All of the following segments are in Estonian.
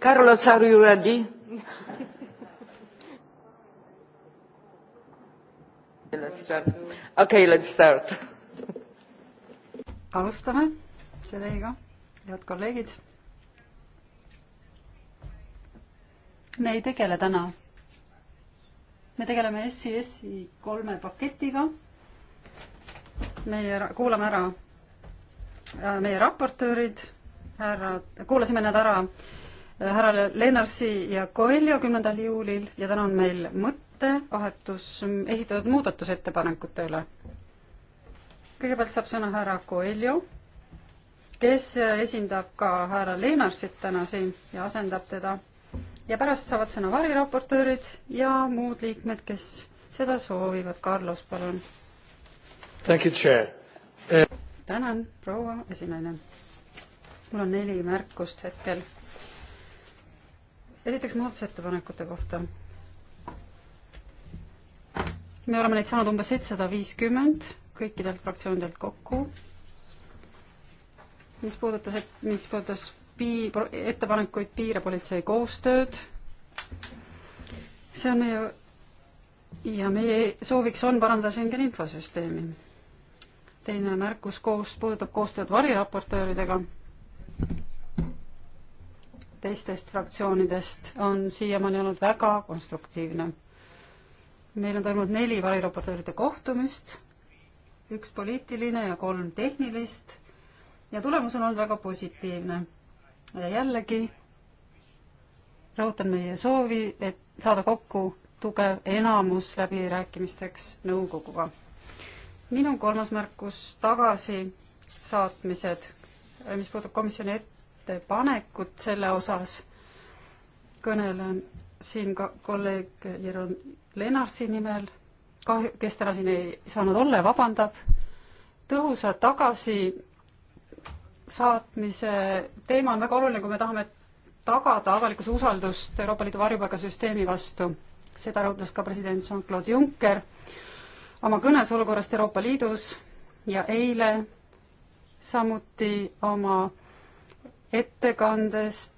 Carlos, are you ready? Let's start. Okay, let's start. alustame sellega, head kolleegid. me ei tegele täna. me tegeleme SIS-i kolme paketiga. meie kuulame ära äh, meie raportöörid, härra, kuulasime nad ära härra Lennarsi ja Koeljo kümnendal juulil ja täna on meil mõttevahetus esitatud muudatusettepanekute üle. kõigepealt saab sõna härra Koeljo, kes esindab ka härra Lennarsit täna siin ja asendab teda. ja pärast saavad sõna variraportöörid ja muud liikmed, kes seda soovivad. Carlos, palun. Eh, tänan, proua esinaine. mul on neli märkust hetkel esiteks muudatusettepanekute kohta. me oleme neid saanud umbes seitsesada viiskümmend kõikidelt fraktsioonidelt kokku. mis puudutas, mis puudutas pii-, ettepanekuid piira politsei koostööd, see on meie ja meie sooviks on parandada Schengeni infosüsteemi. teine märkus koos, puudutab koostööd variraportööridega teistest fraktsioonidest on siiamaani olnud väga konstruktiivne. meil on toimunud neli variraportööride kohtumist, üks poliitiline ja kolm tehnilist ja tulemus on olnud väga positiivne. ja jällegi rõhutan meie soovi, et saada kokku tugev enamus läbirääkimisteks nõukoguga. minu kolmas märkus tagasi saatmised, mis puudutab komisjoni ette ettepanekut selle osas. kõnelen siin ka kolleeg Jeroen Lennartsi nimel, kahju, kes täna siin ei saanud olla ja vabandab. tõhusa tagasisaatmise teema on väga oluline, kui me tahame tagada avalikkuse usaldust Euroopa Liidu varjupaigasüsteemi vastu. seda rõhutas ka president Jean-Claude Juncker oma kõnes olukorrast Euroopa Liidus ja eile samuti oma ettekandest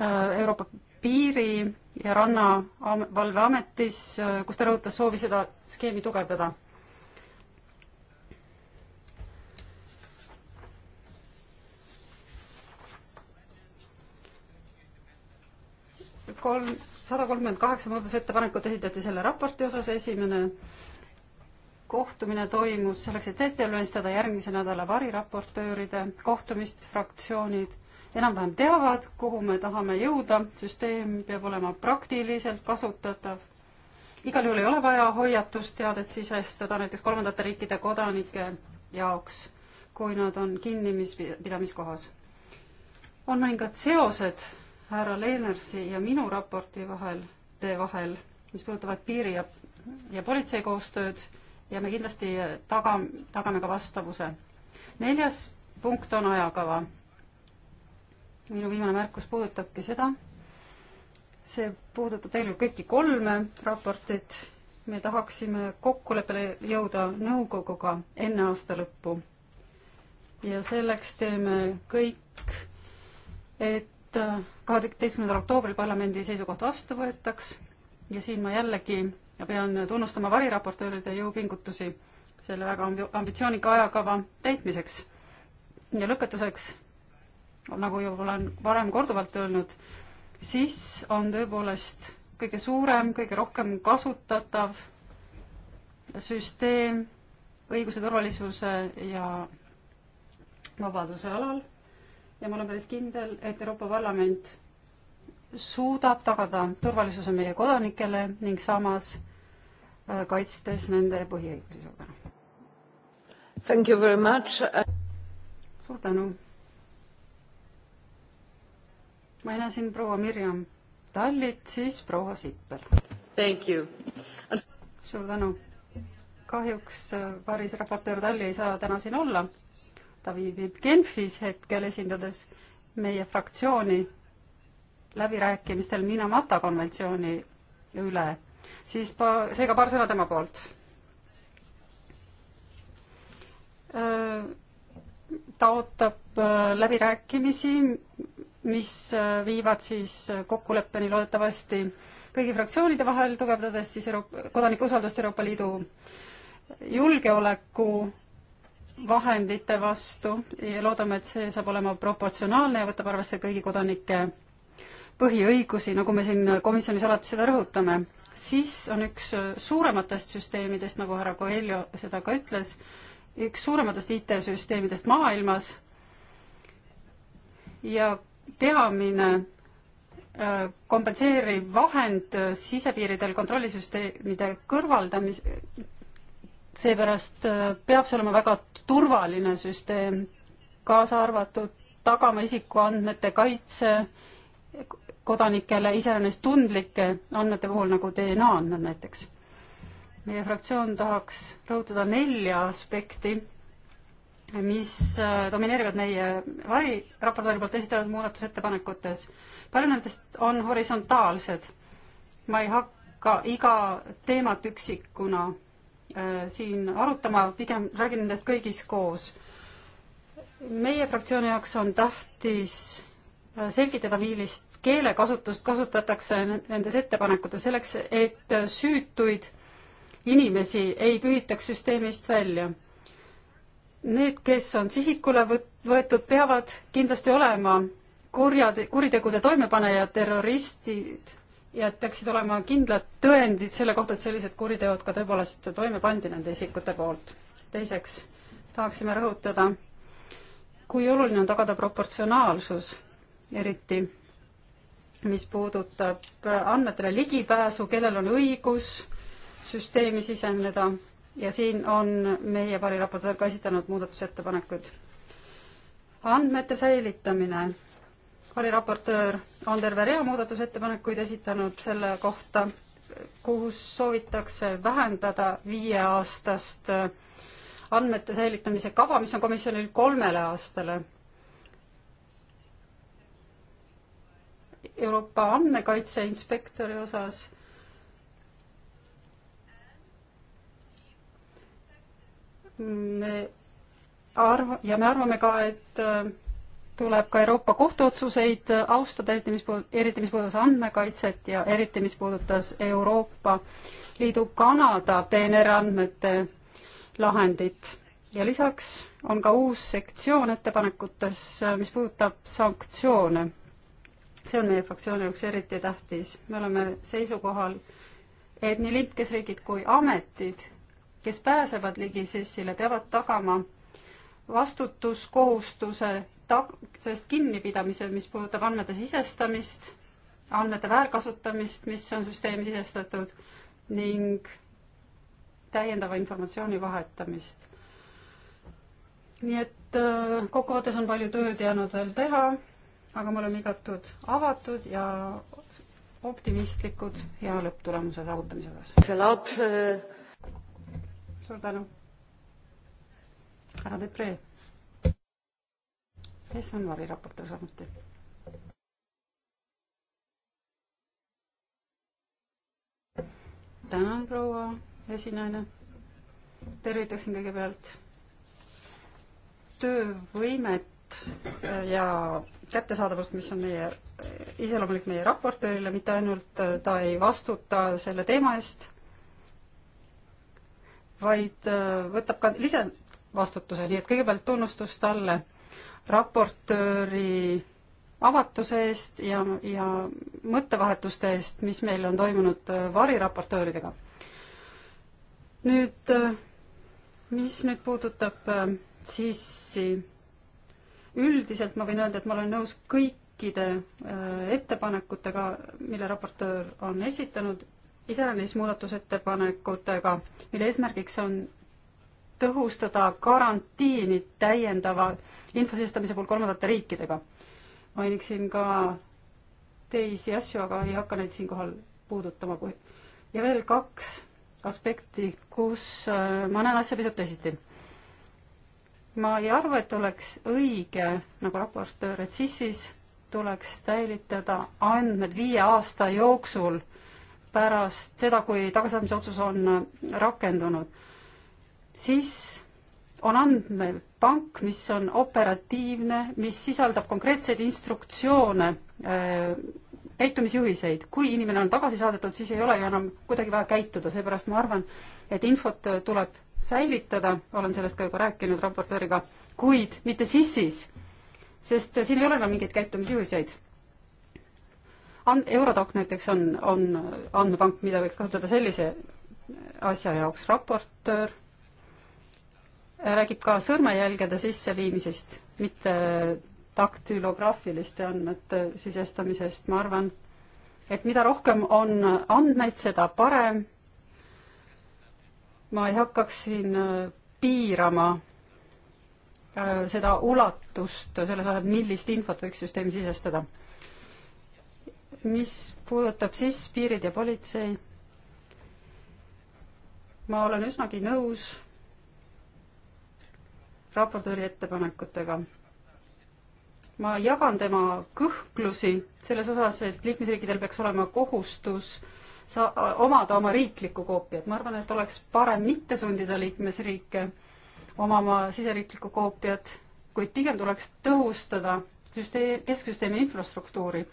äh, Euroopa Piiri- ja Rannavalveametis, äh, kus ta rõhutas soovi seda skeemi tugevdada. kolm, sada kolmkümmend kaheksa muudatusettepanekut esitati selle raporti osas, esimene kohtumine toimus selleks, et ette valmistada järgmise nädala variraportööride kohtumist, fraktsioonid enam-vähem teavad, kuhu me tahame jõuda, süsteem peab olema praktiliselt kasutatav. igal juhul ei ole vaja hoiatusteadet sisestada näiteks kolmandate riikide kodanike jaoks, kui nad on kinnipidamiskohas. on mõningad seosed härra Leenersi ja minu raporti vahel, tee vahel, mis puudutavad piiri ja, ja politsei koostööd ja me kindlasti taga, tagame ka vastavuse. neljas punkt on ajakava. minu viimane märkus puudutabki seda. see puudutab tegelikult kõiki kolme raportit. me tahaksime kokkuleppele jõuda nõukoguga enne aasta lõppu. ja selleks teeme kõik, et kaheteistkümnendal oktoobril parlamendi seisukoht vastu võetaks ja siin ma jällegi ja pean tunnustama variraportööride jõupingutusi selle väga ambitsioonika ajakava täitmiseks. ja lõpetuseks, nagu juba olen varem korduvalt öelnud, siis on tõepoolest kõige suurem, kõige rohkem kasutatav süsteem õiguse, turvalisuse ja vabaduse alal ja ma olen päris kindel, et Euroopa Parlament suudab tagada turvalisuse meie kodanikele ning samas äh, kaitstes nende põhiõigusi. suur tänu! Thank you very much. suur tänu! ma ei näe siin proua Mirjam Tallit, siis proua Sippel. Thank you! suur tänu! kahjuks Paris äh, raportöör Talli ei saa täna siin olla. ta viibib Genfis hetkel, esindades meie fraktsiooni läbirääkimistel Minamata konventsiooni üle, siis pa-, seega paar sõna tema poolt. ta ootab äh, läbirääkimisi, mis äh, viivad siis äh, kokkuleppeni loodetavasti kõigi fraktsioonide vahel, tugevdades siis Euroopa, kodanike usaldust Euroopa Liidu julgeoleku vahendite vastu ja loodame, et see saab olema proportsionaalne ja võtab arvesse kõigi kodanike põhiõigusi, nagu me siin komisjonis alati seda rõhutame, siis on üks suurematest süsteemidest, nagu härra Coelho seda ka ütles, üks suurematest IT-süsteemidest maailmas ja peamine äh, kompenseeriv vahend sisepiiridel kontrollisüsteemide kõrvaldamis-, seepärast äh, peab see olema väga turvaline süsteem, kaasa arvatud tagama isikuandmete kaitse, kodanikele iseäranis tundlike andmete puhul nagu DNA andmed näiteks. meie fraktsioon tahaks rõhutada nelja aspekti, mis äh, domineerivad meie variraportööri poolt esitatud muudatusettepanekutes. paljud nendest on horisontaalsed. ma ei hakka iga teemat üksikuna äh, siin arutama, pigem räägin nendest kõigis koos. meie fraktsiooni jaoks on tähtis äh, selgitada, millist keelekasutust kasutatakse nendes ettepanekutes selleks, et süütuid inimesi ei pühitaks süsteemist välja. Need, kes on sihikule võetud, peavad kindlasti olema kurjad, kuritegude toimepanejad, terroristid ja et peaksid olema kindlad tõendid selle kohta, et sellised kuriteod ka tõepoolest toime pandi nende isikute poolt. teiseks tahaksime rõhutada, kui oluline on tagada proportsionaalsus, eriti mis puudutab andmetele ligipääsu, kellel on õigus süsteemi siseneda ja siin on meie variraportöör ka esitanud muudatusettepanekuid. andmete säilitamine. variraportöör on terve rea muudatusettepanekuid esitanud selle kohta, kus soovitakse vähendada viieaastast andmete säilitamise kava, mis on komisjonil kolmele aastale Euroopa andmekaitseinspektori osas. me arv- ja me arvame ka, et äh, tuleb ka Euroopa kohtuotsuseid austada, eriti mis puud-, eriti mis puudutas andmekaitset ja eriti mis puudutas Euroopa Liidu Kanada PNR andmete lahendit. ja lisaks on ka uus sektsioon ettepanekutes, äh, mis puudutab sanktsioone see on meie fraktsiooni jaoks eriti tähtis. me oleme seisukohal, et nii liikmesriigid kui ametid, kes pääsevad ligi SIS-ile, peavad tagama vastutuskohustuse tag-, sellest kinnipidamise, mis puudutab andmete sisestamist, andmete väärkasutamist, mis on süsteemi sisestatud ning täiendava informatsiooni vahetamist. nii et äh, kokkuvõttes on palju tööd jäänud veel teha aga me oleme igatud avatud ja optimistlikud hea lõpptulemuse saavutamise osas. Äh, suur tänu. härra Depree, kes on variraportöör samuti? tänan, proua esinaine. tervitaksin kõigepealt töövõimet teavet äh, ja kättesaadavust, mis on meie, äh, iseloomulik meie raportöörile, mitte ainult äh, ta ei vastuta selle teema eest, vaid võtab ka ise vastutuse, nii et kõigepealt tunnustus talle raportööri avatuse eest ja, ja mõttevahetuste eest, mis meil on toimunud variraportööridega. nüüd, mis nüüd puudutab sissi üldiselt ma võin öelda, et ma olen nõus kõikide äh, ettepanekutega, mille raportöör on esitanud, iseäranis muudatusettepanekutega, mille eesmärgiks on tõhustada karantiini täiendava info sisestamise puhul kolmandate riikidega. mainiksin ka teisi asju, aga ei hakka neid siinkohal puudutama, kui ja veel kaks aspekti, kus äh, ma näen asja pisut teisiti ma ei arva, et oleks õige, nagu raportöör, et siis siis tuleks säilitada andmed viie aasta jooksul pärast seda, kui tagasiandmise otsus on rakendunud. siis on andmepank, mis on operatiivne, mis sisaldab konkreetseid instruktsioone, äh, käitumisjuhiseid. kui inimene on tagasi saadetud, siis ei olegi enam kuidagi vaja käituda, seepärast ma arvan, et infot tuleb säilitada, olen sellest ka juba rääkinud raportööriga, kuid mitte sissis, sest siin ei ole enam mingeid käitumisjuhiseid. Eurodoc näiteks on, on andmepank, mida võiks kasutada sellise asja jaoks, raportöör räägib ka sõrmejälgede sisseviimisest, mitte daktülograafiliste andmete sisestamisest, ma arvan, et mida rohkem on andmeid, seda parem ma ei hakkaks siin äh, piirama äh, seda ulatust selles osas, millist infot võiks süsteemi sisestada. mis puudutab siis piirid ja politsei, ma olen üsnagi nõus raportööri ettepanekutega. ma jagan tema kõhklusi selles osas, et liikmesriikidel peaks olema kohustus äh, saa-, omada oma riiklikku koopiat. ma arvan, et oleks parem mitte sundida liikmesriike omama siseriiklikku koopiat, kuid pigem tuleks tõhustada süsteem, kesksüsteemi infrastruktuuri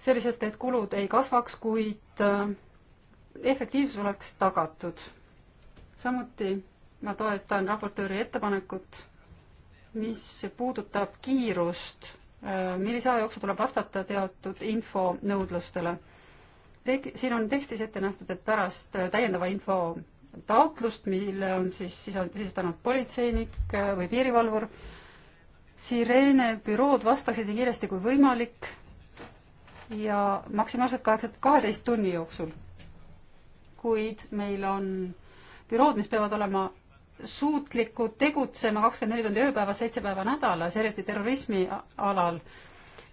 selliselt, et kulud ei kasvaks, kuid äh, efektiivsus oleks tagatud. samuti ma toetan raportööri ettepanekut, mis puudutab kiirust äh, millise aja jooksul tuleb vastata teatud infonõudlustele teg-, siin on tekstis ette nähtud, et pärast äh, täiendava info taotlust, mille on siis sisaldanud politseinik äh, või piirivalvur, Sirene bürood vastaksid nii kiiresti kui võimalik ja maksimaalselt kaheksa, kaheteist tunni jooksul. kuid meil on bürood, mis peavad olema suutlikud tegutsema kakskümmend neli tundi ööpäevas, seitse päeva nädalas, eriti terrorismi alal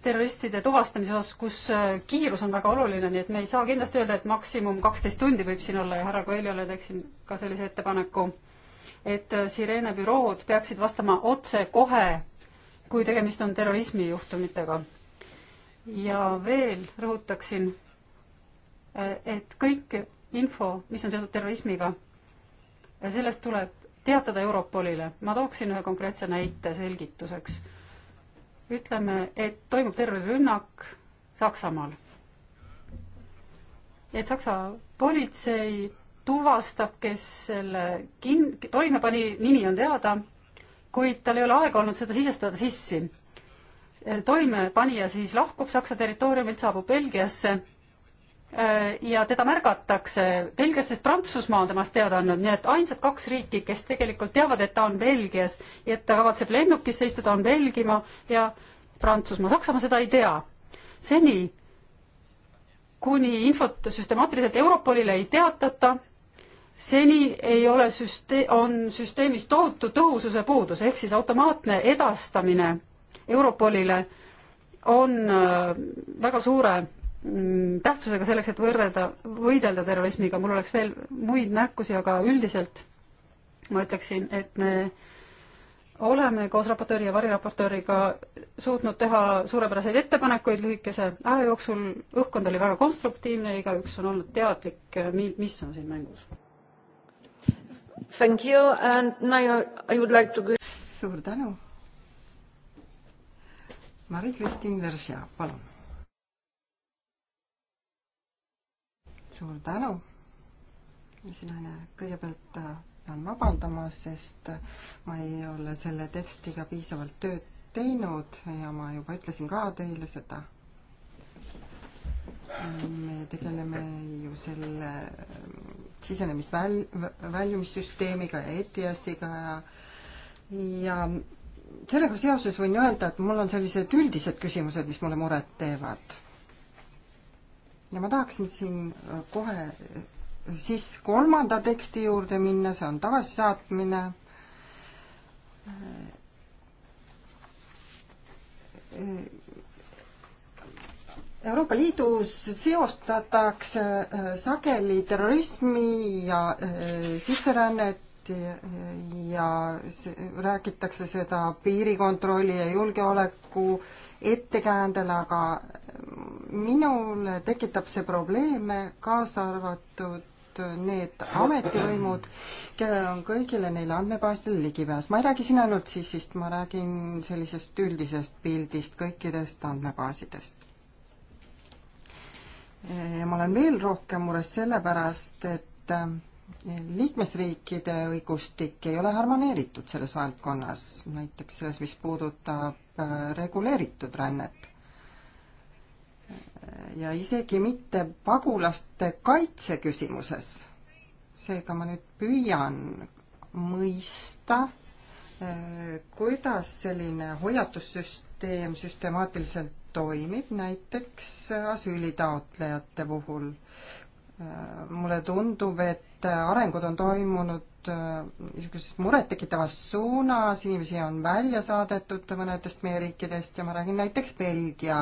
terroristide tuvastamise osas, kus äh, kiirus on väga oluline, nii et me ei saa kindlasti öelda, et maksimum kaksteist tundi võib siin olla ja härra Koeljole teeksin ka sellise ettepaneku, et äh, Sirene bürood peaksid vastama otsekohe, kui tegemist on terrorismijuhtumitega. ja veel rõhutaksin, äh, et kõik info, mis on seotud terrorismiga, sellest tuleb teatada Europolile. ma tooksin ühe konkreetse näite selgituseks ütleme, et toimub terrorirünnak Saksamaal. et Saksa politsei tuvastab, kes selle kin-, toime pani, nimi on teada, kuid tal ei ole aega olnud seda sisestada sissi. toimepanija siis lahkub Saksa territooriumilt, saabub Belgiasse Äh, ja teda märgatakse Belgias, sest Prantsusmaa on temast teada andnud, nii et ainsad kaks riiki, kes tegelikult teavad, et ta on Belgias ja et ta kavatseb lennukisse istuda, on Belgimaa ja Prantsusmaa, Saksamaa seda ei tea. seni, kuni infot süstemaatiliselt Europolile ei teatata, seni ei ole süste-, on süsteemis tohutu tõhususe puudus, ehk siis automaatne edastamine Europolile on äh, väga suure Mm, tähtsusega selleks, et võrrelda, võidelda terrorismiga, mul oleks veel muid märkusi, aga üldiselt ma ütleksin, et me oleme koos raportööri ja variraportööriga suutnud teha suurepäraseid ettepanekuid lühikese aja jooksul, õhkkond oli väga konstruktiivne ja igaüks on olnud teadlik, mis on siin mängus. Thank you and now I would like to suur tänu. Mari-Kristin Veržja, palun suur tänu, esinaine, kõigepealt äh, pean vabandama, sest äh, ma ei ole selle tekstiga piisavalt tööd teinud ja ma juba ütlesin ka teile seda. me tegeleme ju selle äh, sisenemisväl-, väljumissüsteemiga ja ETS-iga ja ja sellega seoses võin öelda, et mul on sellised üldised küsimused, mis mulle muret teevad ja ma tahaksin siin äh, kohe äh, siis kolmanda teksti juurde minna, see on tagasisaatmine. Äh, Euroopa Liidus seostatakse sageli terrorismi ja sisserännet ja räägitakse seda piirikontrolli ja julgeoleku äh, ettekäändel, aga minul tekitab see probleeme, kaasa arvatud need ametivõimud, kellel on kõigile neile andmebaasidele ligipääs. ma ei räägi siin ainult sissist, ma räägin sellisest üldisest pildist kõikidest andmebaasidest. ja ma olen veel rohkem mures sellepärast, et liikmesriikide õigustik ei ole harmoneeritud selles valdkonnas, näiteks selles, mis puudutab äh, reguleeritud rännet. ja isegi mitte pagulaste kaitse küsimuses. seega ma nüüd püüan mõista, äh, kuidas selline hoiatussüsteem süstemaatiliselt toimib, näiteks äh, asüülitaotlejate puhul. mulle tundub, et et äh, arengud on toimunud äh, niisuguses murettekitavas suunas, inimesi on välja saadetud mõnedest meie riikidest ja ma räägin näiteks Belgia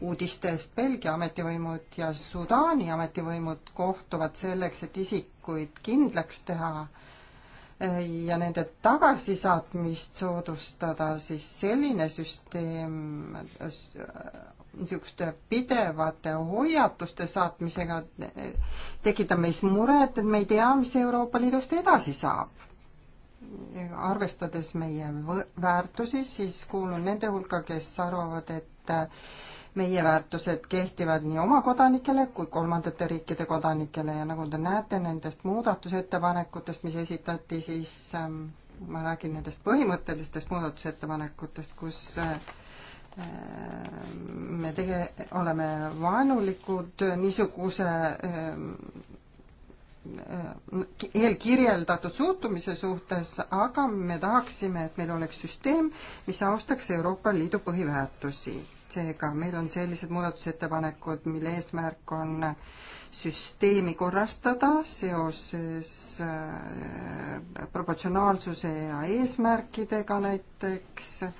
uudistest. Belgia ametivõimud ja Sudaani ametivõimud kohtuvad selleks, et isikuid kindlaks teha äh, ja nende tagasisaatmist soodustada, siis selline süsteem niisuguste pidevate hoiatuste saatmisega tekitab meis muret, et me ei tea, mis Euroopa Liidust edasi saab. arvestades meie väärtusi, siis kuulun nende hulka, kes arvavad, et äh, meie väärtused kehtivad nii oma kodanikele kui kolmandate riikide kodanikele ja nagu te näete nendest muudatusettepanekutest, mis esitati, siis ähm, ma räägin nendest põhimõttelistest muudatusettepanekutest, kus äh, me tege-, oleme vaenulikud niisuguse ähm, ähm, eelkirjeldatud suhtumise suhtes, aga me tahaksime, et meil oleks süsteem, mis austaks Euroopa Liidu põhiväärtusi. seega meil on sellised muudatusettepanekud, mille eesmärk on süsteemi korrastada seoses äh, proportsionaalsuse ja eesmärkidega näiteks äh,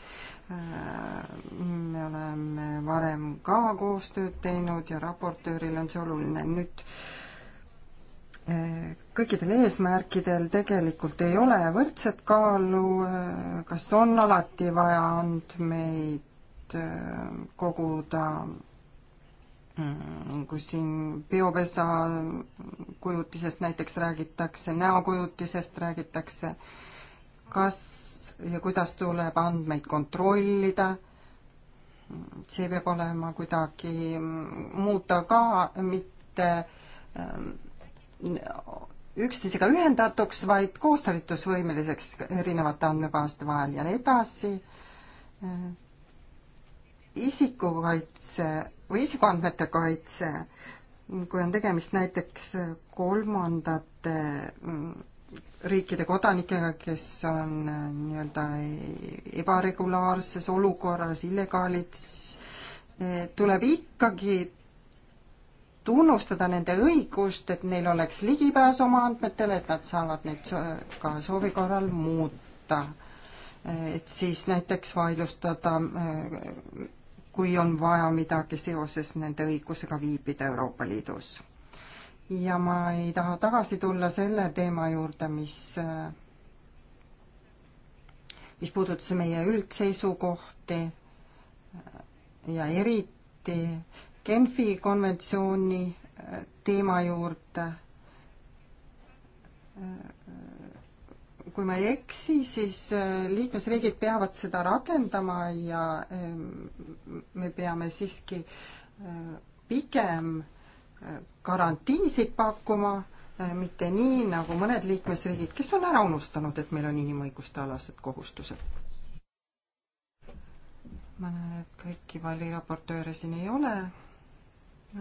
Äh, me oleme varem ka koostööd teinud ja raportööril on see oluline. nüüd äh, kõikidel eesmärkidel tegelikult ei ole võrdset kaalu, äh, kas on alati vaja andmeid koguda, mm, kui siin biopesa kujutisest näiteks räägitakse, näokujutisest räägitakse, kas ja kuidas tuleb andmeid kontrollida. see peab olema kuidagi muuta ka mitte ähm, üksteisega ühendatuks, vaid koostalitusvõimeliseks erinevate andmebaaside vahel ja nii edasi. Äh, isikukaitse või isikuandmete kaitse, kui on tegemist näiteks kolmandate mm, riikide kodanikega, kes on äh, nii-öelda e-, ebaregulaarses olukorras, illegaalid, äh, tuleb ikkagi tunnustada nende õigust, et neil oleks ligipääs oma andmetele, et nad saavad neid ka soovi korral muuta. Äh, et siis näiteks vaidlustada, kui on vaja midagi seoses nende õigusega viibida Euroopa Liidus ja ma ei taha tagasi tulla selle teema juurde, mis, mis puudutas meie üldseisukohti ja eriti Genfi konventsiooni äh, teema juurde. Äh, kui ma ei eksi, siis äh, liikmesriigid peavad seda rakendama ja me peame siiski pigem äh, garantiisid pakkuma, äh, mitte nii, nagu mõned liikmesriigid, kes on ära unustanud, et meil on inimõiguste alased kohustused. ma näen, et kõiki valiraportööre siin ei ole.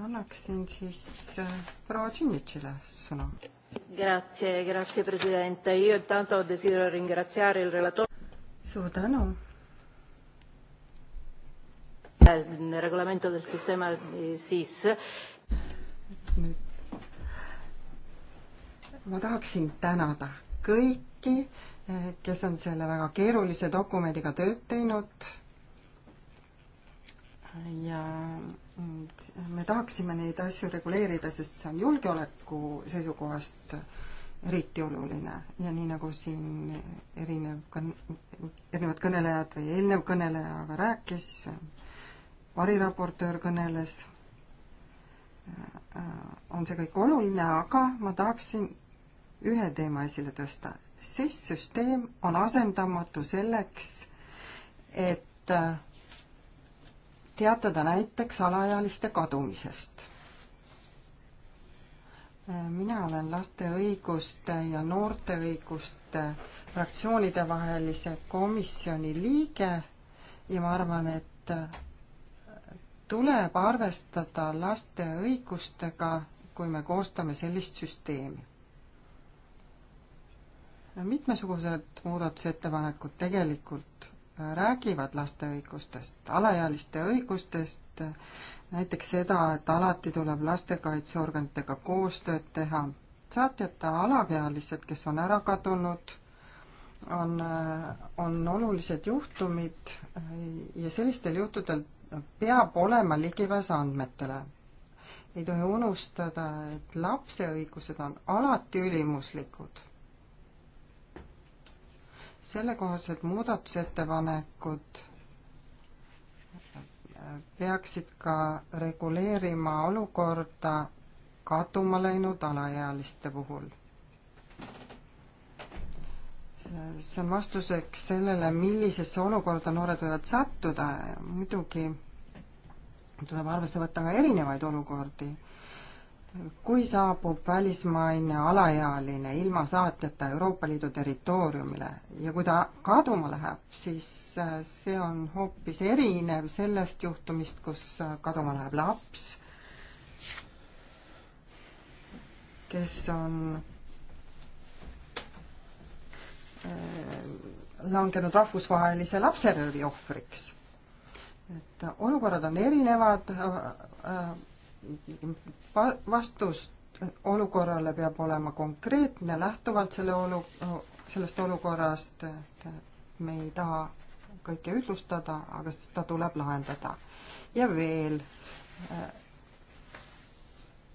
annaksin siis äh, proua Tšinnitšile sõna. Grazie, grazie presidente, io intanto desidero ringraziare il relatore. suur tänu nel regolamento del sistema SIS nüüd ma tahaksin tänada kõiki, eh, kes on selle väga keerulise dokumendiga tööd teinud. ja me tahaksime neid asju reguleerida, sest see on julgeoleku seisukohast eriti oluline ja nii nagu siin erinev kõn-, erinevad kõnelejad või eelnev kõneleja ka rääkis, variraportöör kõneles Äh, on see kõik oluline, aga ma tahaksin ühe teema esile tõsta. SIS süsteem on asendamatu selleks, et äh, teatada näiteks alaealiste kadumisest. Äh, mina olen laste õiguste ja noorte õiguste fraktsioonide vahelise komisjoni liige ja ma arvan, et tuleb arvestada laste õigustega, kui me koostame sellist süsteemi. mitmesugused muudatusettepanekud tegelikult räägivad laste õigustest, alaealiste õigustest, näiteks seda, et alati tuleb lastekaitseorganitega koostööd teha, saatjata alaealised, kes on ära kadunud, on, on olulised juhtumid ja sellistel juhtudel peab olema ligipääs andmetele. ei tohi unustada, et lapse õigused on alati ülimuslikud. sellekohased muudatusettepanekud peaksid ka reguleerima olukorda kaduma läinud alaealiste puhul see on vastuseks sellele, millisesse olukorda noored võivad sattuda. muidugi tuleb arvesse võtta ka erinevaid olukordi. kui saabub välismaine alaealine ilma saatjata Euroopa Liidu territooriumile ja kui ta kaduma läheb, siis äh, see on hoopis erinev sellest juhtumist, kus äh, kaduma läheb laps, kes on Äh, langenud rahvusvahelise lapseröövi ohvriks. et olukorrad on erinevad, äh, äh, vastus olukorrale peab olema konkreetne, lähtuvalt selle olu, sellest olukorrast, et me ei taha kõike ühtlustada, aga seda tuleb lahendada. ja veel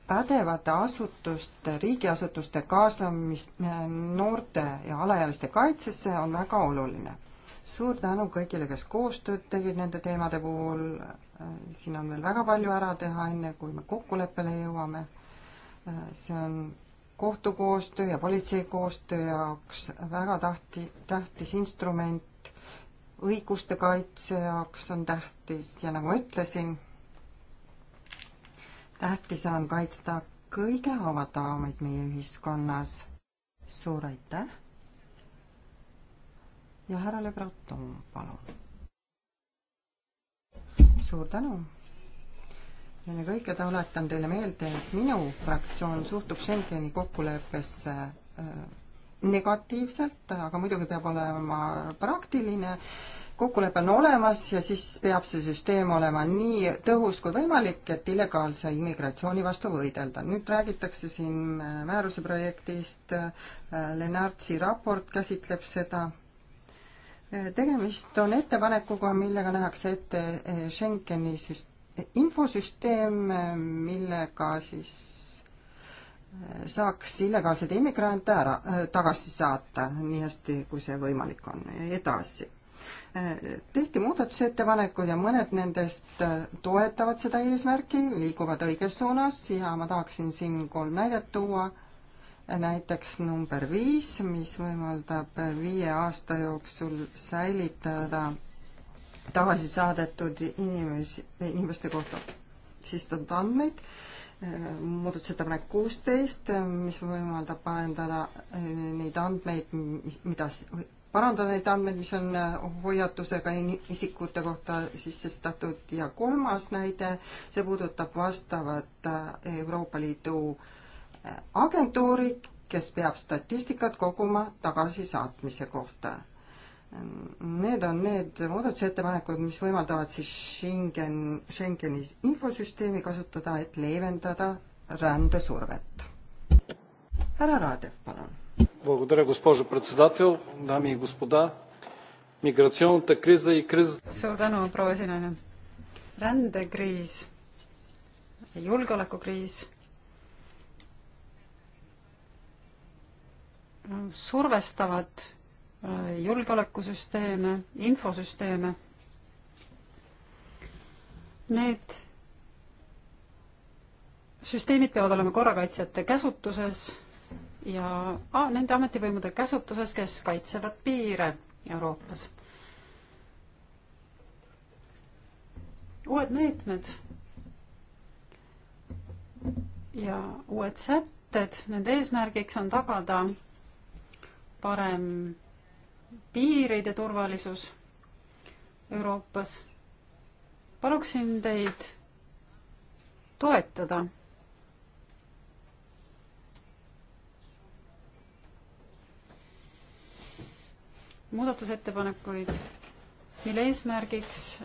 pädevate asutuste, riigiasutuste kaasamist eh, noorte ja alaealiste kaitsesse on väga oluline. suur tänu kõigile, kes koostööd tegid nende teemade puhul, eh, siin on veel väga palju ära teha, enne kui me kokkuleppele jõuame. Eh, see on kohtukoostöö ja politsei koostöö jaoks väga tahti, tähtis instrument, õiguste kaitse jaoks on tähtis ja nagu ma ütlesin tähtis on kaitsta kõige haavatavamaid meie ühiskonnas. suur aitäh. ja härra Le Breton, palun. suur tänu. ennekõike tuletan teile meelde, et minu fraktsioon suhtub Schengeni kokkuleppesse äh, negatiivselt, aga muidugi peab olema praktiline äh, kokkulepe on olemas ja siis peab see süsteem olema nii tõhus kui võimalik, et illegaalse immigratsiooni vastu võidelda. nüüd räägitakse siin äh, määruse projektist, äh, Lennartsi raport käsitleb seda, äh, tegemist on ettepanekuga, millega nähakse ette Schengeni süst-, infosüsteem, millega siis saaks illegaalseid immigrante ära, tagasi saata, nii hästi kui see võimalik on. edasi tehti muudatusettepanekud ja mõned nendest toetavad seda eesmärki, liiguvad õiges suunas ja ma tahaksin siin kolm näidet tuua. näiteks number viis, mis võimaldab viie aasta jooksul säilitada tagasi saadetud inimesi, inimeste kohta sisestatud andmeid muudatusettepanek kuusteist, mis võimaldab arendada neid andmeid, mida parandada neid andmeid, mis on hoiatusega isikute kohta sissestatud ja kolmas näide, see puudutab vastavat äh, Euroopa Liidu äh, agentuuri, kes peab statistikat koguma tagasisaatmise kohta. Need on need muudatusettepanekud, mis võimaldavad siis Schengen, Schengeni infosüsteemi kasutada, et leevendada rändesurvet. härra Raadev, palun Благодаря, госпожо председател, дами и господа. Мигратsioonita kriis ei kriis. suur tänu, proua esineja. rändekriis, julgeolekukriis. survestavad äh, julgeolekusüsteeme, infosüsteeme. Need süsteemid peavad olema korrakaitsjate käsutuses ja ah, nende ametivõimude käsutuses, kes kaitsevad piire Euroopas. uued meetmed ja uued sätted, nende eesmärgiks on tagada parem piiride turvalisus Euroopas. paluksin teid toetada muudatusettepanekuid, mille eesmärgiks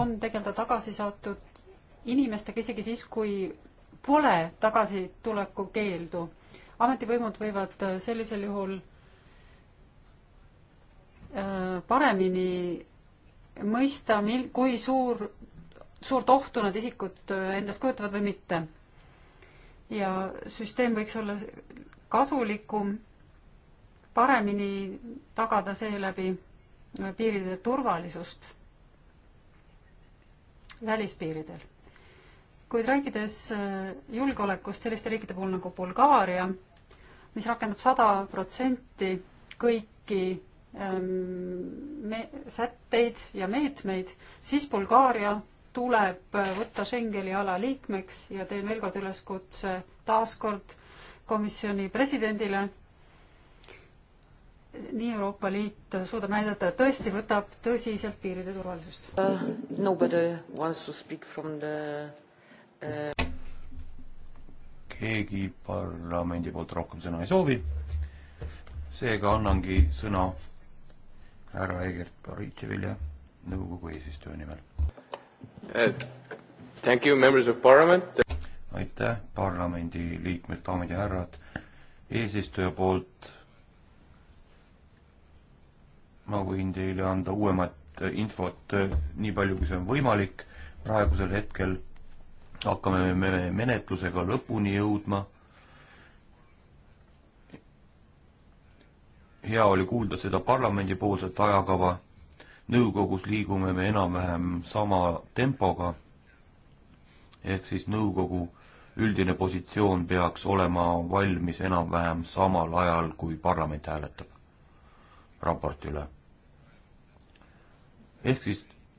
on tegeleda tagasi saatud inimestega isegi siis, kui pole tagasituleku keeldu. ametivõimud võivad äh, sellisel juhul äh, paremini mõista, mil-, kui suur, suurt ohtu nad isikud äh, endast kujutavad või mitte. ja süsteem võiks olla kasulikum paremini tagada seeläbi äh, piiride turvalisust välispiiridel. kuid rääkides äh, julgeolekust selliste riikide puhul nagu Bulgaaria, mis rakendab sada protsenti kõiki ähm, me-, sätteid ja meetmeid, siis Bulgaaria tuleb äh, võtta Schengeni ala liikmeks ja teen veel kord üleskutse taas kord komisjoni presidendile nii Euroopa Liit suudab näidata, et tõesti võtab tõsiselt piiride turvalisust uh,. Nobody wants to speak from the uh... keegi parlamendi poolt rohkem sõna ei soovi. seega annangi sõna härra Egert Baritševile nõukogu eesistuja nimel uh,. Thank you, members of parliament. aitäh, parlamendi liikmed, daamid ja härrad, eesistuja poolt ma võin teile anda uuemat äh, infot äh, nii palju, kui see on võimalik. praegusel hetkel hakkame me menetlusega lõpuni jõudma. hea oli kuulda seda parlamendipoolset ajakava. nõukogus liigume me enam-vähem sama tempoga. ehk siis nõukogu üldine positsioon peaks olema valmis enam-vähem samal ajal, kui parlament hääletab raporti üle ehk siis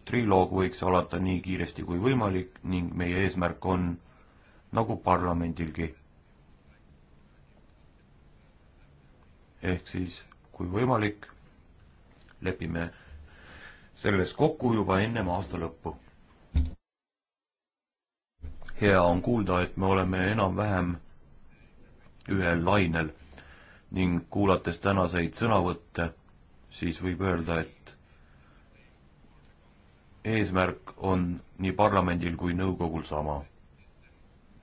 triloog võiks alata nii kiiresti kui võimalik ning meie eesmärk on, nagu parlamendilgi. ehk siis, kui võimalik, lepime selles kokku juba ennem aasta lõppu. hea on kuulda, et me oleme enam-vähem ühel lainel ning kuulates tänaseid sõnavõtte, siis võib öelda, et eesmärk on nii parlamendil kui nõukogul sama.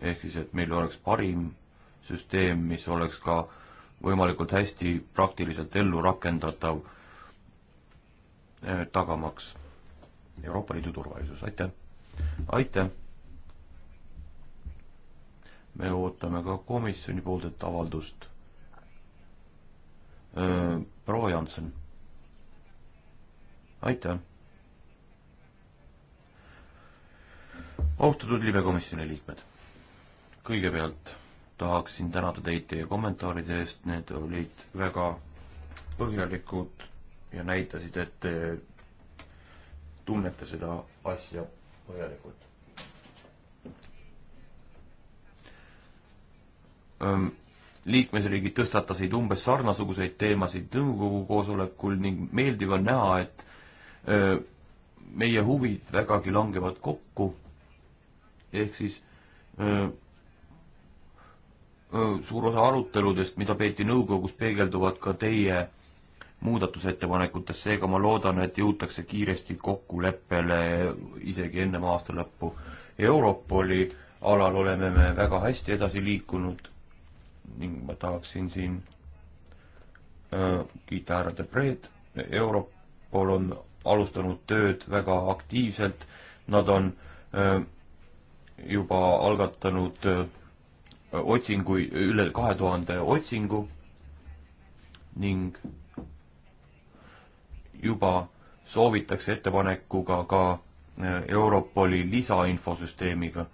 ehk siis, et meil oleks parim süsteem, mis oleks ka võimalikult hästi praktiliselt ellu rakendatav, eh, tagamaks Euroopa Liidu turvalisus, aitäh! aitäh! me ootame ka komisjoni poolset avaldust. Eh, proua Jansen, aitäh! austatud libekomisjoni liikmed, kõigepealt tahaksin tänada teid teie kommentaaride eest, need olid väga põhjalikud ja näitasid, et te tunnete seda asja põhjalikult. liikmesriigid tõstatasid umbes sarnasuguseid teemasid nõukogu koosolekul ning meeldiv on näha, et meie huvid vägagi langevad kokku ehk siis öö, öö, suur osa aruteludest, mida peeti nõukogus, peegelduvad ka teie muudatusettepanekutes, seega ma loodan, et jõutakse kiiresti kokkuleppele isegi ennem aasta lõppu. Europoli alal oleme me väga hästi edasi liikunud ning ma tahaksin siin öö, kiita härra Debret, Europol on alustanud tööd väga aktiivselt, nad on öö, juba algatanud äh, otsinguid, üle kahe tuhande otsingu ning juba soovitakse ettepanekuga ka äh, Europoli lisainfosüsteemiga,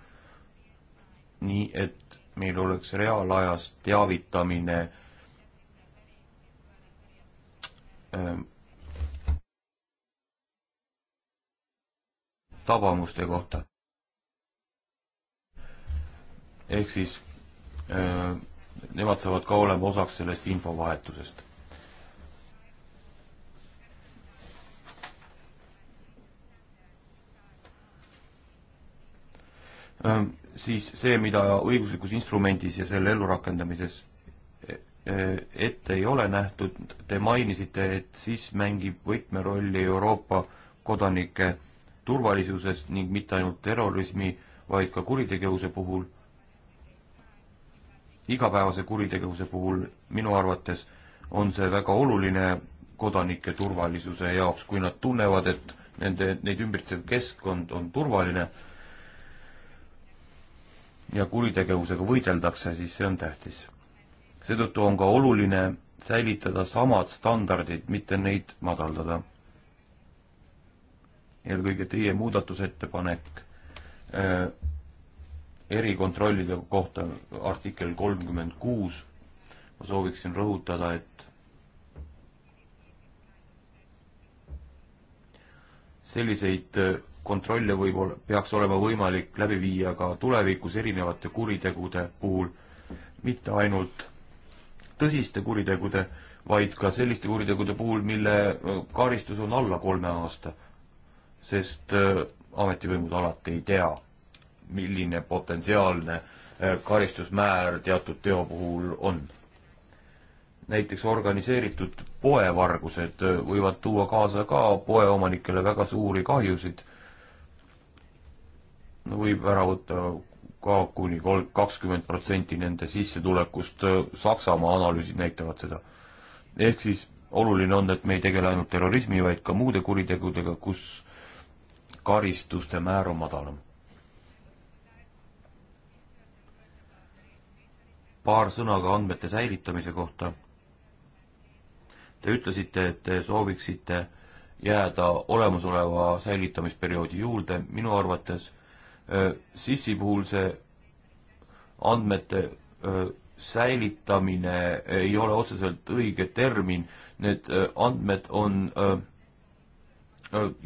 nii et meil oleks reaalajas teavitamine ähm, tabamuste kohta ehk siis äh, nemad saavad ka olema osaks sellest infovahetusest. Ähm, siis see, mida õiguslikus instrumendis ja selle ellurakendamises äh, äh, ette ei ole nähtud, te mainisite, et siis mängib võtmerolli Euroopa kodanike turvalisuses ning mitte ainult terrorismi, vaid ka kuritegevuse puhul igapäevase kuritegevuse puhul minu arvates on see väga oluline kodanike turvalisuse jaoks, kui nad tunnevad, et nende, neid ümbritsev keskkond on turvaline ja kuritegevusega võideldakse, siis see on tähtis. seetõttu on ka oluline säilitada samad standardid, mitte neid madaldada. eelkõige teie muudatusettepanek äh, erikontrollide kohta artikkel kolmkümmend kuus, ma sooviksin rõhutada, et selliseid äh, kontrolle võib ol-, peaks olema võimalik läbi viia ka tulevikus erinevate kuritegude puhul, mitte ainult tõsiste kuritegude, vaid ka selliste kuritegude puhul, mille äh, karistus on alla kolme aasta. sest äh, ametivõimud alati ei tea milline potentsiaalne äh, karistusmäär teatud teo puhul on. näiteks organiseeritud poevargused äh, võivad tuua kaasa ka poeomanikele väga suuri kahjusid. võib ära võtta ka kuni kolm, kakskümmend protsenti nende sissetulekust, äh, Saksamaa analüüsid näitavad seda. ehk siis oluline on, et me ei tegele ainult terrorismi, vaid ka muude kuritegudega, kus karistuste määr on madalam. paar sõna ka andmete säilitamise kohta. Te ütlesite, et te sooviksite jääda olemasoleva säilitamisperioodi juurde, minu arvates sissi puhul see andmete säilitamine ei ole otseselt õige termin, need andmed on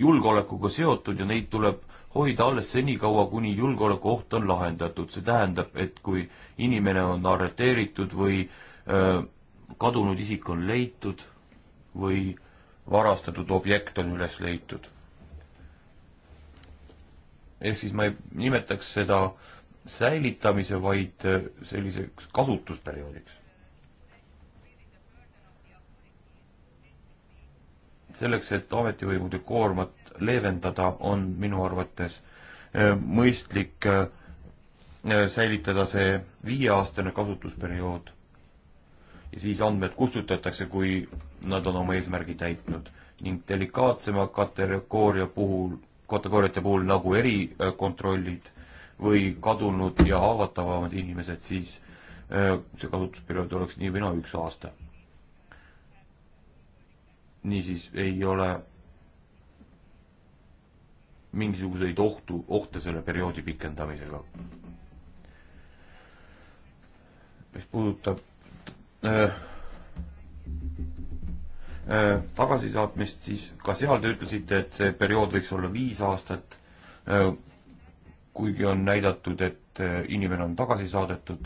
julgeolekuga seotud ja neid tuleb hoida alles senikaua, kuni julgeolekuoht on lahendatud. see tähendab, et kui inimene on arreteeritud või öö, kadunud isik on leitud või varastatud objekt on üles leitud. ehk siis ma ei nimetaks seda säilitamise, vaid selliseks kasutusperioodiks. selleks, et ametivõimude koormat leevendada, on minu arvates äh, mõistlik äh, äh, säilitada see viieaastane kasutusperiood ja siis andmed kustutatakse, kui nad on oma eesmärgi täitnud ning delikaatsema kategooria puhul, kategooriate puhul nagu erikontrollid või kadunud ja haavatavamad inimesed, siis see kasutusperiood oleks nii või naa üks aasta. niisiis ei ole mingisuguseid ohtu, ohte selle perioodi pikendamisega. mis puudutab äh, äh, tagasisaatmist, siis ka seal te ütlesite, et see periood võiks olla viis aastat äh,, kuigi on näidatud, et äh, inimene on tagasi saadetud,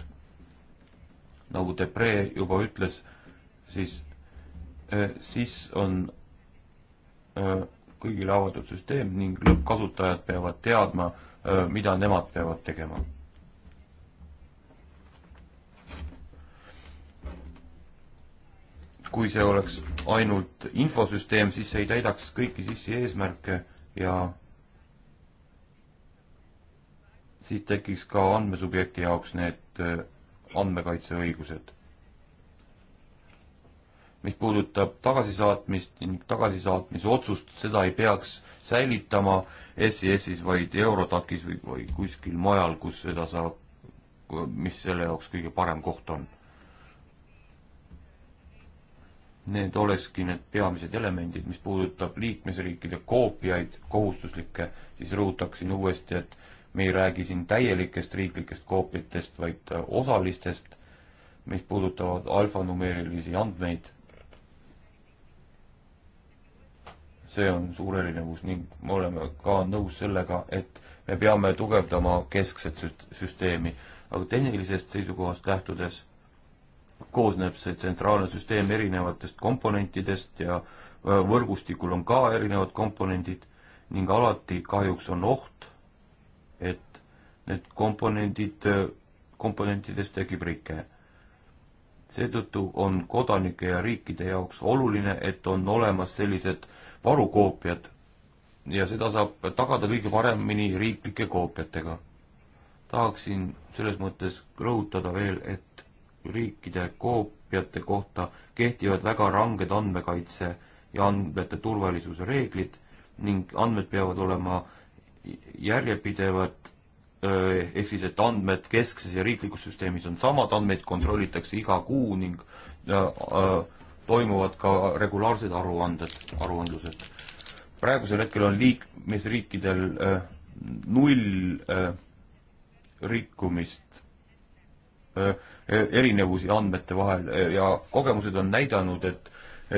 nagu Debre juba ütles, siis äh,, siis on äh, kõigile avatud süsteem ning lõppkasutajad peavad teadma, mida nemad peavad tegema. kui see oleks ainult infosüsteem, siis see ei täidaks kõiki sissi eesmärke ja siis tekiks ka andmesubjekti jaoks need andmekaitseõigused mis puudutab tagasisaatmist ning tagasisaatmise otsust, seda ei peaks säilitama SES-is, vaid Eurotakis või, või kuskil mujal, kus seda saab, mis selle jaoks kõige parem koht on. Need olekski need peamised elemendid, mis puudutab liikmesriikide koopiaid, kohustuslikke, siis rõhutaksin uuesti, et me ei räägi siin täielikest riiklikest koopiatest, vaid osalistest mis puudutavad alfanumeerilisi andmeid. see on suur erinevus ning me oleme ka nõus sellega, et me peame tugevdama keskset süsteemi, aga tehnilisest seisukohast lähtudes koosneb see tsentraalne süsteem erinevatest komponentidest ja võrgustikul on ka erinevad komponendid ning alati kahjuks on oht, et need komponendid, komponentidest tekib rike seetõttu on kodanike ja riikide jaoks oluline, et on olemas sellised varukoopiad ja seda saab tagada kõige paremini riiklike koopiatega. tahaksin selles mõttes rõhutada veel, et riikide koopiate kohta kehtivad väga ranged andmekaitse ja andmete turvalisuse reeglid ning andmed peavad olema järjepidevad Äh, ehk siis, et andmed keskses ja riiklikus süsteemis on samad, andmeid kontrollitakse iga kuu ning äh, äh, toimuvad ka regulaarsed aruanded, aruandlused. praegusel hetkel on liikmesriikidel null rikkumist, erinevusi andmete vahel ja kogemused on näidanud, et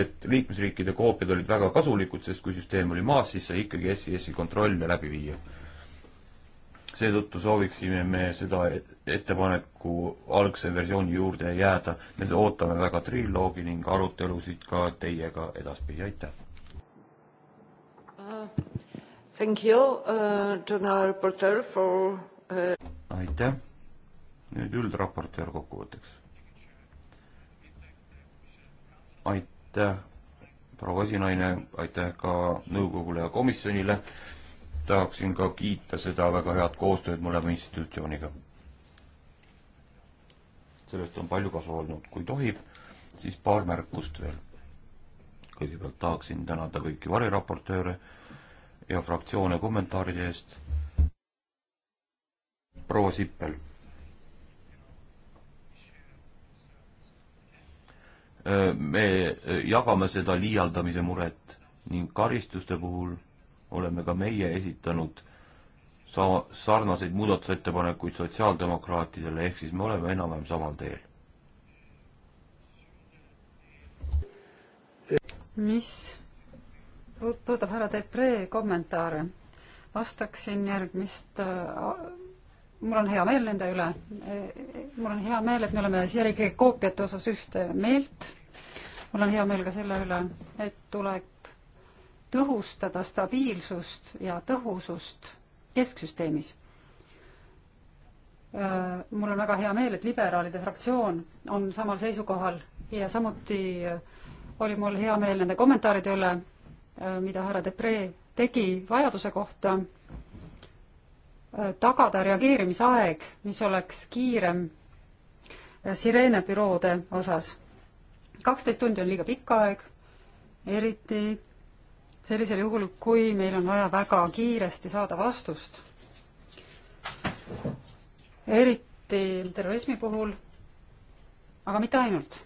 et liikmesriikide koopiad olid väga kasulikud, sest kui süsteem oli maas, siis sai ikkagi SIS-i kontrolle läbi viia seetõttu sooviksime me seda ettepaneku algse versiooni juurde jääda. me ootame väga triloogi ning arutelusid ka teiega edaspidi, aitäh uh,! Thank you uh,, General Reporter for uh... aitäh! nüüd üldraportöör kokkuvõtteks. aitäh, proua esinaine, aitäh ka nõukogule ja komisjonile tahaksin ka kiita seda väga head koostööd mõlema institutsiooniga. sellest on palju kasu olnud, kui tohib, siis paar märkust veel. kõigepealt tahaksin tänada kõiki variraportööre ja fraktsioone kommentaaride eest. proua Sippel. me jagame seda liialdamise muret ning karistuste puhul oleme ka meie esitanud sama, sarnaseid muudatusettepanekuid sotsiaaldemokraatidele, ehk siis me oleme enam-vähem samal teel. mis puudutab härra Depree kommentaare, vastaksin järgmist äh, mul on hea meel nende üle. E, e, mul on hea meel, et me oleme siseriiklike koopiate osas ühte meelt. mul on hea meel ka selle üle, et tulek tõhustada stabiilsust ja tõhusust kesksüsteemis. Äh, mul on väga hea meel, et liberaalide fraktsioon on samal seisukohal ja samuti äh, oli mul hea meel nende kommentaaride üle, äh, mida härra Depree tegi vajaduse kohta tagada reageerimisaeg, mis oleks kiirem Sirene büroode osas. kaksteist tundi on liiga pikk aeg, eriti sellisel juhul, kui meil on vaja väga kiiresti saada vastust, eriti terrorismi puhul, aga mitte ainult.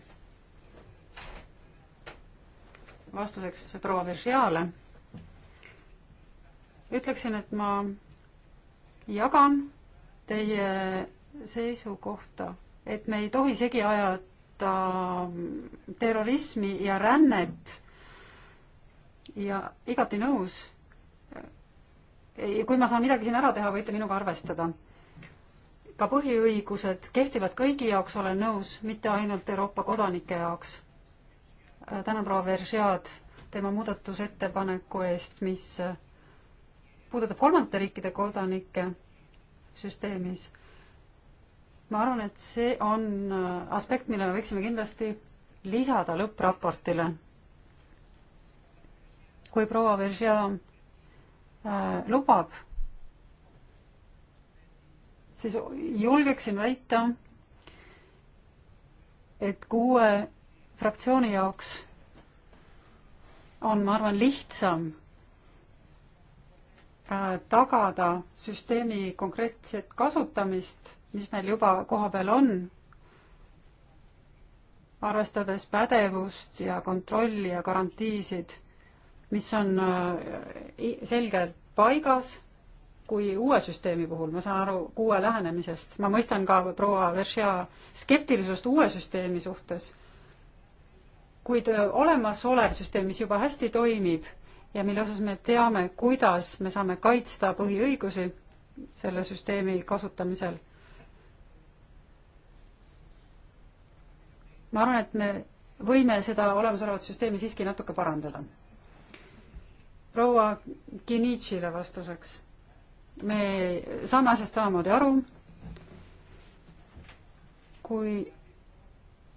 vastuseks proua Virgiale ütleksin, et ma jagan teie seisukohta, et me ei tohi segi ajada terrorismi ja rännet ja igati nõus. kui ma saan midagi siin ära teha, võite minuga arvestada. ka põhiõigused kehtivad kõigi jaoks, olen nõus, mitte ainult Euroopa kodanike jaoks. tänan proua Veržead tema muudatusettepaneku eest, mis puudutab kolmandate riikide kodanikke süsteemis. ma arvan, et see on aspekt, mille me võiksime kindlasti lisada lõppraportile kui proua Veržia äh, lubab, siis julgeksin väita, et kuue fraktsiooni jaoks on, ma arvan, lihtsam äh, tagada süsteemi konkreetset kasutamist, mis meil juba kohapeal on, arvestades pädevust ja kontrolli ja garantiisid mis on äh, selgelt paigas, kui uue süsteemi puhul, ma saan aru uue lähenemisest, ma mõistan ka proua Veržia skeptilisust uue süsteemi suhtes, kuid äh, olemasolev süsteem, mis juba hästi toimib ja mille osas me teame, kuidas me saame kaitsta põhiõigusi selle süsteemi kasutamisel. ma arvan, et me võime seda olemasolevat süsteemi siiski natuke parandada proua Kinitšile vastuseks. me saame asjast samamoodi aru. kui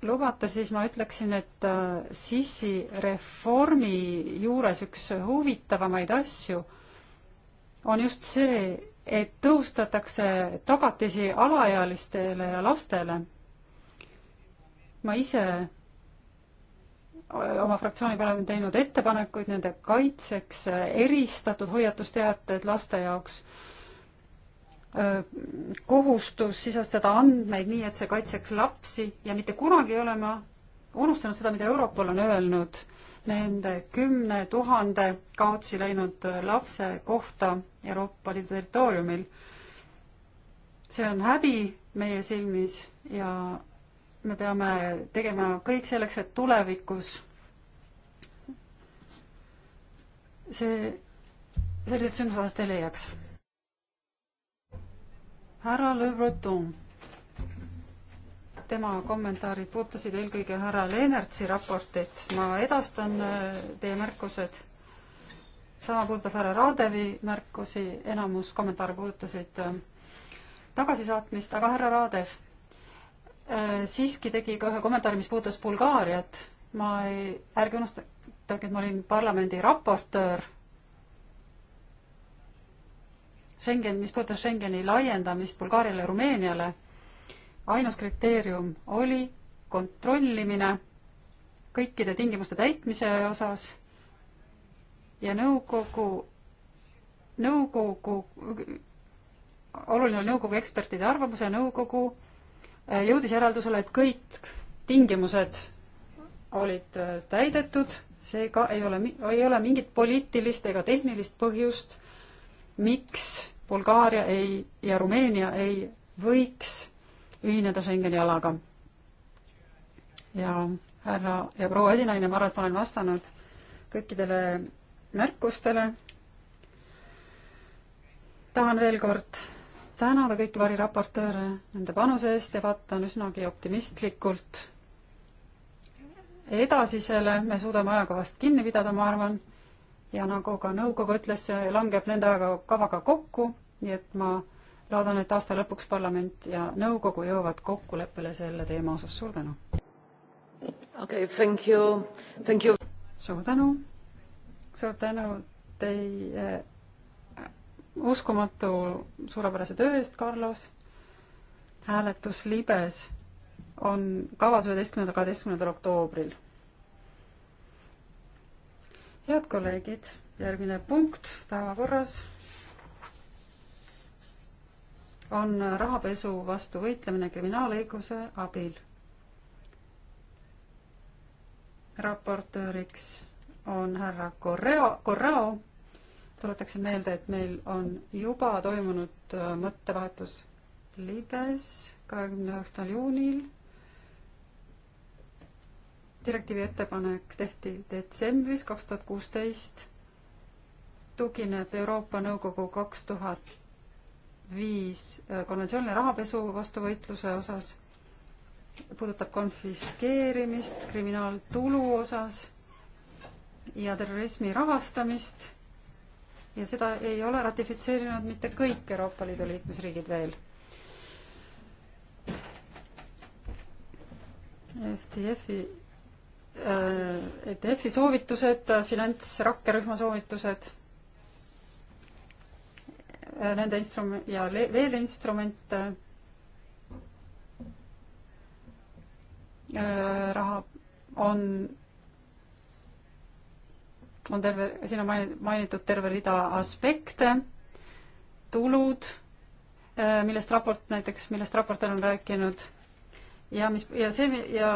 lubate, siis ma ütleksin, et äh, sissi reformi juures üks huvitavamaid asju on just see, et tõhustatakse tagatisi alaealistele ja lastele. ma ise oma fraktsiooni peale oleme teinud ettepanekuid nende kaitseks, äh, eristatud hoiatusteated laste jaoks, äh, kohustus sisestada andmeid nii, et see kaitseks lapsi ja mitte kunagi ei ole ma unustanud seda, mida Europol on öelnud nende kümne tuhande kaotsi läinud äh, lapse kohta Euroopa Liidu territooriumil. see on häbi meie silmis ja me peame tegema kõik selleks, et tulevikus see, sellised sündmused aset ei leiaks. härra Le Breton, tema kommentaarid puudutasid eelkõige härra Leenertsi raportit, ma edastan äh, teie märkused. sama puudutab härra Raadevi märkusi, enamus kommentaare puudutasid äh, tagasisaatmist, aga härra Raadev Äh, siiski tegi ka ühe kommentaari, mis puudutas Bulgaariat. ma ei, ärge unustage, et ma olin parlamendi raportöör Schengen, mis puudutas Schengeni laiendamist Bulgaariale ja Rumeeniale. ainus kriteerium oli kontrollimine kõikide tingimuste täitmise osas ja nõukogu, nõukogu, oluline oli nõukogu ekspertide arvamus ja nõukogu Äh, jõudis järeldusele, et kõik tingimused olid äh, täidetud, seega ei ole, ei ole mingit poliitilist ega tehnilist põhjust, miks Bulgaaria ei ja Rumeenia ei võiks ühineda Schengeni alaga. ja härra ja proua esinaine, ma arvan, et ma olen vastanud kõikidele märkustele. tahan veel kord tänada kõiki variraportööre nende panuse eest ja vaatan üsnagi optimistlikult edasisele, me suudame ajakavast kinni pidada, ma arvan, ja nagu ka nõukogu ütles, see langeb nende ajakavaga kokku, nii et ma loodan, et aasta lõpuks parlament ja nõukogu jõuavad kokkuleppele selle teema osas, suur tänu! okei okay,, thank you, thank you! suur tänu, suur tänu teie uskumatu suurepärase töö eest, Carlos. hääletus libes on kavas üheteistkümnendal, kaheteistkümnendal oktoobril. head kolleegid, järgmine punkt päevakorras on rahapesu vastu võitlemine kriminaalõiguse abil. raportööriks on härra Correo, Correo tuletaksin meelde, et meil on juba toimunud äh, mõttevahetus libes kahekümne üheksandal juunil. direktiivi ettepanek tehti detsembris kaks tuhat kuusteist, tugineb Euroopa Nõukogu kaks tuhat viis äh, konventsioonile rahapesu vastuvõitluse osas, puudutab konfiskeerimist kriminaaltulu osas ja terrorismi rahastamist ja seda ei ole ratifitseerinud mitte kõik Euroopa Liidu liikmesriigid veel. FTF-i, ETF-i äh, soovitused, finantsrakkerühma soovitused, äh, nende instrum- ja veel instrumente, äh, raha on on terve, siin on mainitud terve rida aspekte, tulud, äh, millest raport näiteks, millest raportöör on rääkinud ja mis, ja see ja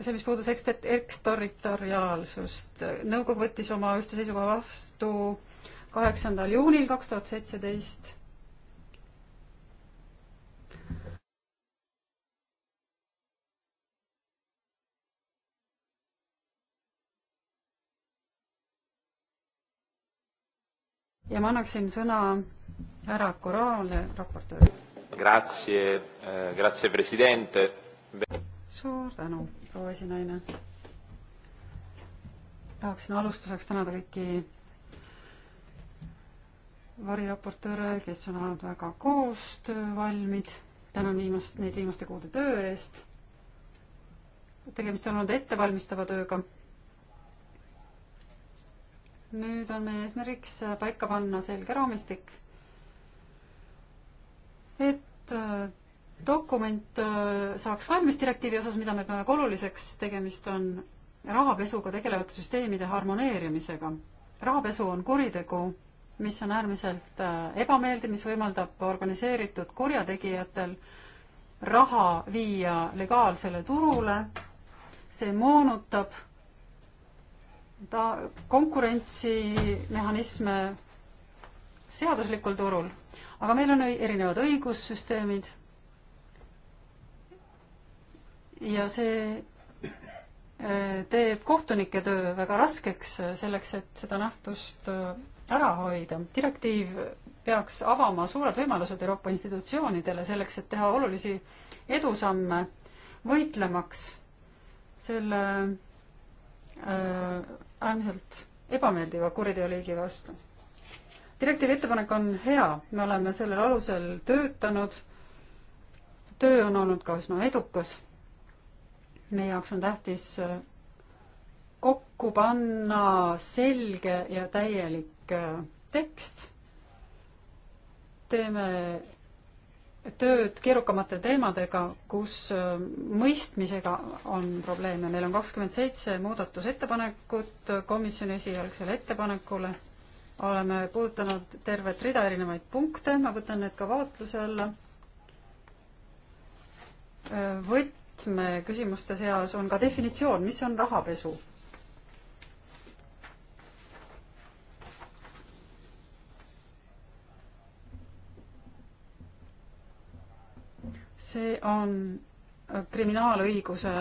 see, mis puudus ekster-, eksterritoriaalsust. nõukogu võttis oma ühtse seisukoha vastu kaheksandal juunil kaks tuhat seitseteist ja ma annaksin sõna härra Koraal'le, raportöörile. Grazie, eh, grazie, president. suur tänu, proua esinaine. tahaksin alustuseks tänada kõiki variraportööre, kes on olnud väga koostöövalmid. tänan viimast, neid viimaste kuude töö eest. tegemist on olnud ettevalmistava tööga nüüd on meie eesmärgiks paika panna selge raamistik, et äh, dokument äh, saaks valmis direktiivi osas, mida me peame väga oluliseks, tegemist on rahapesuga tegelevate süsteemide harmoneerimisega. rahapesu on kuritegu, mis on äärmiselt äh, ebameeldiv, mis võimaldab organiseeritud kurjategijatel raha viia legaalsele turule, see moonutab ta-, konkurentsimehhanisme seaduslikul turul, aga meil on erinevad õigussüsteemid ja see äh, teeb kohtunike töö väga raskeks äh, selleks, et seda nähtust äh, ära hoida. direktiiv peaks avama suured võimalused Euroopa institutsioonidele selleks, et teha olulisi edusamme võitlemaks selle öö, äärmiselt ebameeldiva kuriteoliigi vastu. direktiivi ettepanek on hea, me oleme sellel alusel töötanud, töö on olnud ka üsna edukas. meie jaoks on tähtis äh, kokku panna selge ja täielik äh, tekst. teeme tööd keerukamate teemadega, kus äh, mõistmisega on probleeme. meil on kakskümmend seitse muudatusettepanekut komisjoni esialgsele ettepanekule. oleme puudutanud tervet rida erinevaid punkte, ma võtan need ka vaatluse alla. Äh, võtmeküsimuste seas on ka definitsioon, mis on rahapesu see on kriminaalõiguse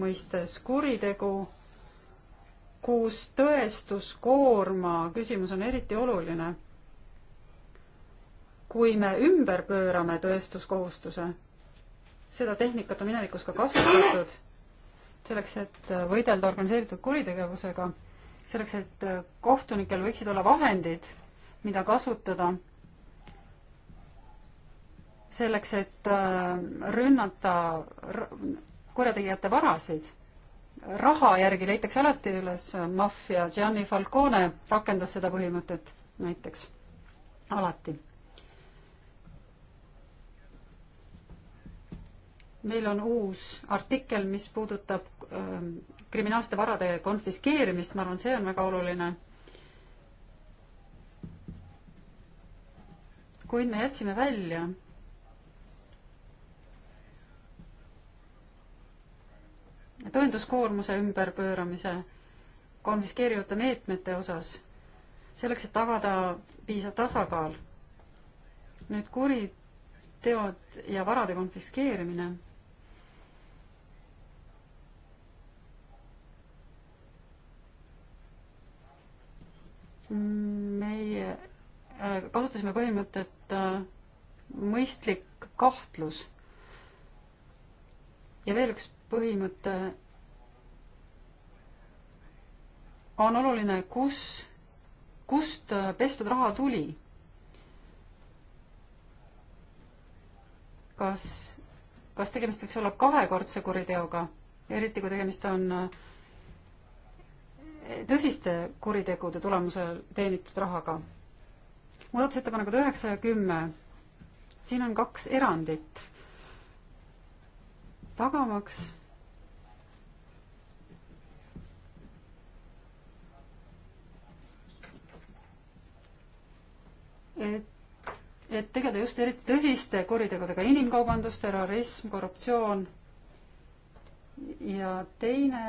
mõistes kuritegu, kus tõestuskoorma küsimus on eriti oluline. kui me ümber pöörame tõestuskohustuse, seda tehnikat on minevikus ka kasutatud, selleks, et võidelda organiseeritud kuritegevusega, selleks, et kohtunikel võiksid olla vahendid, mida kasutada selleks, et äh, rünnata kurjategijate varasid. raha järgi leitakse alati üles maffia, Gianni Falcone rakendas seda põhimõtet näiteks, alati. meil on uus artikkel, mis puudutab ähm, kriminaalsete varade konfiskeerimist, ma arvan, see on väga oluline kuid me jätsime välja tõenduskoormuse ümberpööramise konfiskeerivate meetmete osas, selleks, et tagada piisav tasakaal. nüüd kuriteod ja varade konfiskeerimine. meie äh, kasutasime põhimõtet äh, mõistlik kahtlus. ja veel üks põhimõte on oluline, kus, kust pestud raha tuli. kas, kas tegemist võiks olla kahekordse kuriteoga, eriti kui tegemist on eh, tõsiste kuritegude tulemusel teenitud rahaga? muudatusettepanekud üheksa ja kümme. siin on kaks erandit. tagamaks et, et tegeleda just eriti tõsiste kuritegudega, inimkaubandus, terrorism, korruptsioon ja teine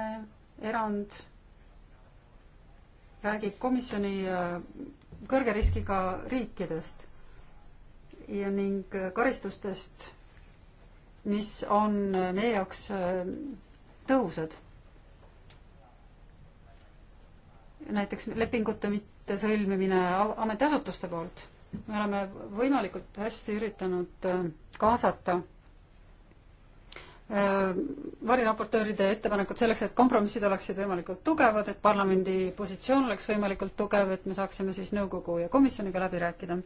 erand räägib komisjoni äh, kõrge riskiga riikidest ja ning äh, karistustest, mis on äh, meie jaoks tõhusad. näiteks lepingute mittesõlmimine ametiasutuste poolt me oleme võimalikult hästi üritanud äh, kaasata äh, variraportööride ettepanekud selleks, et kompromissid oleksid võimalikult tugevad, et parlamendi positsioon oleks võimalikult tugev, et me saaksime siis nõukogu ja komisjoniga läbi rääkida.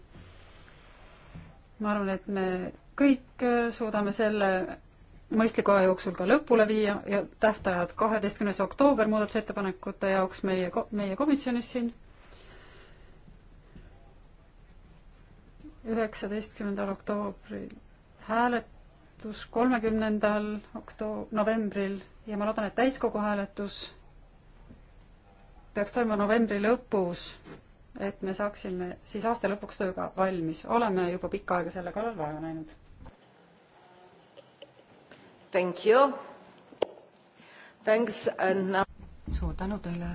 ma arvan, et me kõik äh, suudame selle mõistliku aja jooksul ka lõpule viia ja tähtajad kaheteistkümnes oktoober muudatusettepanekute jaoks meie, meie komisjonis siin üheksateistkümnendal oktoobril hääletus, kolmekümnendal okto-, novembril ja ma loodan, et täiskogu hääletus peaks toimuma novembri lõpus, et me saaksime siis aasta lõpuks tööga valmis. oleme juba pikka aega selle kallal vaeva näinud. Thank you. Thanks and now. suur tänu teile.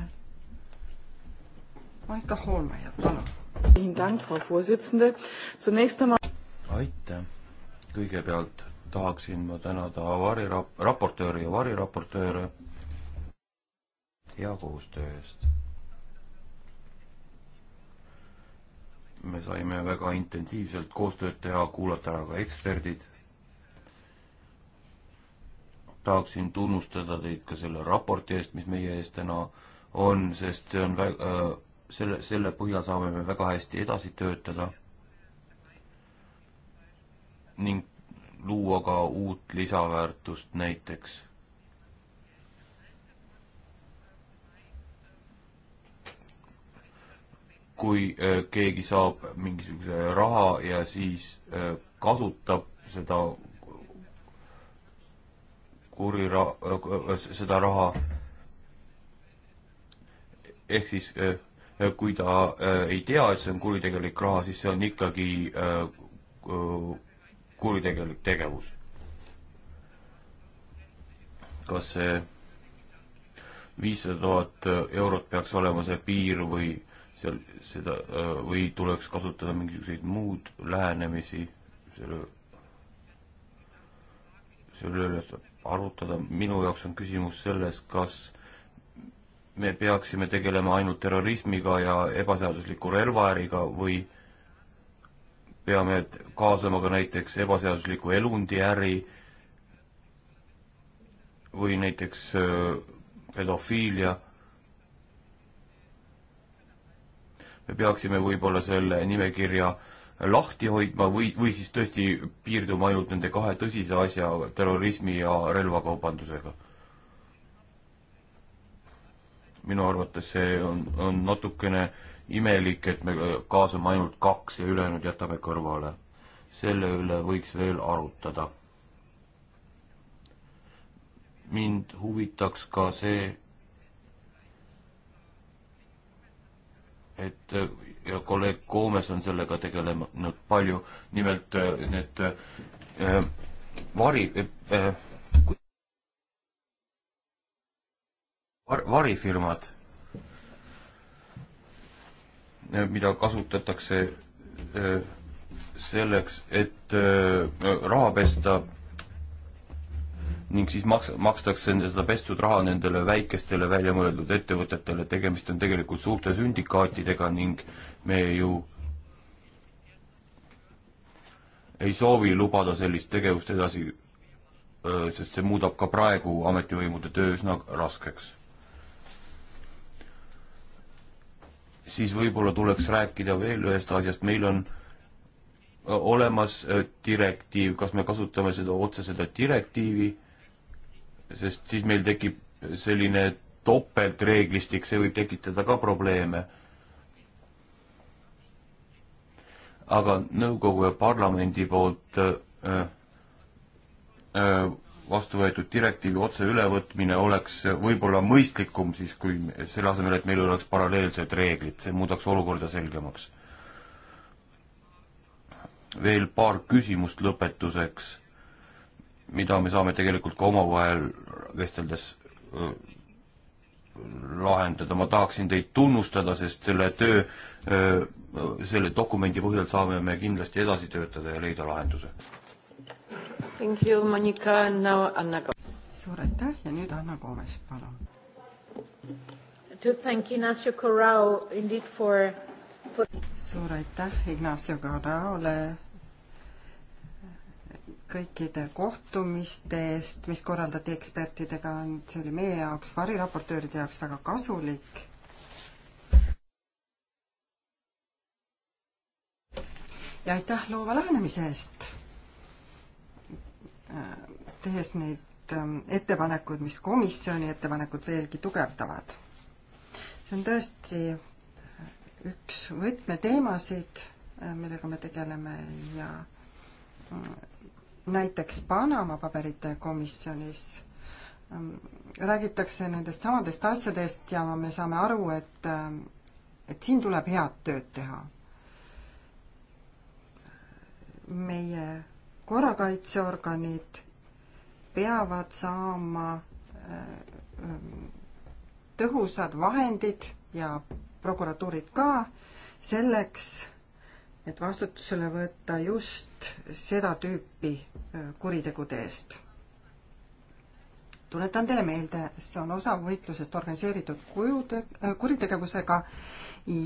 Maika Hoolmeier, palun aitäh, kõigepealt tahaksin ma tänada varirap-, raportööri ja variraportööre hea koostöö eest. me saime väga intensiivselt koostööd teha, kuulata ära ka eksperdid. tahaksin tunnustada teid ka selle raporti eest, mis meie ees täna on, sest see on väga äh, selle, selle põhjal saame me väga hästi edasi töötada ning luua ka uut lisaväärtust näiteks. kui äh, keegi saab mingisuguse raha ja siis äh, kasutab seda kuri ra-, äh, seda raha, ehk siis Äh, kui ta äh, ei tea, et see on kuritegelik raha, siis see on ikkagi äh, kuritegelik tegevus. kas see viissada tuhat eurot peaks olema see piir või seal seda või tuleks kasutada mingisuguseid muud lähenemisi selle, selle üle arutada, minu jaoks on küsimus selles, kas me peaksime tegelema ainult terrorismiga ja ebaseadusliku relvaäriga või peame kaasama ka näiteks ebaseadusliku elundiäri või näiteks äh, pedofiilia. me peaksime võib-olla selle nimekirja lahti hoidma või, või siis tõesti piirduma ainult nende kahe tõsise asja, terrorismi ja relvakaubandusega minu arvates see on, on natukene imelik, et me kaasame ainult kaks ja ülejäänud jätame kõrvale. selle üle võiks veel arutada. mind huvitaks ka see, et ja kolleeg Koomes on sellega tegelenud palju, nimelt need äh, vari äh,, äh var-, varifirmad, eh, mida kasutatakse eh, selleks, et eh, raha pesta ning siis maks-, makstakse seda pestud raha nendele väikestele väljamõeldud ettevõtetele, tegemist on tegelikult suurte sündikaatidega ning me ju ei soovi lubada sellist tegevust edasi, sest see muudab ka praegu ametivõimude töö üsna raskeks siis võib-olla tuleks rääkida veel ühest asjast, meil on olemas direktiiv, kas me kasutame seda otse seda direktiivi, sest siis meil tekib selline topeltreeglistik, see võib tekitada ka probleeme. aga nõukogu ja parlamendi poolt äh, äh, vastu võetud direktiivi otse ülevõtmine oleks võib-olla mõistlikum siis, kui selle asemel, et meil oleks paralleelsed reeglid, see muudaks olukorda selgemaks. veel paar küsimust lõpetuseks, mida me saame tegelikult ka omavahel vesteldes lahendada, ma tahaksin teid tunnustada, sest selle töö, selle dokumendi põhjal saame me kindlasti edasi töötada ja leida lahenduse. Thank you, Monika, and now Anna Gomes. suur aitäh ja nüüd Anna Gomes, palun. To thank Ignacio Corrao indeed for, for suur aitäh Ignacio Corraole kõikide kohtumiste eest, mis korraldati ekspertidega, see oli meie jaoks, variraportööride jaoks väga kasulik. ja aitäh loova lähenemise eest Äh, tehes neid ähm, ettepanekuid, mis komisjoni ettepanekut veelgi tugevdavad. see on tõesti äh, üks võtmeteemasid, äh, millega me tegeleme ja näiteks Panama paberite komisjonis ähm, räägitakse nendest samadest asjadest ja me saame aru, et, et siin tuleb head tööd teha. meie korrakaitseorganid peavad saama äh, tõhusad vahendid ja prokuratuurid ka selleks, et vastutusele võtta just seda tüüpi äh, kuritegude eest. tuletan teile meelde, see on osa võitlusest organiseeritud kujude, äh, kuritegevusega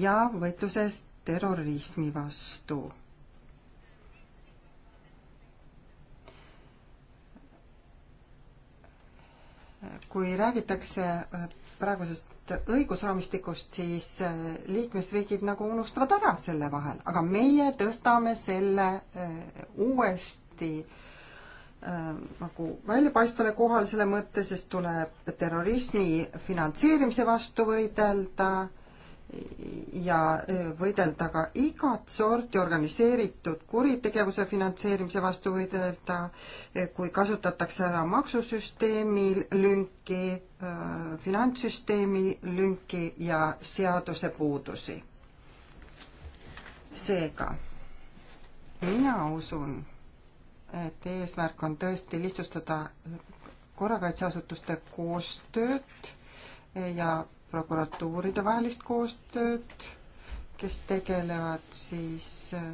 ja võitlusest terrorismi vastu kui räägitakse äh, praegusest õigusraamistikust, siis äh, liikmesriigid nagu unustavad ära selle vahel, aga meie tõstame selle äh, uuesti nagu väljapaistvale kohale selle mõtte, sest tuleb terrorismi finantseerimise vastu võidelda ja võidelda ka igat sorti organiseeritud kuritegevuse finantseerimise vastu võidelda, kui kasutatakse ära maksusüsteemi lünki, finantssüsteemi lünki ja seaduse puudusi. seega mina usun, et eesmärk on tõesti lihtsustada korrakaitseasutuste koostööd ja prokuratuuride vahelist koostööd, kes tegelevad siis äh,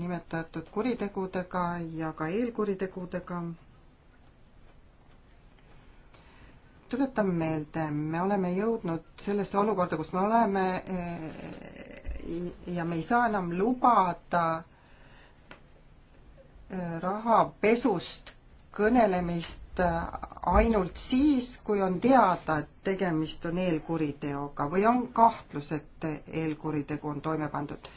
nimetatud kuritegudega ja ka eelkuritegudega. tuletan meelde, me oleme jõudnud sellesse olukorda, kus me oleme äh, ja me ei saa enam lubada äh, rahapesust kõnelemist Äh, ainult siis, kui on teada, et tegemist on eelkuriteoga või on kahtlus, et eelkuritegu on toime pandud.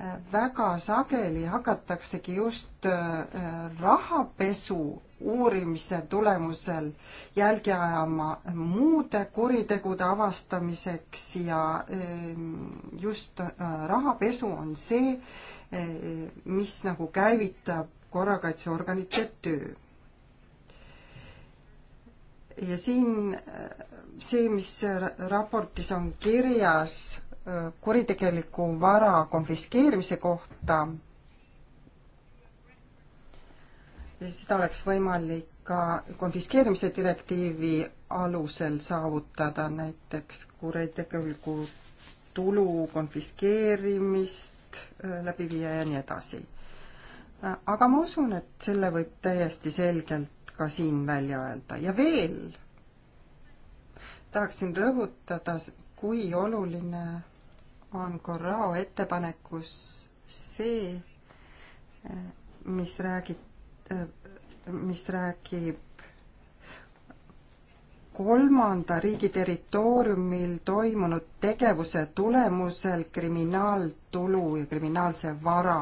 Äh, väga sageli hakataksegi just äh, rahapesu uurimise tulemusel jälgi ajama muude kuritegude avastamiseks ja ähm, just rahapesu on see, mis nagu käivitab korrakaitseorganite töö ja siin see, mis raportis on kirjas äh, kuritegeliku vara konfiskeerimise kohta, seda oleks võimalik ka konfiskeerimise direktiivi alusel saavutada, näiteks kuritegeliku tulu konfiskeerimist äh, läbi viia ja nii edasi. Äh, aga ma usun, et selle võib täiesti selgelt ka siin välja öelda ja veel tahaksin rõhutada, kui oluline on Corrao ettepanekus see, mis räägib, mis räägib kolmanda riigi territooriumil toimunud tegevuse tulemusel kriminaaltulu ja kriminaalse vara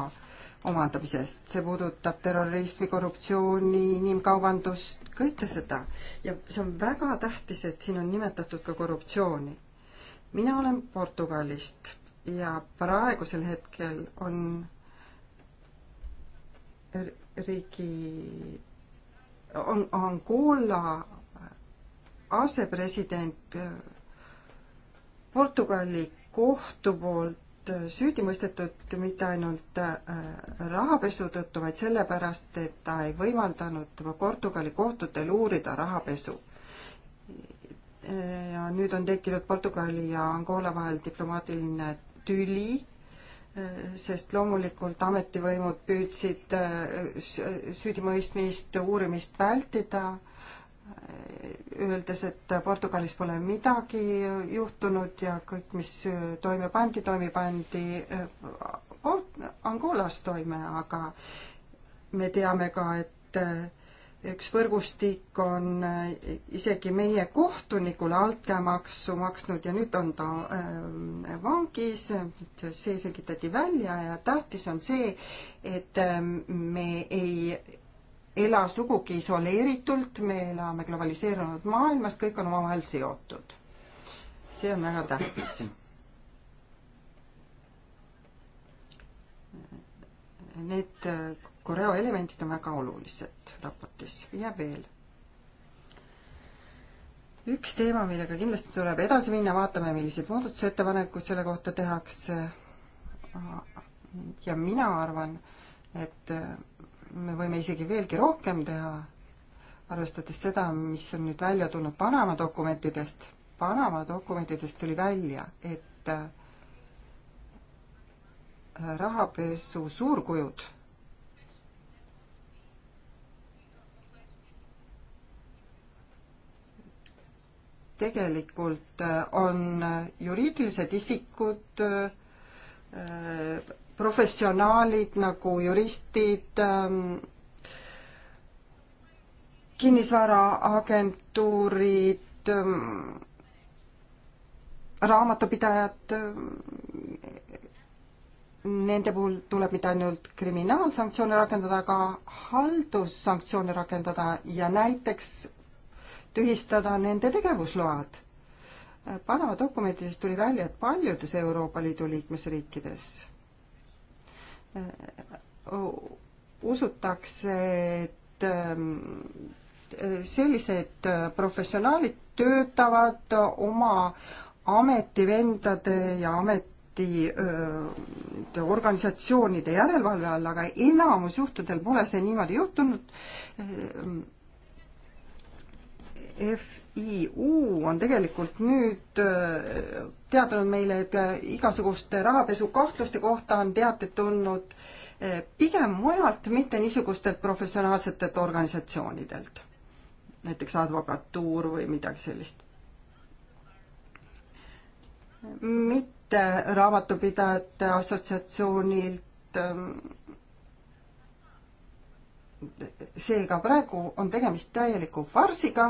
omandamisest, see puudutab terrorismi, korruptsiooni, inimkaubandust, kõike seda. ja see on väga tähtis, et siin on nimetatud ka korruptsiooni. mina olen Portugalist ja praegusel hetkel on riigi, on Angola asepresident Portugali kohtu poolt süüdi mõistetud mitte ainult äh, rahapesu tõttu, vaid sellepärast, et ta ei võimaldanud Portugali kohtutel uurida rahapesu. ja nüüd on tekkinud Portugali ja Angola vahel diplomaatiline tüli, äh, sest loomulikult ametivõimud püüdsid äh, süüdimõistmist, uurimist vältida öeldes, et Portugalis pole midagi juhtunud ja kõik, mis toime pandi, toime pandi eh, Angolas toime, aga me teame ka, et eh, üks võrgustik on eh, isegi meie kohtunikule altkäemaksu maksnud ja nüüd on ta vangis, see selgitati välja ja tähtis on see, et me ei ela sugugi isoleeritult, me elame globaliseerunud maailmas, kõik on omavahel seotud. see on väga tähtis. Need koreo elemendid on väga olulised raportis ja veel. üks teema, millega kindlasti tuleb edasi minna, vaatame, milliseid muudatusettepanekuid selle kohta tehakse. ja mina arvan, et me võime isegi veelgi rohkem teha, arvestades seda, mis on nüüd välja tulnud Panama dokumentidest. Panama dokumentidest tuli välja, et äh, rahapesu suurkujud tegelikult äh, on äh, juriidilised isikud professionaalid nagu juristid, ähm, kinnisvaraagentuurid, ähm, raamatupidajad, ähm, nende puhul tuleb mitte ainult kriminaalsanktsioone rakendada, aga haldussanktsioone rakendada ja näiteks tühistada nende tegevusload. Panama dokumentides tuli välja, et paljudes Euroopa Liidu liikmesriikides Äh, usutakse, et ähm, sellised äh, professionaalid töötavad oma ametivendade ja ameti äh, organisatsioonide järelevalve all, aga enamus juhtudel pole see niimoodi juhtunud FIU on tegelikult nüüd äh, teatanud meile, et äh, igasuguste rahapesukahtluste kohta on teated tulnud äh, pigem mujalt, mitte niisugustelt professionaalsetelt organisatsioonidelt. näiteks advokatuur või midagi sellist. mitte raamatupidajate assotsiatsioonilt ähm, seega praegu on tegemist täieliku farsiga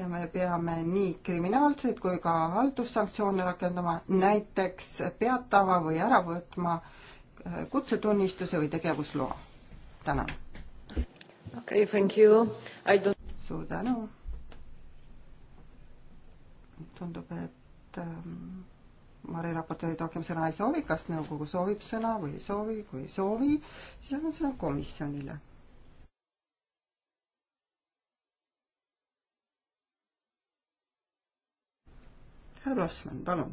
ja me peame nii kriminaalseid kui ka haldussanktsioone rakendama, näiteks peatama või ära võtma äh, kutsetunnistuse või tegevusloa. tänan. okei okay,, thank you. suur tänu. tundub, et ähm, Mari raportöörid rohkem sõna ei soovi, kas nõukogu soovib sõna või ei soovi, kui ei soovi, siis annan sõna komisjonile härra Blossman, palun.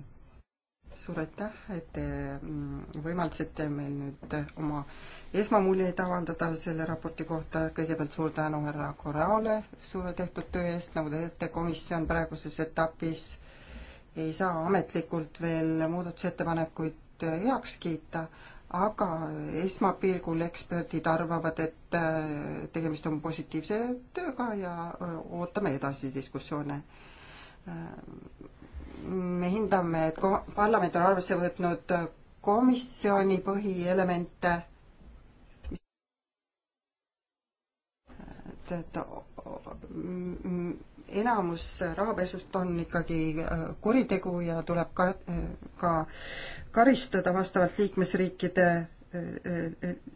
suur aitäh, et te mm, võimaldasite meil nüüd oma esmamuljeid avaldada selle raporti kohta. kõigepealt suur tänu härra Koreale suure tehtud töö eest, nagu te teate, komisjon praeguses etapis ei saa ametlikult veel muudatusettepanekuid heaks kiita, aga esmapilgul eksperdid arvavad, et äh, tegemist on positiivse tööga ja äh, ootame edasi diskussioone. Äh, me hindame, et parlament on arvesse võtnud komisjoni põhielemente, et, et mm, enamus rahapesust on ikkagi äh, kuritegu ja tuleb ka, ka karistada vastavalt liikmesriikide äh, äh,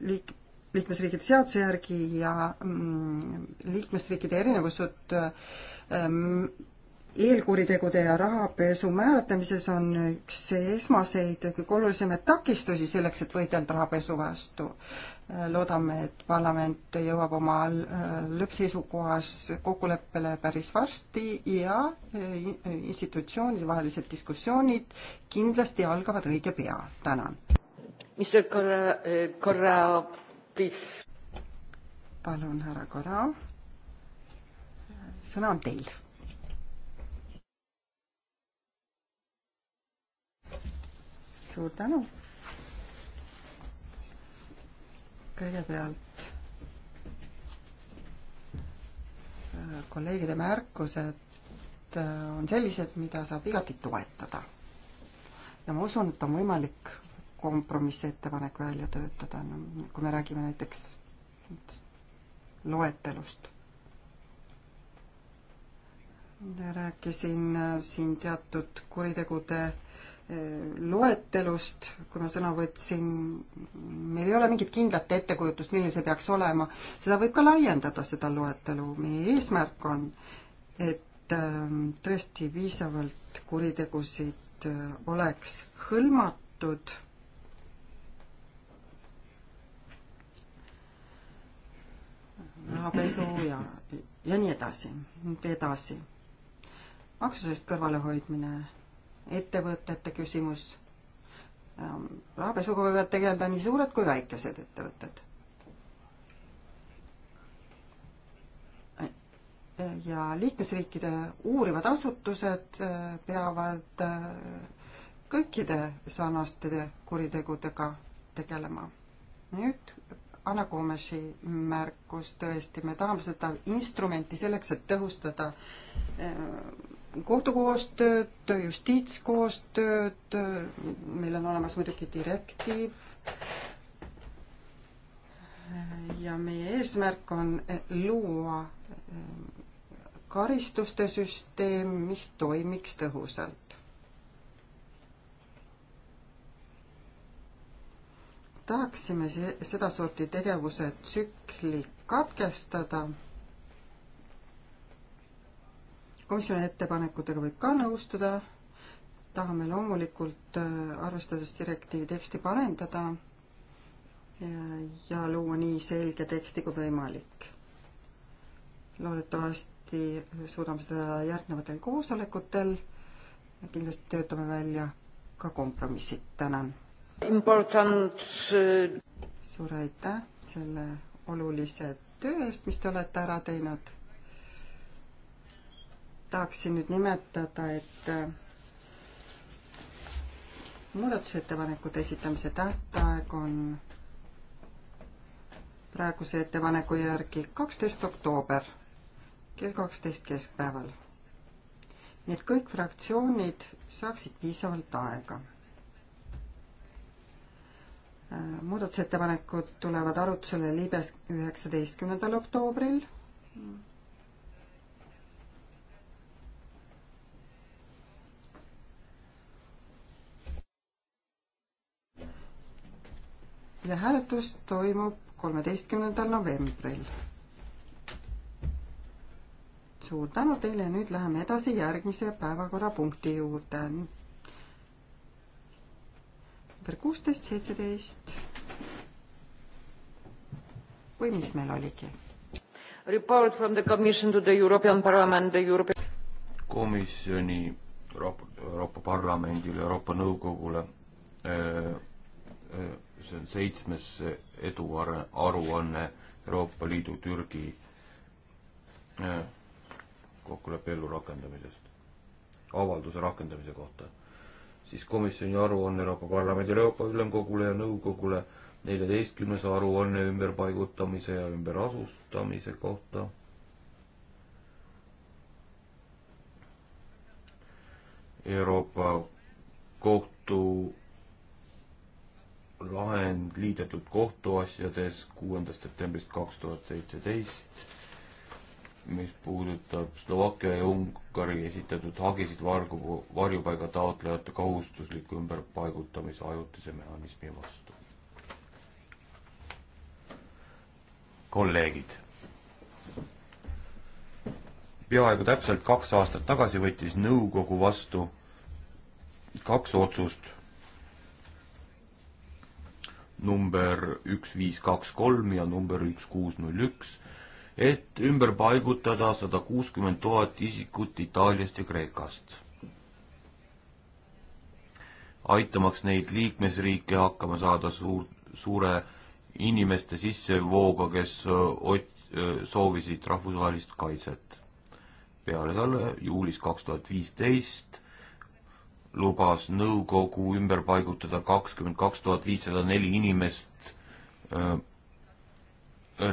liik-, liikmesriikide seaduse järgi ja mm, liikmesriikide erinevused mm, eelkuritegude ja rahapesu määratlemises on üks esmaseid ja kõige olulisemaid takistusi selleks, et võidelda rahapesu vastu. loodame, et parlament jõuab oma lõppseisukohas kokkuleppele päris varsti ja institutsioonide vahelised diskussioonid kindlasti algavad õige pea. tänan. Mr Corra, eh, Corra, please. palun, härra Corra. sõna on teil suur tänu. kõigepealt äh, kolleegide märkused äh, on sellised, mida saab igati toetada. ja ma usun, et on võimalik kompromissettepanek välja töötada, no kui me räägime näiteks loetelust. rääkisin äh, siin teatud kuritegude loetelust, kui ma sõna võtsin, meil ei ole mingit kindlat ettekujutust, milline see peaks olema, seda võib ka laiendada, seda loetelu, meie eesmärk on, et ähm, tõesti piisavalt kuritegusid äh, oleks hõlmatud rahapesu ja, ja nii edasi, nüüd edasi. maksusest kõrvalehoidmine ettevõtete küsimus. Ähm, rahapesuga võivad tegeleda nii suured kui väikesed ettevõtted. ja liikmesriikide uurivad asutused äh, peavad äh, kõikide sarnaste kuritegudega tegelema. nüüd Anna Komeši märkus tõesti, me tahame seda instrumenti selleks, et tõhustada äh, kohtukoostööd, justiitskoostööd, meil on olemas muidugi direktiiv ja meie eesmärk on luua eh, karistuste süsteem, mis toimiks tõhusalt. tahaksime sedasorti tegevuse tsükli katkestada komisjoni ettepanekutega võib ka nõustuda, tahame loomulikult äh, arvestades direktiivi teksti parendada ja, ja luua nii selge teksti kui võimalik. loodetavasti suudame seda järgnevatel koosolekutel, kindlasti töötame välja ka kompromissid, tänan. Important äh, suur aitäh selle olulise töö eest, mis te olete ära teinud tahaksin nüüd nimetada, et äh, muudatusettepanekute esitamise tähtaeg on praeguse ettepaneku järgi kaksteist oktoober kell kaksteist keskpäeval. nii et kõik fraktsioonid saaksid piisavalt aega. Äh, muudatusettepanekud tulevad arutusele Liibes üheksateistkümnendal oktoobril ja hääletus toimub kolmeteistkümnendal novembril. suur tänu teile ja nüüd läheme edasi järgmise päevakorrapunkti juurde. number kuusteist, seitseteist või mis meil oligi? Report from the Commission to the European Parliament, the European komisjoni Euroopa, Euroopa Parlamendile, Euroopa Nõukogule öö, äh, öö, äh, see on seitsmes eduaruanne Euroopa Liidu Türgi äh, kokkuleppe ellurakendamisest, avalduse rakendamise kohta, siis komisjoni aruanne Euroopa Parlamendile, Euroopa Ülemkogule ja Nõukogule, neljateistkümnes aruanne ümberpaigutamise ja ümberasustamise kohta Euroopa kohtu lahend liidetud kohtuasjades kuuendast septembrist kaks tuhat seitseteist, mis puudutab Slovakkia ja Ungari esitatud hagisid vargu, varjupaiga taotlejate kohustusliku ümberpaigutamise ajutise mehhanismi vastu. kolleegid peaaegu täpselt kaks aastat tagasi võttis nõukogu vastu kaks otsust number üks viis kaks kolm ja number üks kuus null üks, et ümber paigutada sada kuuskümmend tuhat isikut Itaaliast ja Kreekast. aitamaks neid liikmesriike hakkama saada suur, suure inimeste sissevooga, kes ot-, soovisid rahvusvahelist kaitset. peale selle juulis kaks tuhat viisteist lubas nõukogu ümber paigutada kakskümmend kaks tuhat viissada neli inimest äh,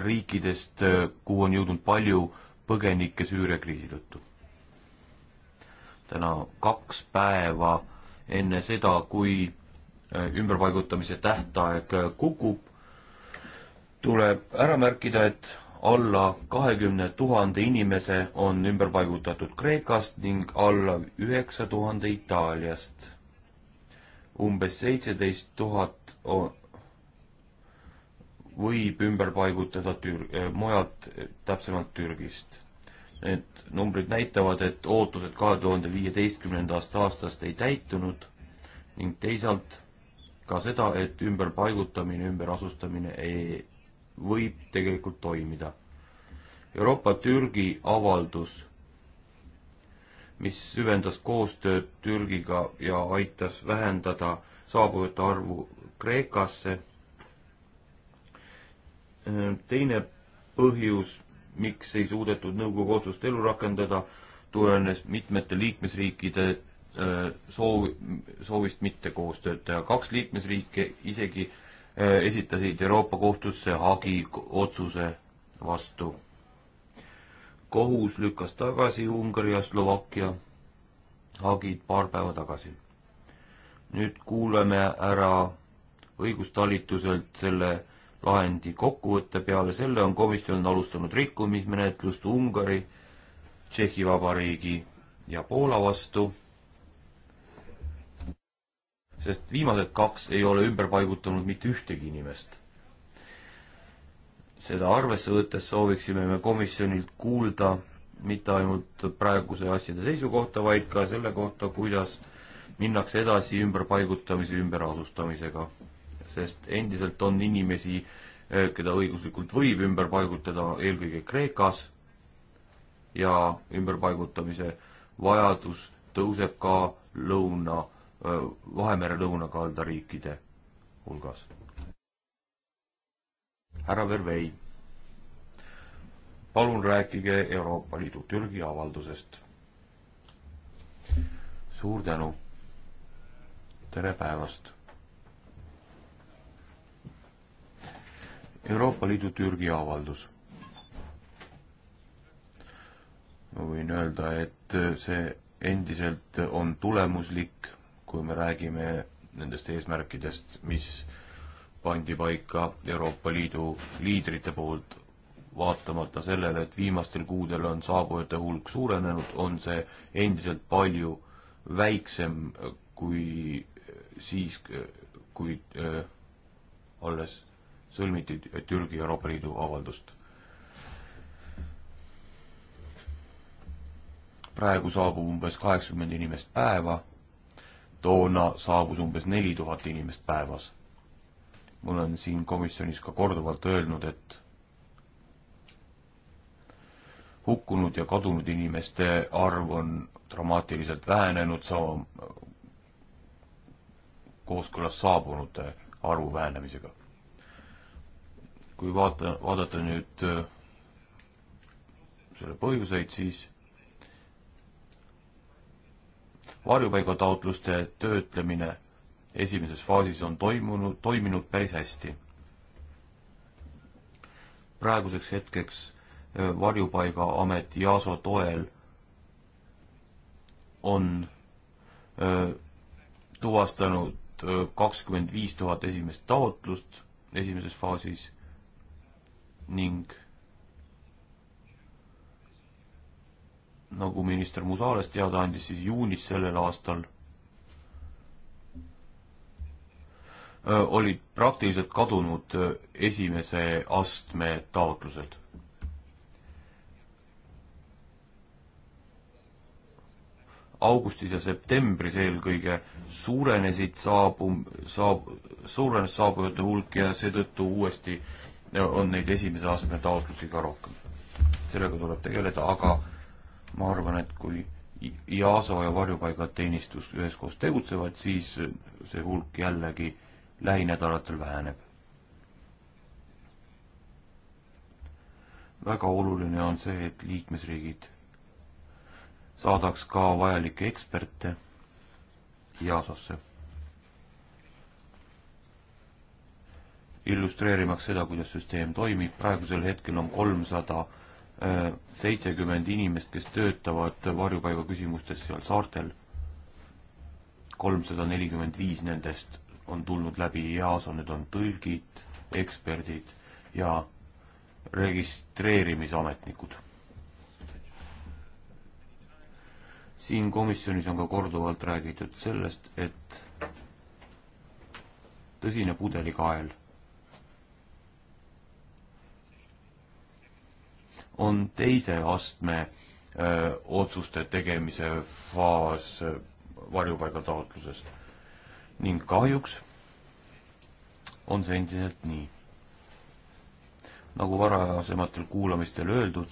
riikidest, äh, kuhu on jõudnud palju põgenikke Süüria kriisi tõttu. täna kaks päeva enne seda, kui äh, ümberpaigutamise tähtaeg kukub, tuleb ära märkida, et alla kahekümne tuhande inimese on ümber paigutatud Kreekast ning alla üheksa tuhande Itaaliast. umbes seitseteist tuhat võib ümber paigutada tür-, eh, mujalt, eh, täpsemalt Türgist. Need numbrid näitavad, et ootused kahe tuhande viieteistkümnendast aastast ei täitunud ning teisalt ka seda, et ümberpaigutamine, ümberasustamine ei võib tegelikult toimida. Euroopa-Türgi avaldus, mis süvendas koostööd Türgiga ja aitas vähendada saabujate arvu Kreekasse. teine põhjus, miks ei suudetud nõukogu otsust elu rakendada, tulenes mitmete liikmesriikide äh, soov, soovist mitte koostööd teha. kaks liikmesriiki isegi äh, Äh, esitasid Euroopa Kohtusse hagi otsuse vastu. kohus lükkas tagasi Ungari ja Slovakkia hagid paar päeva tagasi. nüüd kuuleme ära õigustalituselt selle lahendi kokkuvõtte, peale selle on komisjon alustanud rikkumismenetlust Ungari, Tšehhi Vabariigi ja Poola vastu sest viimased kaks ei ole ümber paigutanud mitte ühtegi inimest. seda arvesse võttes sooviksime me komisjonilt kuulda mitte ainult praeguse asjade seisukohta, vaid ka selle kohta, kuidas minnakse edasi ümberpaigutamise, ümberasustamisega. sest endiselt on inimesi, eh, keda õiguslikult võib ümber paigutada, eelkõige Kreekas, ja ümberpaigutamise vajadus tõuseb ka lõuna Vahemere lõunakalda riikide hulgas. härra Vervei, palun rääkige Euroopa Liidu Türgi avaldusest. suur tänu. tere päevast. Euroopa Liidu Türgi avaldus ma võin öelda, et see endiselt on tulemuslik kui me räägime nendest eesmärkidest, mis pandi paika Euroopa Liidu liidrite poolt, vaatamata sellele, et viimastel kuudel on saabujate hulk suurenenud, on see endiselt palju väiksem kui siis, kui äh, alles sõlmiti Türgi Euroopa Liidu avaldust. praegu saabub umbes kaheksakümmend inimest päeva toona saabus umbes neli tuhat inimest päevas. ma olen siin komisjonis ka korduvalt öelnud, et hukkunud ja kadunud inimeste arv on dramaatiliselt vähenenud, sama kooskõlas saabunute arvu vähenemisega. kui vaata, vaadata nüüd äh, selle põhjuseid, siis varjupaigataotluste töötlemine esimeses faasis on toimunud, toiminud päris hästi. praeguseks hetkeks äh, varjupaigaamet Jaaso toel on öö, äh, tuvastanud äh, kakskümmend viis tuhat esimest taotlust esimeses faasis ning nagu minister Musales teada andis, siis juunis sellel aastal olid praktiliselt kadunud esimese astme taotlused. augustis ja septembris eelkõige suurenesid saabum-, saab, suurenes saabujate hulk ja seetõttu uuesti on neid esimese astme taotlusi ka rohkem. sellega tuleb tegeleda, aga ma arvan, et kui IASO ja varjupaigateenistus üheskoos tegutsevad, siis see hulk jällegi lähinädalatel väheneb. väga oluline on see, et liikmesriigid saadaks ka vajalikke eksperte IASO-sse. illustreerimaks seda, kuidas süsteem toimib, praegusel hetkel on kolmsada 300 seitsekümmend inimest, kes töötavad varjupaiga küsimustes seal saartel. kolmsada nelikümmend viis nendest on tulnud läbi EASO, need on tõlgid, eksperdid ja registreerimisametnikud. siin komisjonis on ka korduvalt räägitud sellest, et tõsine pudelikael on teise astme öö, äh, otsuste tegemise faas äh, varjupaigataotluses. ning kahjuks on see endiselt nii. nagu varasematel kuulamistel öeldud,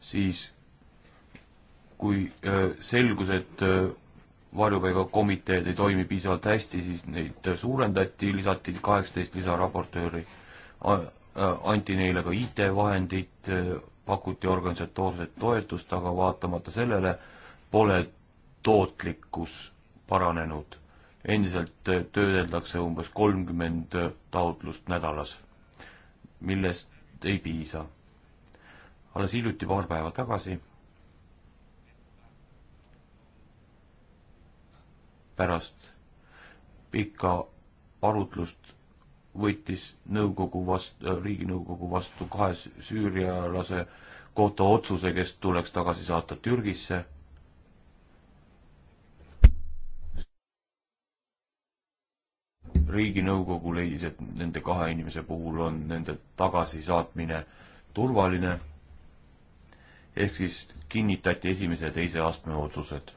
siis kui öö, äh, selgus, et öö, varjupaigakomiteed ei toimi piisavalt hästi, siis neid suurendati, lisati kaheksateist lisaraportööri anti neile ka IT-vahendid, pakuti organisatoorset toetust, aga vaatamata sellele pole tootlikkus paranenud. endiselt töödeldakse umbes kolmkümmend taotlust nädalas, millest ei piisa. alles hiljuti, paar päeva tagasi, pärast pikka arutlust võttis nõukogu vastu, äh, riiginõukogu vastu kahe süürialase kohta otsuse, kes tuleks tagasi saata Türgisse. riiginõukogu leidis, et nende kahe inimese puhul on nende tagasisaatmine turvaline. ehk siis kinnitati esimese ja teise astme otsused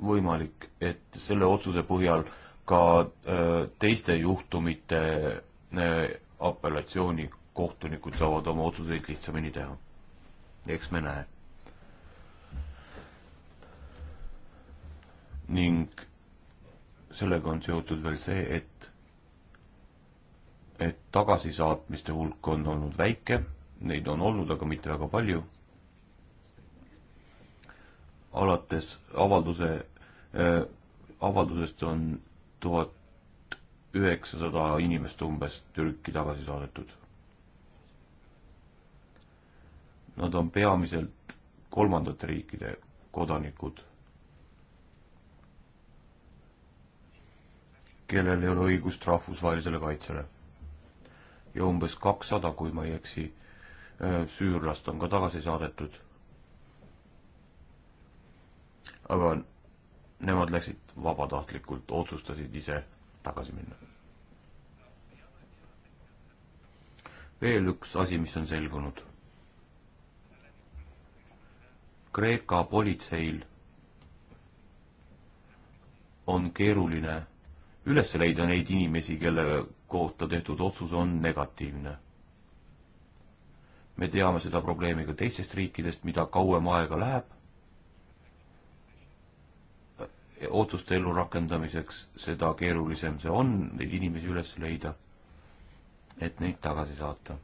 võimalik, et selle otsuse põhjal ka äh, teiste juhtumite äh, apellatsioonikohtunikud saavad oma otsuseid lihtsamini teha. eks me näe. ning sellega on seotud veel see, et et tagasisaatmiste hulk on olnud väike, neid on olnud, aga mitte väga palju. alates avalduse Äh, avaldusest on tuhat üheksasada inimest umbes Türki tagasi saadetud. Nad on peamiselt kolmandate riikide kodanikud, kellel ei ole õigust rahvusvahelisele kaitsele. ja umbes kakssada, kui ma ei eksi, äh, süürlast on ka tagasi saadetud. aga nemad läksid vabatahtlikult, otsustasid ise tagasi minna. veel üks asi, mis on selgunud. Kreeka politseil on keeruline üles leida neid inimesi, kelle kohta tehtud otsus on negatiivne. me teame seda probleemi ka teistest riikidest, mida kauem aega läheb otsuste ellurakendamiseks, seda keerulisem see on, neid inimesi üles leida, et neid tagasi saata.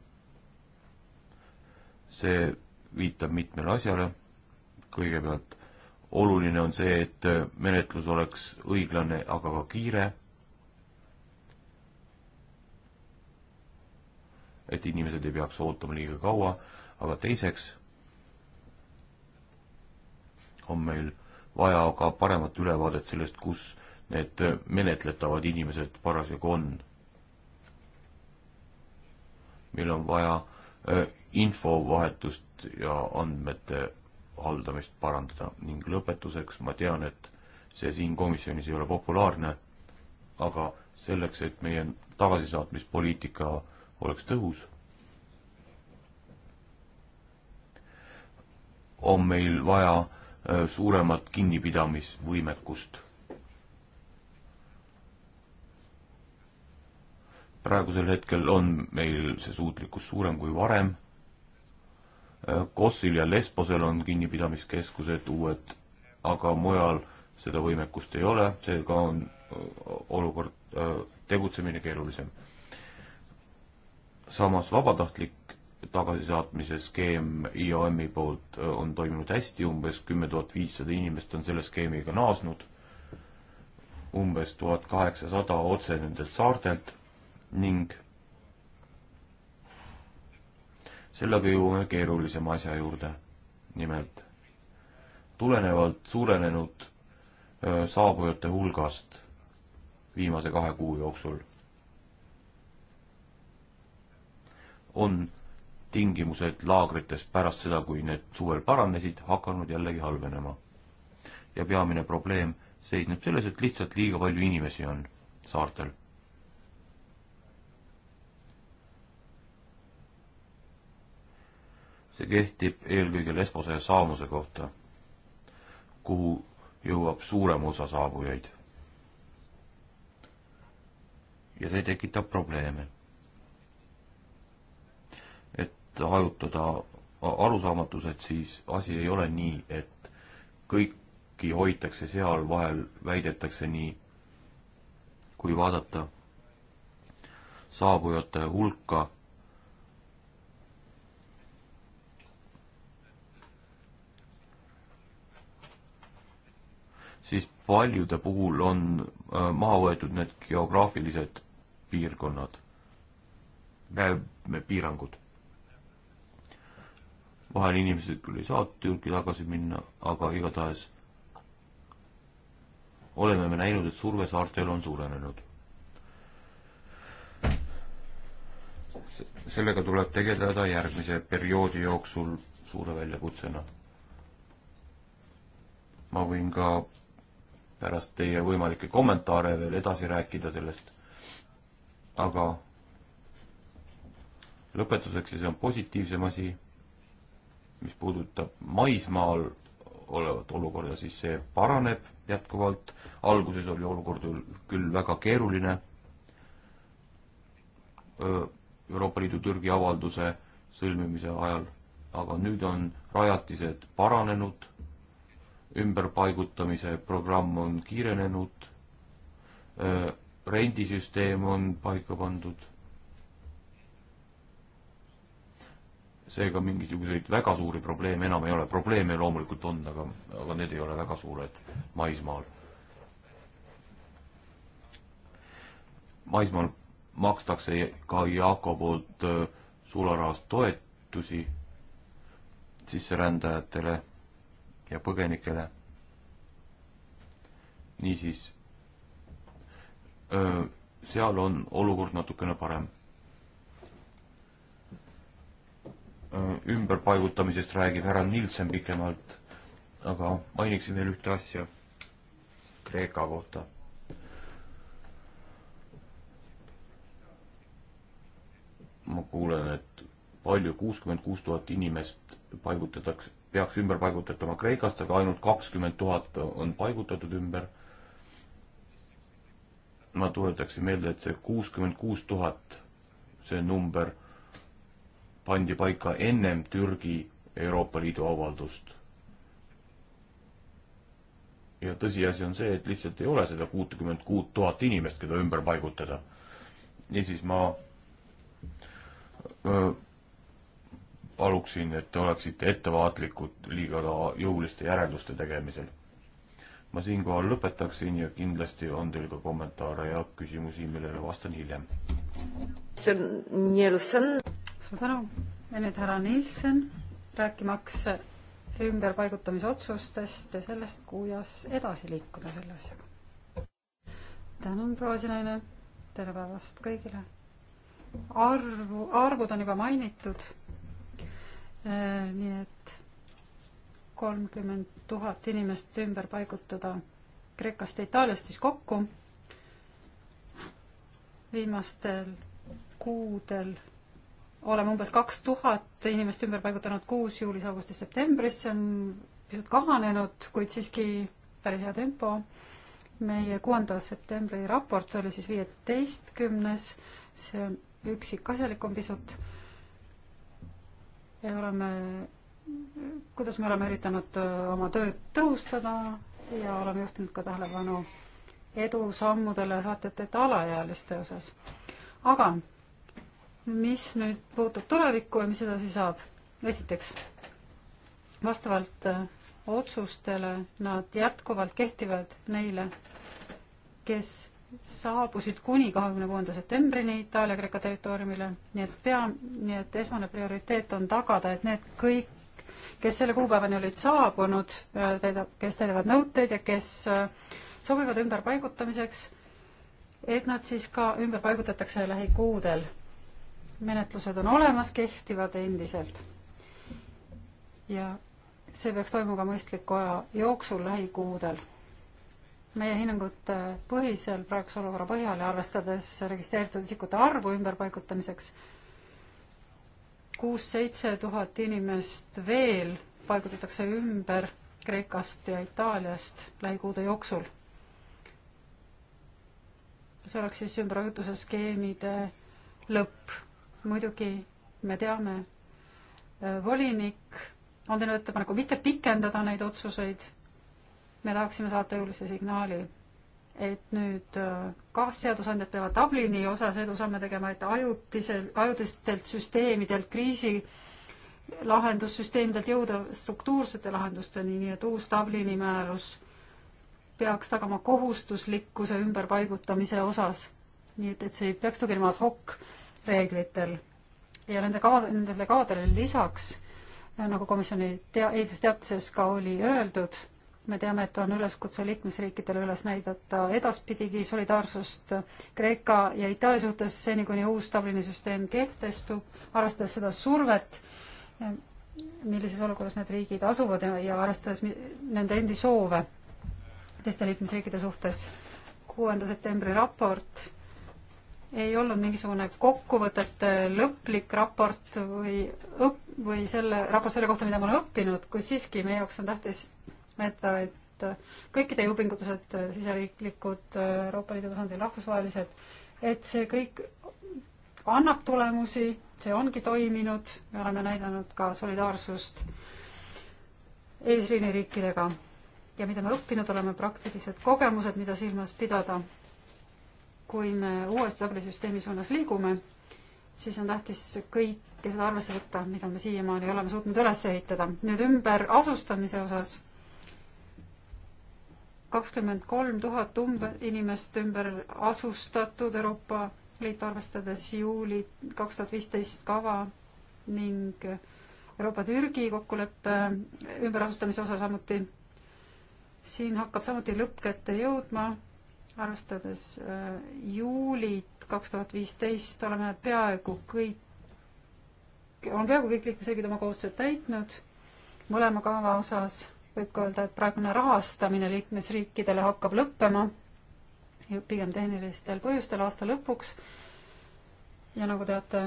see viitab mitmele asjale, kõigepealt oluline on see, et menetlus oleks õiglane, aga ka kiire, et inimesed ei peaks ootama liiga kaua, aga teiseks on meil vaja ka paremat ülevaadet sellest, kus need menetletavad inimesed parasjagu on. meil on vaja äh, infovahetust ja andmete haldamist parandada ning lõpetuseks ma tean, et see siin komisjonis ei ole populaarne, aga selleks, et meie tagasisaatmispoliitika oleks tõhus, on meil vaja Äh, suuremat kinnipidamisvõimekust. praegusel hetkel on meil see suutlikkus suurem kui varem. Äh, Kossil ja Lesbosel on kinnipidamiskeskused uued, aga mujal seda võimekust ei ole, seega on äh, olukord, tegutsemine keerulisem. samas vabatahtlik tagasisaatmise skeem IOM-i poolt äh, on toimunud hästi, umbes kümme tuhat viissada inimest on selle skeemiga naasnud, umbes tuhat kaheksasada otse nendelt saartelt ning sellega jõuame keerulisema asja juurde. nimelt, tulenevalt suurenenud äh, saabujate hulgast viimase kahe kuu jooksul on tingimused laagrites pärast seda, kui need suvel paranesid, hakanud jällegi halvenema. ja peamine probleem seisneb selles, et lihtsalt liiga palju inimesi on saartel. see kehtib eelkõige Lesbose ja Saamuse kohta, kuhu jõuab suurem osa saabujaid. ja see tekitab probleeme hajutada arusaamatused, siis asi ei ole nii, et kõiki hoitakse seal, vahel väidetakse nii. kui vaadata saabujate hulka, siis paljude puhul on äh, maha võetud need geograafilised piirkonnad, äh, piirangud vahel inimesed küll ei saa Türki tagasi minna, aga igatahes oleme me näinud, et surve saartel on suurenenud. sellega tuleb tegeleda järgmise perioodi jooksul suure väljakutsena. ma võin ka pärast teie võimalikke kommentaare veel edasi rääkida sellest, aga lõpetuseks ja see on positiivsem asi mis puudutab maismaal olevat olukorda, siis see paraneb jätkuvalt. alguses oli olukord küll väga keeruline. Euroopa Liidu Türgi avalduse sõlmimise ajal, aga nüüd on rajatised paranenud, ümberpaigutamise programm on kiirenenud, rendisüsteem on paika pandud seega mingisuguseid väga suuri probleeme enam ei ole, probleeme loomulikult on, aga, aga need ei ole väga suured maismaal. maismaal makstakse ka Jaako poolt äh, sularahast toetusi sisserändajatele ja põgenikele. niisiis, äh, seal on olukord natukene parem Äh, ümberpaigutamisest räägib härra Nilsen pikemalt, aga mainiksin veel ühte asja Kreeka kohta. ma kuulen, et palju, kuuskümmend kuus tuhat inimest paigutatakse, peaks ümber paigutatama Kreekast, aga ainult kakskümmend tuhat on paigutatud ümber. ma tuletaksin meelde, et see kuuskümmend kuus tuhat, see number pandi paika ennem Türgi Euroopa Liidu avaldust. ja tõsiasi on see, et lihtsalt ei ole seda kuutekümmet kuut tuhat inimest, keda ümber paigutada. niisiis ma öö, paluksin, et te oleksite ettevaatlikud liiga jõuliste järelduste tegemisel. ma siinkohal lõpetaksin ja kindlasti on teil ka kommentaare ja küsimusi, millele vastan hiljem suur tänu ja nüüd härra Nielsen rääkimaks ümberpaigutamisotsustest ja sellest, kuidas edasi liikuda selle asjaga. tänan, proua Sinaine, tere päevast kõigile. arvu, arvud on juba mainitud. Äh, nii et kolmkümmend tuhat inimest ümber paigutada Kreekast ja Itaaliast siis kokku. viimastel kuudel oleme umbes kaks tuhat inimest ümber paigutanud kuus juulis, augustis, septembris, see on pisut kahanenud, kuid siiski päris hea tempo. meie kuuenda septembri raport oli siis viieteistkümnes, see on üksikasjalikum pisut. ja oleme, kuidas me oleme üritanud äh, oma tööd tõhustada ja oleme juhtinud ka tähelepanu edusammudele saatjate alalaealiste osas. aga mis nüüd puutub tulevikku ja mis edasi saab? esiteks, vastavalt äh, otsustele nad jätkuvalt kehtivad neile, kes saabusid kuni kahekümne kuuenda septembrini Itaalia-Kreeka territooriumile, nii et pea, nii et esmane prioriteet on tagada, et need kõik, kes selle kuupäevani olid saabunud, äh, täidab, kes täidavad nõuteid ja kes äh, sobivad ümberpaigutamiseks, et nad siis ka ümber paigutatakse lähikuudel menetlused on olemas, kehtivad endiselt. ja see peaks toimuma mõistliku aja jooksul lähikuudel. meie hinnangute põhisel, praeguse olukorra põhjal ja arvestades registreeritud isikute arvu ümberpaigutamiseks, kuus-seitse tuhat inimest veel paigutatakse ümber Kreekast ja Itaaliast lähikuude jooksul. see oleks siis ümberajutuse skeemide lõpp muidugi me teame, äh, volinik on teinud ettepaneku mitte pikendada neid otsuseid. me tahaksime saata jõulise signaali, et nüüd äh, kaasseadusandjad peavad Dublini osas edusamme tegema, et ajutisel, ajutistelt süsteemidelt, kriisi lahendussüsteemidelt jõuda struktuursete lahendusteni, nii et uus Dublini määrus peaks tagama kohustuslikkuse ümberpaigutamise osas. nii et, et see ei peaks tuginema ad hoc reeglitel ja nende kaad-, nendele kaadrile lisaks, äh, nagu komisjoni tea-, eilses teatises ka oli öeldud, me teame, et on üleskutse liikmesriikidele üles näidata edaspidigi solidaarsust Kreeka ja Itaalia suhtes seni, kuni uus Dublini süsteem kehtestub, arvestades seda survet, äh, millises olukorras need riigid asuvad ja, ja arvestades nende endi soove teiste liikmesriikide suhtes. kuuenda septembri raport ei olnud mingisugune kokkuvõtete lõplik raport või õpp- või selle, raport selle kohta, mida ma olen õppinud, kuid siiski meie jaoks on tähtis metta, et kõikide jõupingutused, siseriiklikud, Euroopa Liidu tasandil rahvusvahelised, et see kõik annab tulemusi, see ongi toiminud, me oleme näidanud ka solidaarsust eesliiniriikidega ja mida me õppinud oleme, praktilised kogemused, mida silmas pidada kui me uues tabelisüsteemi suunas liigume, siis on tähtis kõike seda arvesse võtta, mida me siiamaani oleme suutnud üles ehitada. nüüd ümber asustamise osas kakskümmend kolm tuhat umbe-, inimest ümber asustatud Euroopa Liit, arvestades juuli kaks tuhat viisteist kava ning Euroopa-Türgi kokkuleppe ümberasustamise osa samuti. siin hakkab samuti lõppkätte jõudma arvestades äh, juulit kaks tuhat viisteist oleme peaaegu kõik, on peaaegu kõik liikmesriigid oma kohustused täitnud, mõlema kava osas võib ka öelda, et praegune rahastamine liikmesriikidele hakkab lõppema, pigem tehnilistel põhjustel aasta lõpuks. ja nagu teate,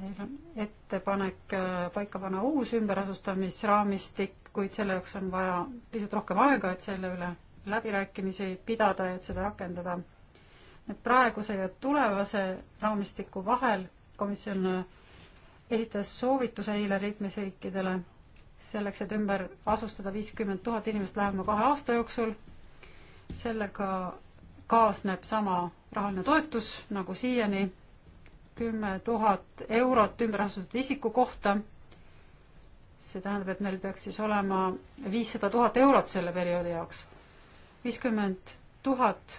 meil on ettepanek äh, paika panna uus ümberasustamisraamistik, kuid selle jaoks on vaja pisut rohkem aega, et selle üle läbirääkimisi pidada, et seda rakendada. et praeguse ja tulevase raamistiku vahel komisjon äh, esitas soovituse eile liikmesriikidele selleks, et ümber asustada viiskümmend tuhat inimest lähema kahe aasta jooksul. sellega kaasneb sama rahaline toetus nagu siiani, kümme tuhat eurot ümber asustatud isiku kohta. see tähendab, et meil peaks siis olema viissada tuhat eurot selle perioodi jaoks viiskümmend tuhat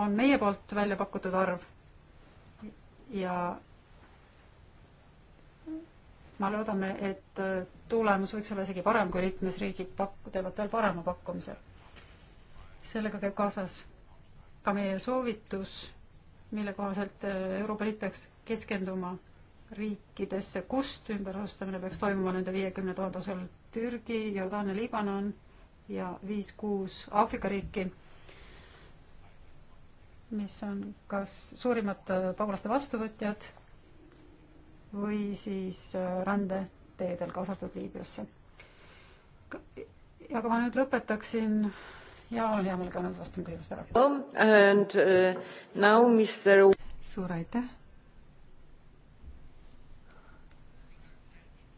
on meie poolt välja pakutud arv ja ma loodame, et äh, tulemus võiks olla isegi parem, kui liikmesriigid pak-, teevad veel parema pakkumise. sellega käib kaasas ka meie soovitus, mille kohaselt äh, Euroopa Liit peaks keskenduma riikidesse, kust ümberasustamine peaks toimuma nende viiekümne tuhande osal Türgi, Jordaania, Liibanon ja viis-kuus Aafrika riiki, mis on kas suurimad äh, pagulaste vastuvõtjad või siis äh, rändeteedel, kaasa arvatud Liibüasse. aga ma nüüd lõpetaksin ja olen hea meelega nõus vastama küsimustele oh, uh,. suur aitäh.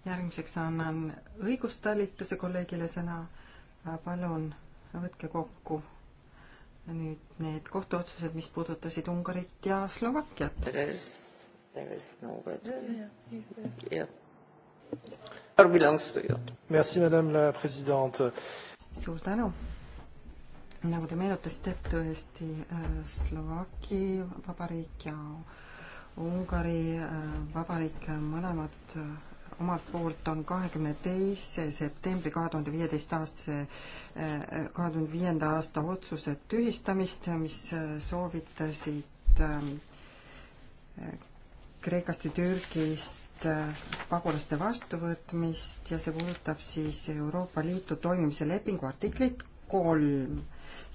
järgmiseks annan õigustalituse kolleegile sõna Äh, palun võtke kokku nüüd need kohtuotsused, mis puudutasid Ungarit ja Slovakkiat. suur tänu. nagu te meenutasite, et tõesti äh, Slovaki Vabariik ja Ungari äh, Vabariik mõlemad omalt poolt on kahekümne teise septembri kahe tuhande viieteist aastase, äh, kahe tuhande viienda aasta otsuse tühistamist, mis äh, soovitasid ähm, äh, Kreekast ja Türgist pagulaste vastuvõtmist ja see puudutab siis Euroopa Liitu toimimise lepingu artiklit kolm.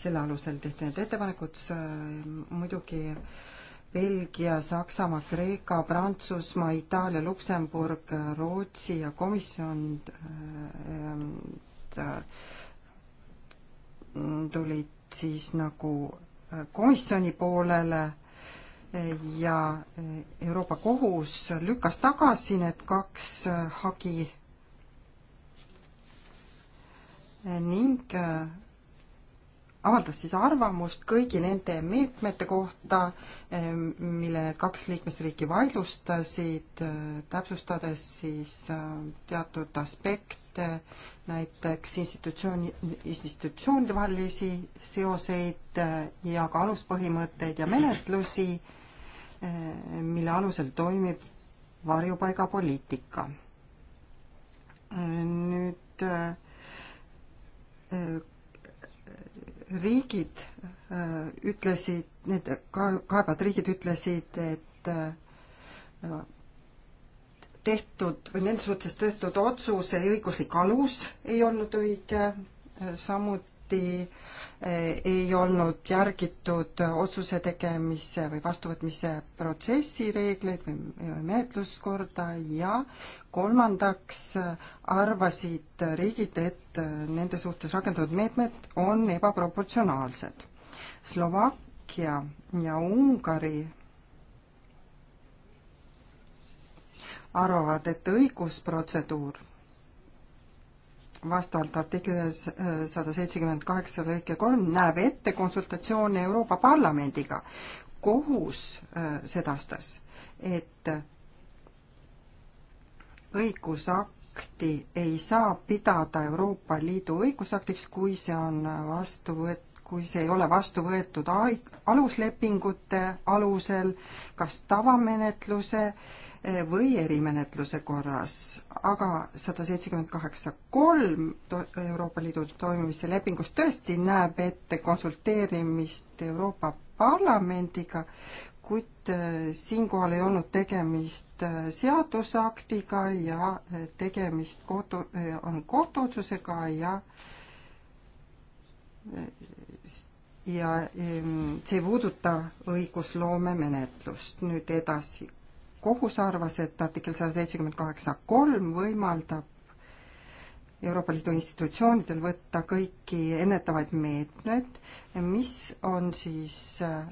selle alusel tehti need ettepanekud, muidugi äh, Belgia, Saksamaa, Kreeka, Prantsusmaa, Itaalia, Luksemburg, Rootsi ja komisjon äh, äh, tulid siis nagu äh, komisjoni poolele ja Euroopa Kohus lükkas tagasi need kaks hagi ning avaldas siis arvamust kõigi nende meetmete kohta, mille need kaks liikmesriiki vaidlustasid, täpsustades siis ähm, teatud aspekte, näiteks institutsiooni, institutsioonide vahelisi seoseid äh, ja ka aluspõhimõtteid ja menetlusi, äh, mille alusel toimib varjupaigapoliitika. nüüd äh, riigid äh, ütlesid, need kaevad riigid ütlesid, et äh, tehtud või nende suhtes tehtud otsuse õiguslik alus ei olnud õige, äh, samuti samuti eh, ei olnud järgitud otsuse tegemise või vastuvõtmise protsessi reegleid või menetluskorda ja kolmandaks eh, arvasid riigid, et eh, nende suhtes rakendatud meetmed on ebaproportsionaalsed. Slovakkia ja Ungari arvavad, et õigusprotseduur vastavalt artiklile sada seitsekümmend kaheksa lõike kolm näeb ette konsultatsioone Euroopa Parlamendiga. kohus äh, sedastas, et õigusakti ei saa pidada Euroopa Liidu õigusaktiks, kui see on vastu võetud kui see ei ole vastu võetud aluslepingute alusel, kas tavamenetluse eh, või erimenetluse korras, aga sada seitsekümmend kaheksa kolm Euroopa Liidu toimimise lepingus tõesti näeb ette konsulteerimist Euroopa Parlamendiga, kuid eh, siinkohal ei olnud tegemist eh, seadusaktiga ja tegemist kohtu, on kohtuotsusega ja ja ehm, see ei puuduta õigusloomemenetlust. nüüd edasi. kohus arvas, et artikkel sada seitsekümmend kaheksa kolm võimaldab Euroopa Liidu institutsioonidel võtta kõiki ennetavaid meetmeid, mis on siis äh,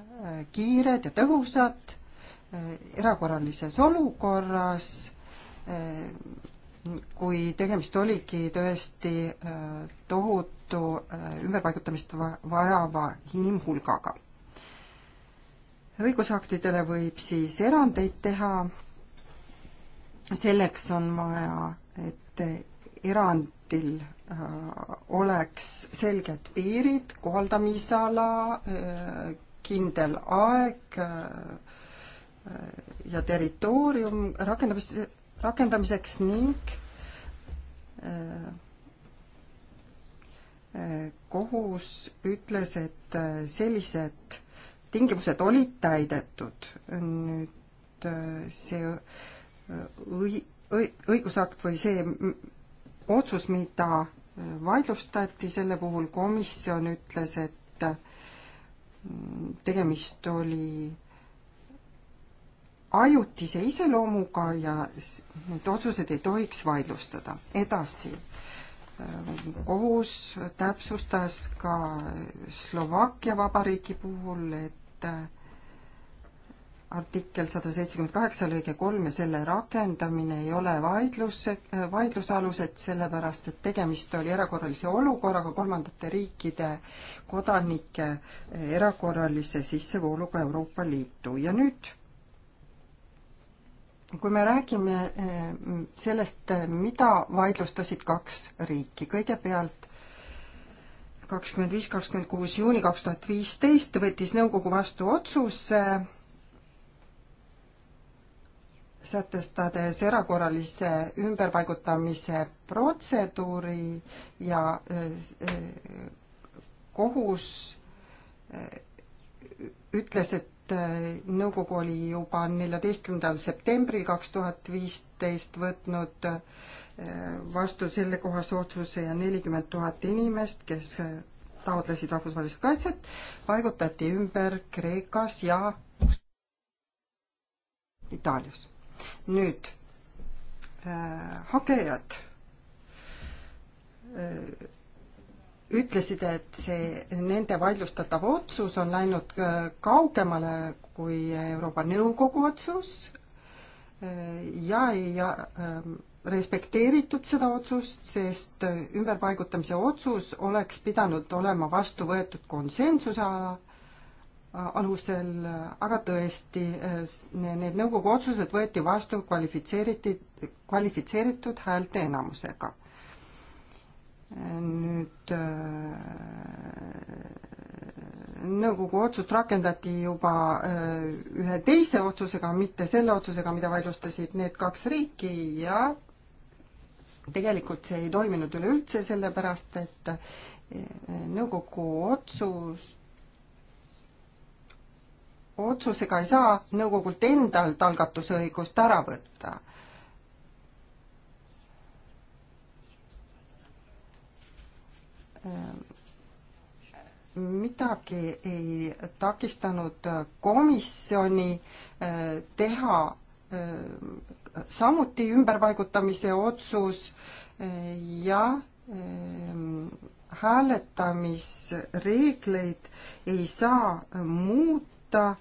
kiired ja tõhusad äh, erakorralises olukorras äh, kui tegemist oligi tõesti äh, tohutu äh, ümberpaigutamist vajava inimhulgaga. õigusaktidele võib siis erandeid teha, selleks on vaja, et erandil äh, oleks selged piirid, kohaldamisala, kindel aeg ja territoorium, rakendamise rakendamiseks ning äh, äh, kohus ütles, et äh, sellised tingimused olid täidetud. nüüd see õi-, õi-, õigusakt või see otsus, mida vaidlustati, selle puhul komisjon ütles, et tegemist oli äh, ajutise iseloomuga ja need otsused ei tohiks vaidlustada. edasi, kohus täpsustas ka Slovakkia vabariigi puhul, et äh, artikkel sada seitsekümmend kaheksa lõige kolm ja selle rakendamine ei ole vaidlus, vaidlusalused, sellepärast et tegemist oli erakorralise olukorraga kolmandate riikide kodanike erakorralise sissevooluga Euroopa Liitu ja nüüd kui me räägime eh, sellest, mida vaidlustasid kaks riiki, kõigepealt kakskümmend viis, kakskümmend kuus juuni kaks tuhat viisteist võttis nõukogu vastu otsuse sätestades erakorralise ümberpaigutamise protseduuri ja eh, eh, kohus ütles, et et äh, nõukogu oli juba neljateistkümnendal septembril kaks tuhat viisteist võtnud äh, vastu sellekohase otsuse ja nelikümmend tuhat inimest, kes äh, taotlesid rahvusvahelist kaitset, paigutati ümber Kreekas ja Itaalias. nüüd äh, hakejad äh, ütlesid, et see, nende vaidlustatav otsus on läinud äh, kaugemale kui Euroopa Nõukogu otsus äh, ja ei ähm, respekteeritud seda otsust, sest äh, ümberpaigutamise otsus oleks pidanud olema vastu võetud konsensuse alusel, aga tõesti, need nõukogu otsused võeti vastu kvalifitseeriti, kvalifitseeritud häälteenamusega nüüd äh, nõukogu otsust rakendati juba äh, ühe teise otsusega, mitte selle otsusega, mida vaidlustasid need kaks riiki ja tegelikult see ei toiminud üleüldse, sellepärast et äh, nõukogu otsus, otsusega ei saa nõukogult endalt algatusõigust ära võtta midagi ei takistanud komisjoni eh, teha eh, samuti ümberpaigutamise otsus eh, ja hääletamisreegleid ei saa muuta,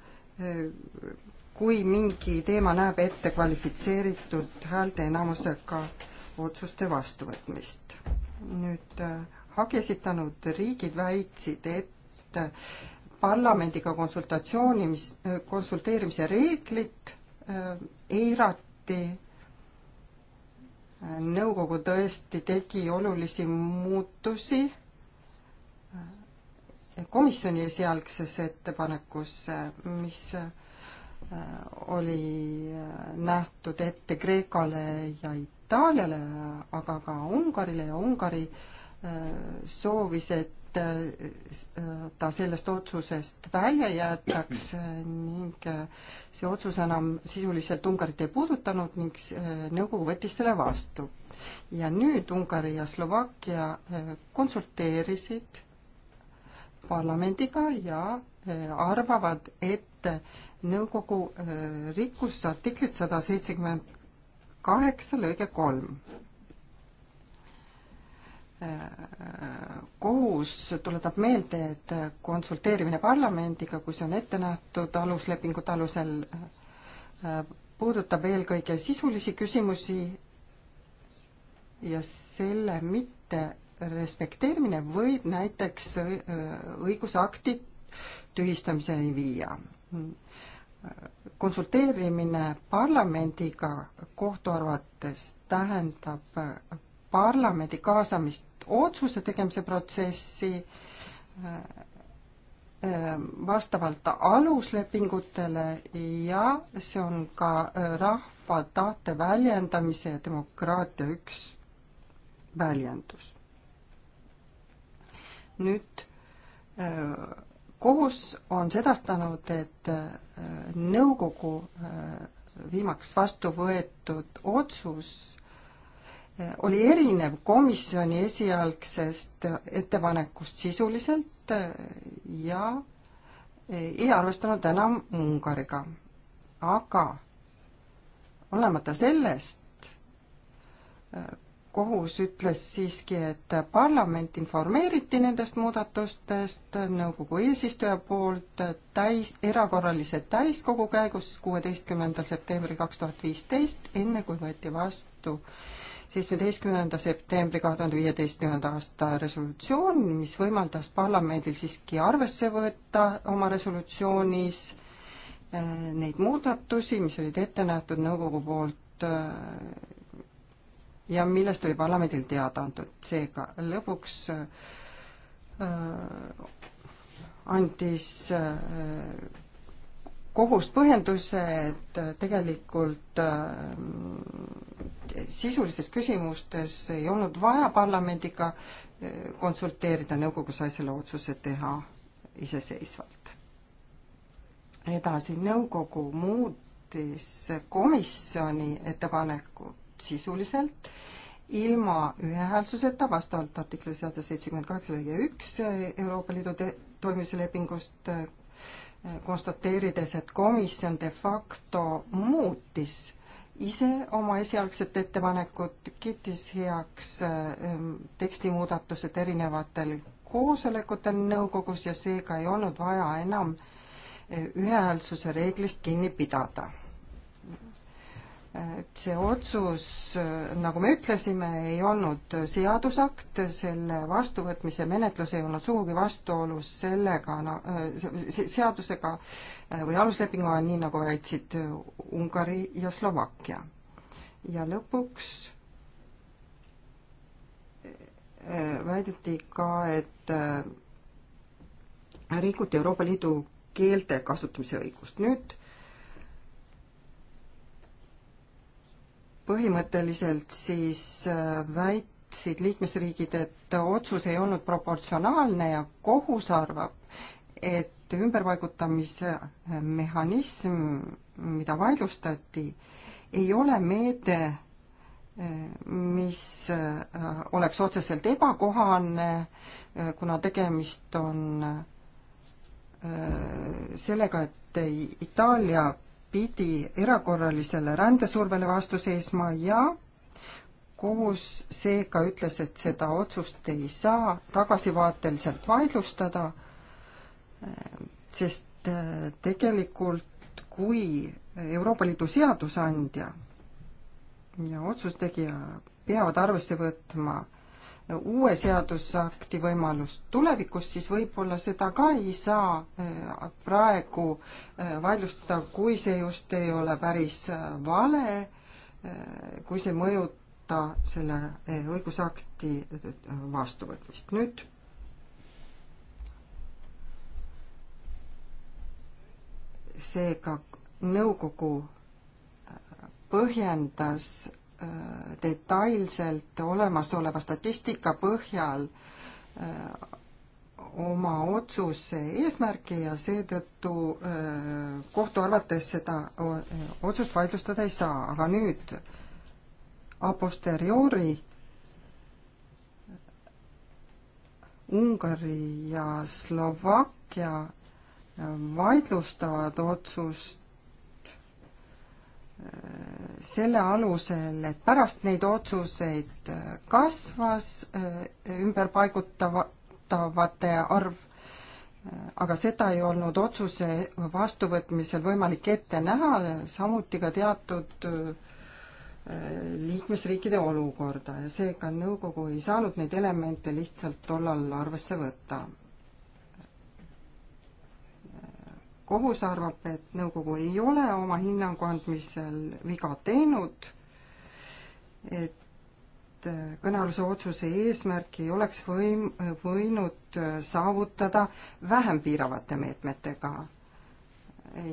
kui mingi teema näeb ette kvalifitseeritud häälteenamusega otsuste vastuvõtmist. nüüd äh, hagi esitanud riigid väitsid, et parlamendiga konsultatsiooni, mis, konsulteerimise reeglit äh, eirati. nõukogu tõesti tegi olulisi muutusi äh, komisjoni esialgses ettepanekus, äh, mis oli nähtud ette Kreekale ja Itaaliale, aga ka Ungarile ja Ungari äh, soovis, et äh, ta sellest otsusest välja jäetaks ning äh, see otsus enam sisuliselt Ungarit ei puudutanud ning äh, nõukogu võttis selle vastu. ja nüüd Ungari ja Slovakkia konsulteerisid parlamendiga ja arvavad, et nõukogu rikkus artiklit sada seitsekümmend kaheksa lõige kolm kohus tuletab meelde, et konsulteerimine parlamendiga, kui see on ette nähtud aluslepingute alusel, puudutab eelkõige sisulisi küsimusi ja selle mitte respekteerimine võib näiteks õigusakti tühistamiseni viia. konsulteerimine parlamendiga kohtu arvates tähendab parlamendi kaasamist otsuste tegemise protsessi äh, äh, vastavalt aluslepingutele ja see on ka äh, rahva tahte väljendamise ja demokraatia üks väljendus. nüüd kohus on sedastanud, et nõukogu viimaks vastu võetud otsus oli erinev komisjoni esialgsest ettepanekust sisuliselt äh, ja äh, ei arvestanud enam Ungariga. aga olenemata sellest, äh, kohus ütles siiski, et parlament informeeriti nendest muudatustest nõukogu eesistuja poolt täis, erakorralise täiskogu käigus kuueteistkümnendal septembril kaks tuhat viisteist, enne kui võeti vastu seitsmeteistkümnenda septembri kahe tuhande viieteistkümnenda aasta resolutsioon, mis võimaldas parlamendil siiski arvesse võtta oma resolutsioonis äh, neid muudatusi, mis olid ette nähtud nõukogu poolt äh, ja millest oli parlamendil teada antud. seega lõpuks äh, andis äh, kohust põhjenduse, et tegelikult ähm, sisulistes küsimustes ei olnud vaja parlamendiga äh, konsulteerida, nõukogu sai selle otsuse teha iseseisvalt. edasi, nõukogu muutis komisjoni ettepanekut sisuliselt ilma ühehäälsuseta vastavalt artikli sada seitsekümmend kaheksa lõige üks Euroopa Liidu toimimise lepingust konstateerides, et komisjon de facto muutis ise oma esialgset ettepanekut, kiitis heaks ähm, tekstimuudatused erinevatel koosolekutel nõukogus ja seega ei olnud vaja enam äh, ühehäälsuse reeglist kinni pidada et see otsus, nagu me ütlesime, ei olnud seadusakt, selle vastuvõtmise menetlus ei olnud sugugi vastuolus sellega, seadusega või aluslepinguga, nii nagu väitsid Ungari ja Slovakkia. ja lõpuks e, väideti ka, et e, rikuti Euroopa Liidu keelte kasutamise õigust. nüüd põhimõtteliselt siis äh, väitsid liikmesriigid, et otsus ei olnud proportsionaalne ja kohus arvab, et ümberpaigutamise äh, mehhanism, mida vaidlustati, ei ole meede, äh, mis oleks otseselt ebakohane, kuna tegemist on sellega, et Itaalia pidi erakorralisele rändesurvele vastu seisma ja kohus seega ütles, et seda otsust ei saa tagasivaateliselt vaidlustada, sest äh, tegelikult kui Euroopa Liidu seadusandja ja otsustegija peavad arvesse võtma uue seadusakti võimalust tulevikus, siis võib-olla seda ka ei saa äh, praegu äh, vaidlustada, kui see just ei ole päris äh, vale, kui see ei mõjuta selle õigusakti vastuvõtmist. nüüd seega nõukogu põhjendas Äh, detailselt olemasoleva statistika põhjal äh, oma otsuse eesmärki ja seetõttu äh, kohtu arvates seda otsust vaidlustada ei saa, aga nüüd a posteriori Ungari ja Slovakkia vaidlustavad otsust selle alusel, et pärast neid otsuseid kasvas äh, ümberpaigutavate arv, äh, aga seda ei olnud otsuse vastuvõtmisel võimalik ette näha, samuti ka teatud äh, liikmesriikide olukorda ja seega nõukogu ei saanud neid elemente lihtsalt tollal arvesse võtta kohus arvab, et nõukogu ei ole oma hinnangu andmisel viga teinud, et äh, kõnealuse otsuse eesmärki ei oleks võim-, võinud äh, saavutada vähem piiravate meetmetega.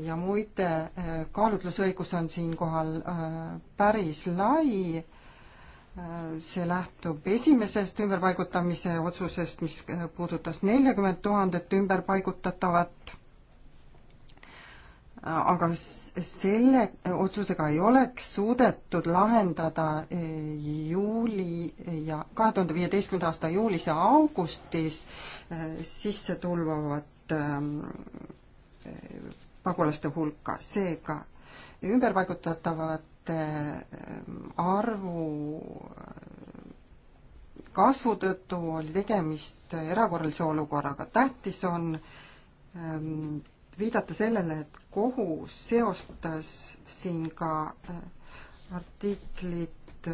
ja muide, äh, kaalutlusõigus on siinkohal päris lai see lähtub esimesest ümberpaigutamise otsusest, mis puudutas neljakümmet tuhandet ümberpaigutatavat aga selle otsusega ei oleks suudetud lahendada eh, juuli ja kahe tuhande viieteistkümnenda aasta juulis ja augustis eh, sisse tulvavat eh, pagulaste hulka, seega ümberpaigutatavate arvu kasvu tõttu oli tegemist erakorralise olukorraga. tähtis on ehm, viidata sellele, et kohus seostas siin ka äh, artiklit äh,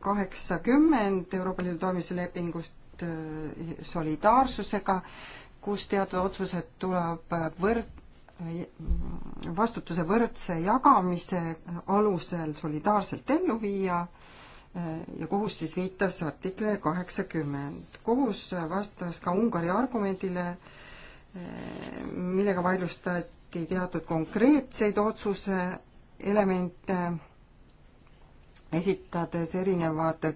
kaheksakümmend Euroopa Liidu toimimise lepingust äh, solidaarsusega, kus teatud otsused tuleb võrd-, vastutuse võrdse jagamise alusel solidaarselt ellu viia ja kohus siis viitas artiklile kaheksakümmend. kohus vastas ka Ungari argumendile äh, millega vaidlustati teatud konkreetseid otsuse elemente, esitades erinevate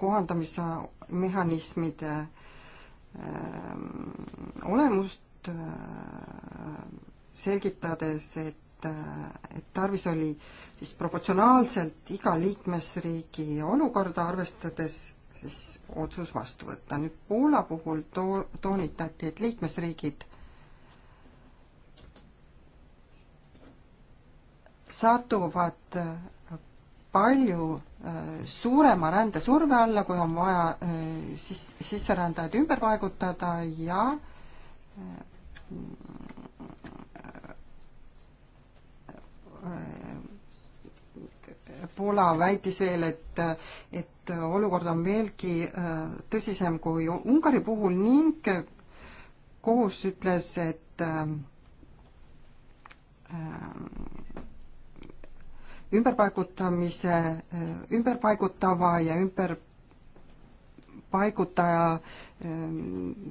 kohandamismehhanismide ähm, olemust, äh, selgitades, et, äh, et tarvis oli siis proportsionaalselt iga liikmesriigi olukorda arvestades siis otsus vastu võtta. nüüd Poola puhul to-, toonitati, et liikmesriigid satuvad äh, palju äh, suurema rändesurve alla, kui on vaja äh, siis sisserändajaid ümber paigutada ja Poola väitis veel, et, et olukord on veelgi tõsisem kui Ungari puhul ning kohus ütles, et ümberpaigutamise, ümberpaigutava ja ümberpaigutaja ähm,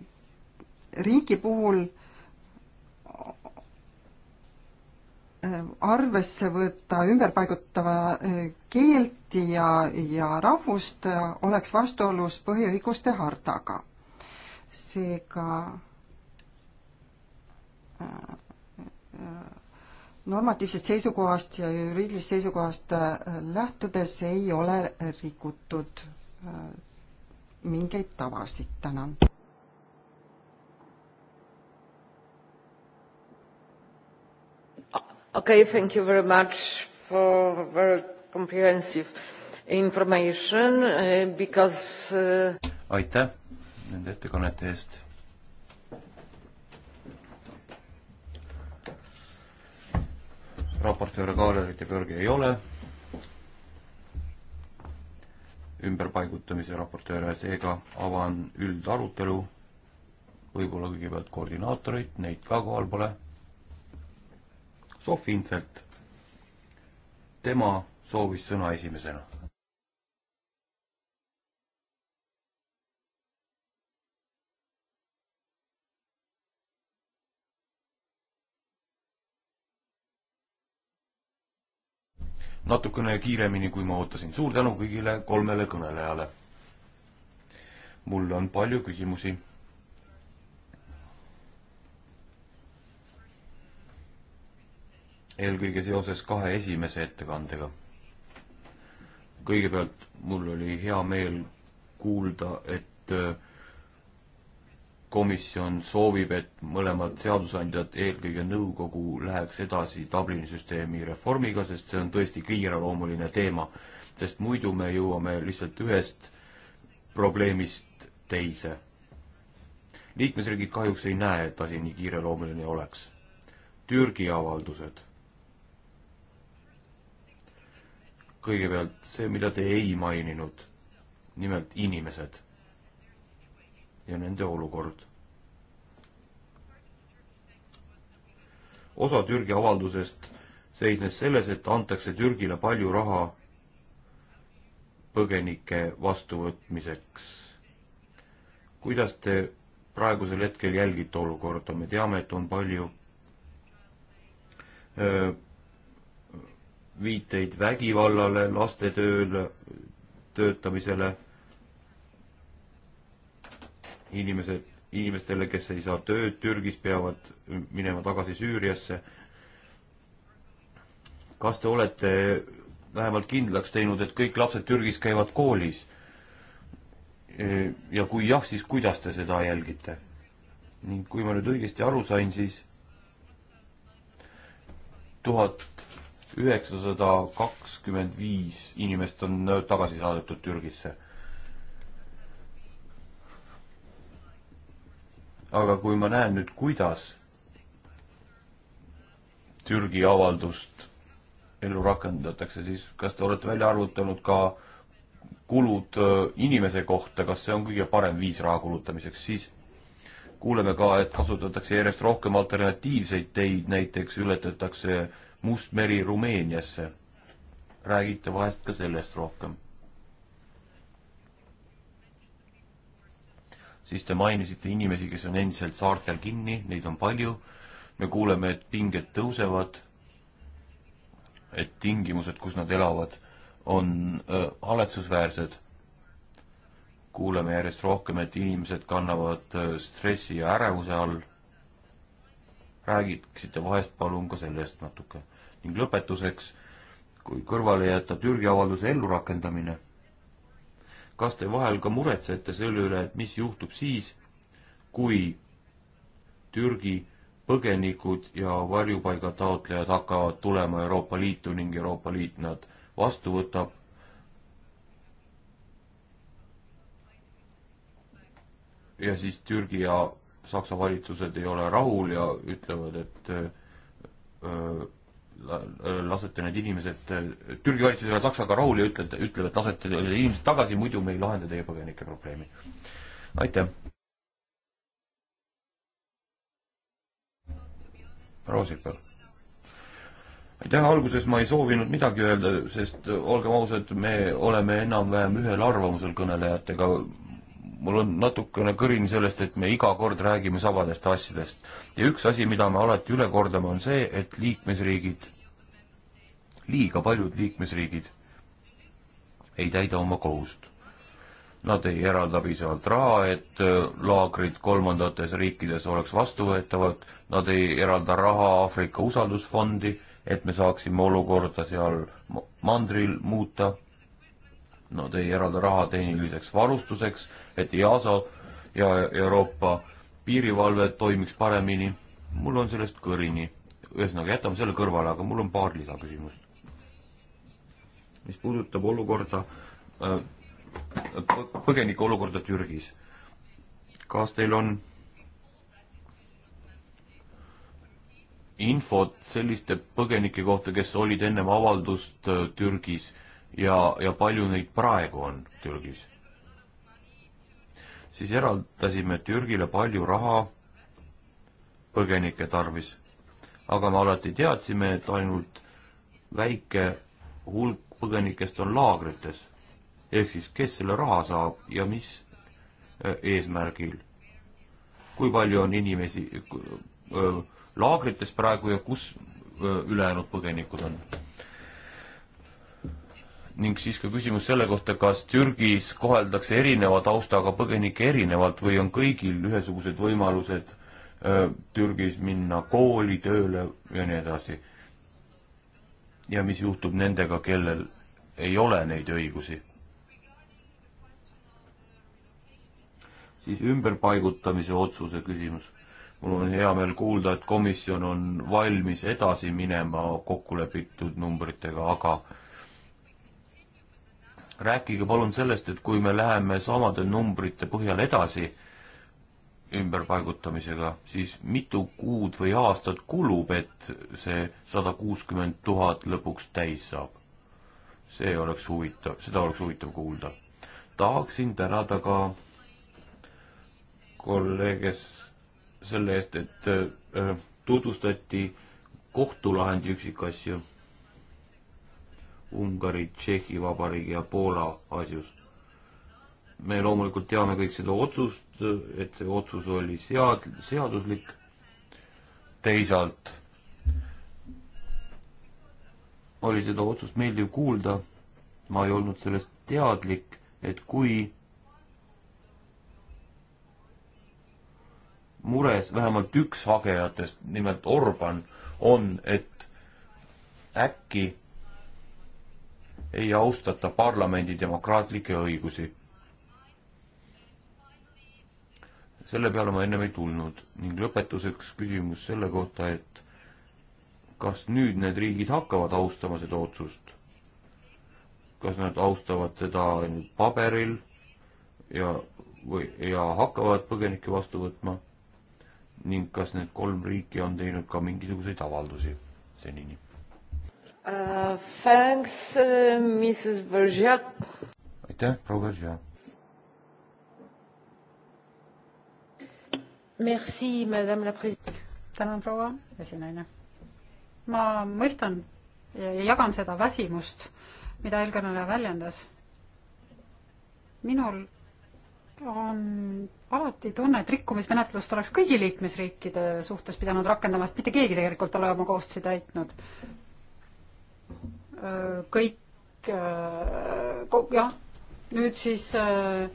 riigi puhul äh, arvesse võtta ümberpaigutava äh, keelt ja, ja rahvust äh, oleks vastuolus põhiõiguste hartaga. seega normatiivsest seisukohast ja juriidilisest seisukohast äh, lähtudes ei ole rikutud äh, mingeid tavasid. tänan. Okay, thank you very much for very comprehensive information eh, because uh... aitäh nende ettekannete eest raportööre Kaarelite kõrge ei ole, ümberpaigutamise raportööre, seega avan üldarutelu, võib-olla kõigepealt koordinaatorid, neid ka kohal pole, Sofi Infelt, tema soovis sõna esimesena. natukene kiiremini, kui ma ootasin. suur tänu kõigile kolmele kõnelejale. mul on palju küsimusi. eelkõige seoses kahe esimese ettekandega. kõigepealt mul oli hea meel kuulda, et äh, komisjon soovib, et mõlemad seadusandjad, eelkõige nõukogu, läheks edasi Dublini süsteemi reformiga, sest see on tõesti kiireloomuline teema. sest muidu me jõuame lihtsalt ühest probleemist teise. liikmesriigid kahjuks ei näe, et asi nii kiireloomuline oleks. Türgi avaldused. kõigepealt see, mida te ei maininud, nimelt inimesed ja nende olukord. osa Türgi avaldusest seisnes selles, et antakse Türgile palju raha põgenike vastuvõtmiseks. kuidas te praegusel hetkel jälgite olukorda, me teame, et on palju öö, viiteid vägivallale, lastetööl töötamisele inimesed, inimestele, kes ei saa tööd Türgis, peavad minema tagasi Süüriasse. kas te olete vähemalt kindlaks teinud, et kõik lapsed Türgis käivad koolis? ja kui jah, siis kuidas te seda jälgite? ning kui ma nüüd õigesti aru sain, siis tuhat üheksasada kakskümmend viis inimest on tagasi saadetud Türgisse aga kui ma näen nüüd, kuidas Türgi avaldust ellu rakendatakse, siis kas te olete välja arvutanud ka kulud äh, inimese kohta, kas see on kõige parem viis raha kulutamiseks, siis kuuleme ka, et kasutatakse järjest rohkem alternatiivseid teid, näiteks ületatakse Mustmeri Rumeeniasse. räägite vahest ka sellest rohkem siis te mainisite inimesi, kes on endiselt saartel kinni, neid on palju, me kuuleme, et pinged tõusevad, et tingimused, kus nad elavad, on öö, haletsusväärsed. kuuleme järjest rohkem, et inimesed kannavad öö, stressi ja ärevuse all. räägiksite vahest palun ka sellest natuke ning lõpetuseks, kui kõrvale jätta Türgi avalduse ellurakendamine kas te vahel ka muretsete selle üle, et mis juhtub siis, kui Türgi põgenikud ja varjupaigataotlejad hakkavad tulema Euroopa Liitu ning Euroopa Liit nad vastu võtab. ja siis Türgi ja Saksa valitsused ei ole rahul ja ütlevad, et öö, äh, lasete need inimesed, Türgi valitsus ei ole Saksaga rahul ja ütlete, ütleb, et lasete inimesed tagasi, muidu me ei lahenda teie põgenike probleemi. aitäh. proua Sipel. aitäh, alguses ma ei soovinud midagi öelda, sest olgem ausad, me oleme enam-vähem ühel arvamusel kõnelejatega, mul on natukene kõrin sellest, et me iga kord räägime samadest asjadest. ja üks asi, mida me alati üle kordame, on see, et liikmesriigid, liiga paljud liikmesriigid ei täida oma kohust. Nad ei eralda piisavalt raha, et äh, laagrid kolmandates riikides oleks vastuvõetavad, nad ei eralda raha Aafrika usaldusfondi, et me saaksime olukorda seal mandril muuta Nad ei eralda raha tehniliseks varustuseks, et EASA ja Euroopa piirivalve toimiks paremini. mul on sellest kõrini. ühesõnaga, jätame selle kõrvale, aga mul on paar lisaküsimust. mis puudutab olukorda, äh, põgenike olukorda Türgis. kas teil on infot selliste põgenike kohta, kes olid ennem avaldust äh, Türgis äh, ja, ja palju neid praegu on Türgis. siis eraldasime Türgile palju raha põgenike tarvis. aga me alati teadsime, et ainult väike hulk põgenikest on laagrites. ehk siis, kes selle raha saab ja mis äh, eesmärgil. kui palju on inimesi äh, laagrites praegu ja kus äh, ülejäänud põgenikud on? ning siis ka küsimus selle kohta, kas Türgis koheldakse erineva taustaga põgenikke erinevalt või on kõigil ühesugused võimalused Türgis minna kooli, tööle ja nii edasi. ja mis juhtub nendega, kellel ei ole neid õigusi? siis ümberpaigutamise otsuse küsimus. mul on hea meel kuulda, et komisjon on valmis edasi minema kokkulepitud numbritega, aga rääkige palun sellest, et kui me läheme samade numbrite põhjal edasi ümberpaigutamisega, siis mitu kuud või aastat kulub, et see sada kuuskümmend tuhat lõpuks täis saab? see oleks huvitav, seda oleks huvitav kuulda. tahaksin tänada ka kolleege selle eest, et äh, tutvustati kohtulahendi üksikasju Ungari, Tšehhi Vabariigi ja Poola asjus. me loomulikult teame kõik seda otsust, et see otsus oli sead-, seaduslik, teisalt oli seda otsust meeldiv kuulda, ma ei olnud sellest teadlik, et kui mures vähemalt üks hagejatest, nimelt Orban, on, et äkki ei austata parlamendi demokraatlikke õigusi. selle peale ma ennem ei tulnud ning lõpetuseks küsimus selle kohta, et kas nüüd need riigid hakkavad austama seda otsust? kas nad austavad seda ainult paberil ja, või, ja hakkavad põgenikke vastu võtma? ning kas need kolm riiki on teinud ka mingisuguseid avaldusi senini? Uh, thanks uh,, Mrs Berger. aitäh, proua Berger. Merci, madame la president. tänan, proua esinaine. ma mõistan ja jagan seda väsimust, mida eelkõneleja väljendas. minul on alati tunne, et rikkumismenetlust oleks kõigi liikmesriikide suhtes pidanud rakendama, sest mitte keegi tegelikult ei ole oma kohustusi täitnud kõik äh, jah, nüüd siis äh,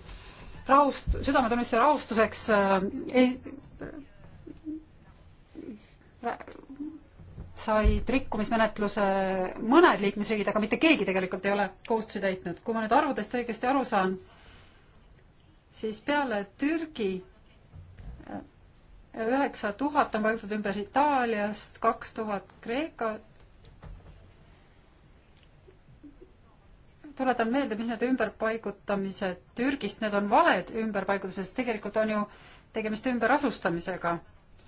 rahust, südametunnistuse rahustuseks eh, said rikkumismenetluse mõned liikmesriigid, aga mitte keegi tegelikult ei ole kohustusi täitnud. kui ma nüüd arvudest õigesti aru saan, siis peale Türgi üheksa tuhat on vajutatud ümber Itaaliast, kaks tuhat Kreeka tuletan meelde, mis need ümberpaigutamised Türgist, need on valed ümberpaigutamised, tegelikult on ju tegemist ümberasustamisega,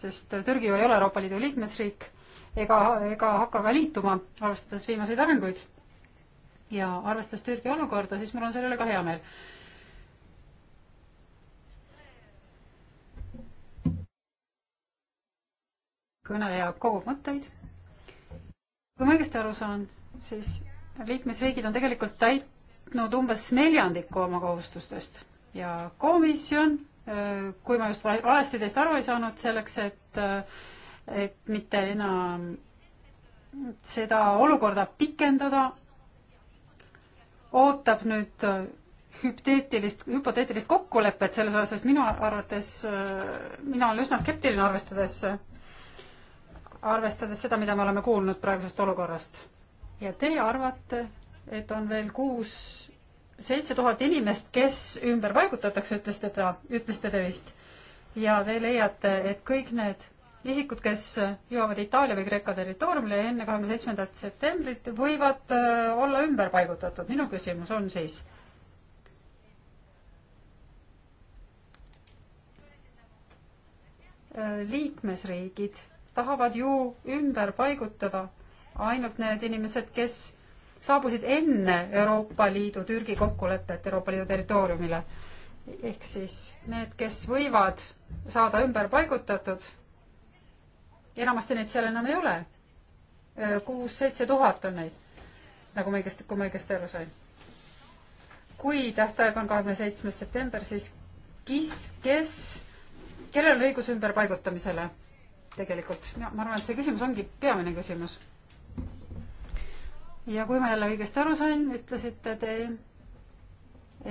sest Türgi ju ei ole Euroopa Liidu liikmesriik ega, ega hakka ka liituma, arvestades viimaseid arenguid. ja arvestades Türgi olukorda, siis mul on selle üle ka hea meel. kõneleja kogub mõtteid. kui ma õigesti aru saan, siis liikmesriigid on tegelikult täitnud umbes neljandiku oma kohustustest ja komisjon, äh, kui ma just valesti teist aru ei saanud, selleks et, äh, et mitte enam seda olukorda pikendada, ootab nüüd äh, hüpoteetilist, hüpoteetilist kokkulepet selles osas, sest minu arvates, mina olen üsna skeptiline, arvestades, arvestades seda, mida me oleme kuulnud praegusest olukorrast ja teie arvate, et on veel kuus, seitse tuhat inimest, kes ümber paigutatakse, ütles teda, ütlesite te vist. ja te leiate, et kõik need isikud, kes jõuavad Itaalia või Kreeka territooriumile enne kahekümne seitsmendat septembrit, võivad äh, olla ümber paigutatud. minu küsimus on siis. Äh, liikmesriigid tahavad ju ümber paigutada ainult need inimesed, kes saabusid enne Euroopa Liidu-Türgi kokkulepet Euroopa Liidu territooriumile. ehk siis need, kes võivad saada ümber paigutatud, enamasti neid seal enam ei ole. kuus-seitse tuhat on neid, nagu ma õigesti, kui ma õigesti aru sain. kui tähtaeg on kahekümne seitsmes september, siis kes, kes, kellel on õigus ümberpaigutamisele tegelikult? ma arvan, et see küsimus ongi peamine küsimus ja kui ma jälle õigesti aru sain, ütlesite te,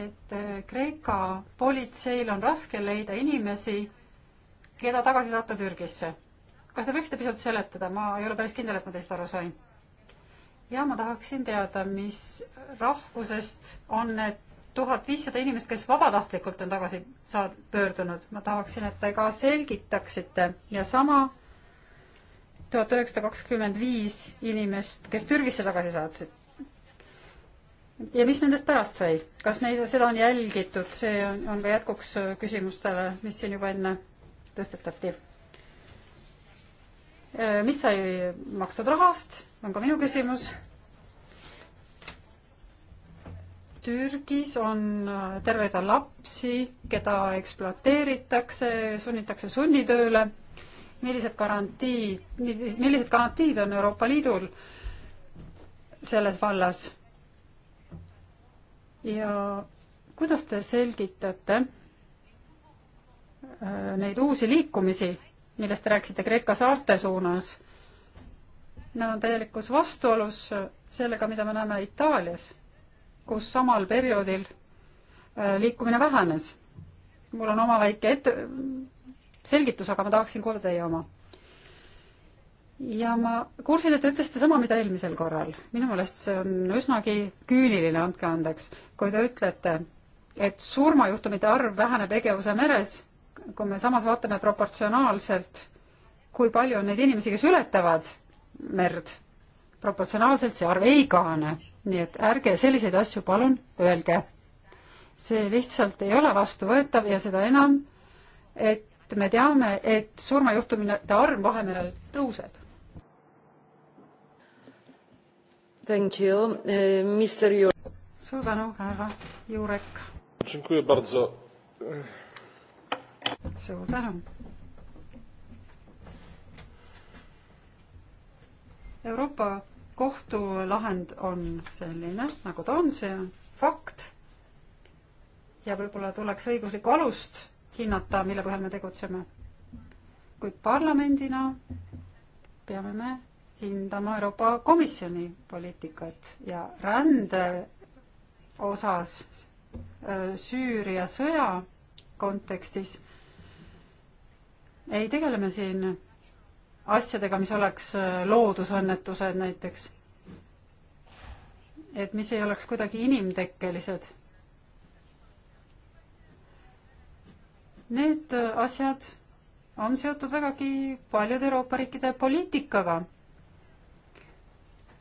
et äh, Kreeka politseil on raske leida inimesi, keda tagasi saata Türgisse. kas te võiksite pisut seletada, ma ei ole päris kindel, et ma teist aru sain. ja ma tahaksin teada, mis rahvusest on need tuhat viissada inimest, kes vabatahtlikult on tagasi saad-, pöördunud. ma tahaksin, et te ka selgitaksite ja sama tuhat üheksasada kakskümmend viis inimest, kes Türgisse tagasi saatsid. ja mis nendest pärast sai, kas neid, seda on jälgitud, see on, on ka jätkuks küsimustele, mis siin juba enne tõstetati. Äh, mis sai makstud rahast, on ka minu küsimus. Türgis on äh, terve rida lapsi, keda ekspluateeritakse, sunnitakse sunnitööle millised garantiid, millised garantiid on Euroopa Liidul selles vallas? ja kuidas te selgitate äh, neid uusi liikumisi, millest te rääkisite Kreeka saarte suunas? Nad on täielikus vastuolus sellega, mida me näeme Itaalias, kus samal perioodil äh, liikumine vähenes. mul on oma väike ette, selgitus, aga ma tahaksin kuulda teie oma. ja ma kuulsin, et te ütlesite sama, mida eelmisel korral. minu meelest see on üsnagi küüniline, andke andeks, kui te ütlete, et surmajuhtumite arv väheneb Egeuse meres, kui me samas vaatame proportsionaalselt, kui palju on neid inimesi, kes ületavad merd, proportsionaalselt see arv ei kahane. nii et ärge selliseid asju palun öelge. see lihtsalt ei ole vastuvõetav ja seda enam, et et me teame, et surmajuhtumite arv Vahemerel tõuseb. Thank you uh,, eh, Mr Jurek. suur tänu, härra Jurek. suur tänu. Euroopa kohtu lahend on selline, nagu ta on, see on fakt. ja võib-olla tuleks õiguslikku alust hinnata, mille põhjal me tegutseme. kuid parlamendina peame me hindama Euroopa Komisjoni poliitikat ja rände osas äh, Süüria sõja kontekstis ei tegele me siin asjadega, mis oleks äh, loodusõnnetused näiteks. et mis ei oleks kuidagi inimtekkelised Need äh, asjad on seotud vägagi paljude Euroopa riikide poliitikaga.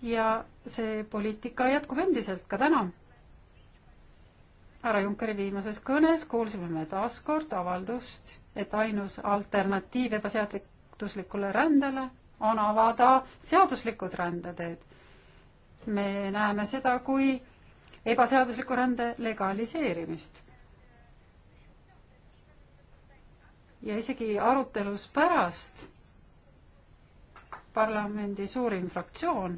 ja see poliitika jätkub endiselt ka täna. härra Junckeri viimases kõnes kuulsime me taas kord avaldust, et ainus alternatiiv ebaseaduslikule rändele on avada seaduslikud rändeteed. me näeme seda kui ebaseadusliku rände legaliseerimist ja isegi arutelus pärast parlamendi suurim fraktsioon,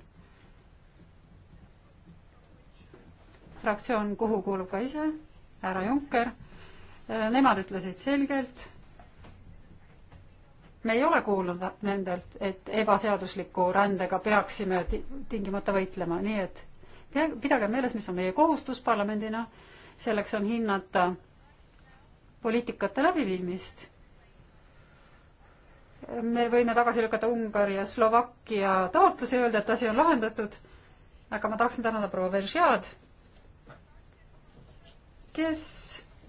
fraktsioon, kuhu kuulub ka ise härra Juncker, eh, nemad ütlesid selgelt, me ei ole kuulnud nendelt, et ebaseadusliku rändega peaksime tingimata võitlema, nii et pidage meeles, mis on meie kohustus parlamendina, selleks on hinnata poliitikate läbiviimist me võime tagasi lükata Ungari ja Slovakkia taotluse ja öelda, et asi on lahendatud. aga ma tahaksin tänada proua Veržjad, kes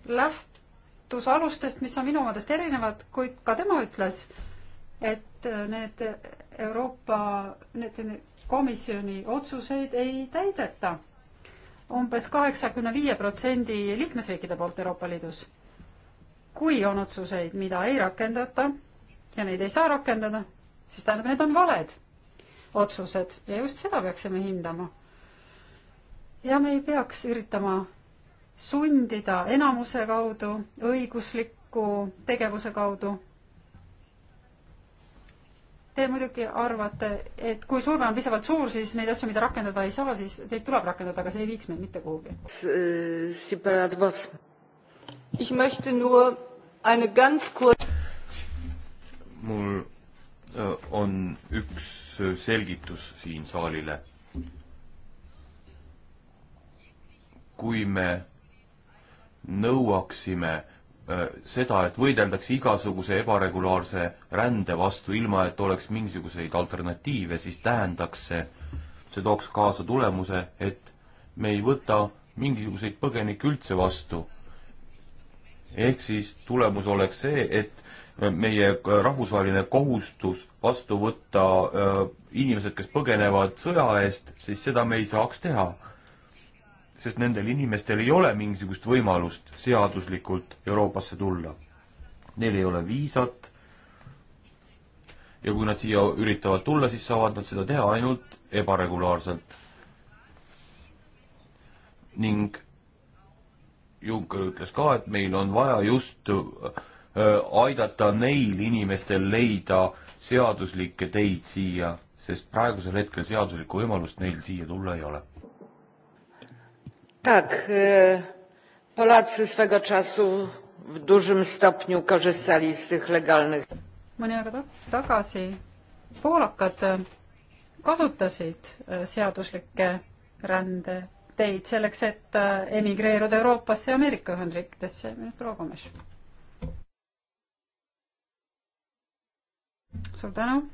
lähtus alustest, mis on minu omadest erinevad, kuid ka tema ütles, et need Euroopa, need, need komisjoni otsuseid ei täideta umbes kaheksakümne viie protsendi liikmesriikide poolt Euroopa Liidus. kui on otsuseid, mida ei rakendata ja neid ei saa rakendada, siis tähendab, need on valed otsused ja just seda peaksime hindama. ja me ei peaks üritama sundida enamuse kaudu, õigusliku tegevuse kaudu. Te muidugi arvate, et kui surve on piisavalt suur, siis neid asju, mida rakendada ei saa, siis neid tuleb rakendada, aga see ei viiks meid mitte kuhugi. Äh, ich möchte nur eine ganz kurze mul on üks selgitus siin saalile. kui me nõuaksime seda, et võideldakse igasuguse ebaregulaarse rände vastu, ilma et oleks mingisuguseid alternatiive, siis tähendaks see, see tooks kaasa tulemuse, et me ei võta mingisuguseid põgenikke üldse vastu. ehk siis tulemus oleks see, et meie rahvusvaheline kohustus vastu võtta äh, inimesed, kes põgenevad sõja eest, siis seda me ei saaks teha. sest nendel inimestel ei ole mingisugust võimalust seaduslikult Euroopasse tulla. Neil ei ole viisat ja kui nad siia üritavad tulla, siis saavad nad seda teha ainult ebaregulaarselt. ning Juncker ütles ka, et meil on vaja just äh, Äh, aidata neil inimestel leida seaduslikke teid siia, sest praegusel hetkel seaduslikku võimalust neil siia tulla ei ole. Tak, e, Polacy swego czasu w dużym stopniu korzystali z tych legalnych. mõni aeg tagasi poolakad e, kasutasid e, seaduslikke rändeteid selleks, et emigreeruda Euroopasse ja Ameerika Ühendriikidesse. proua Komes suur tänu.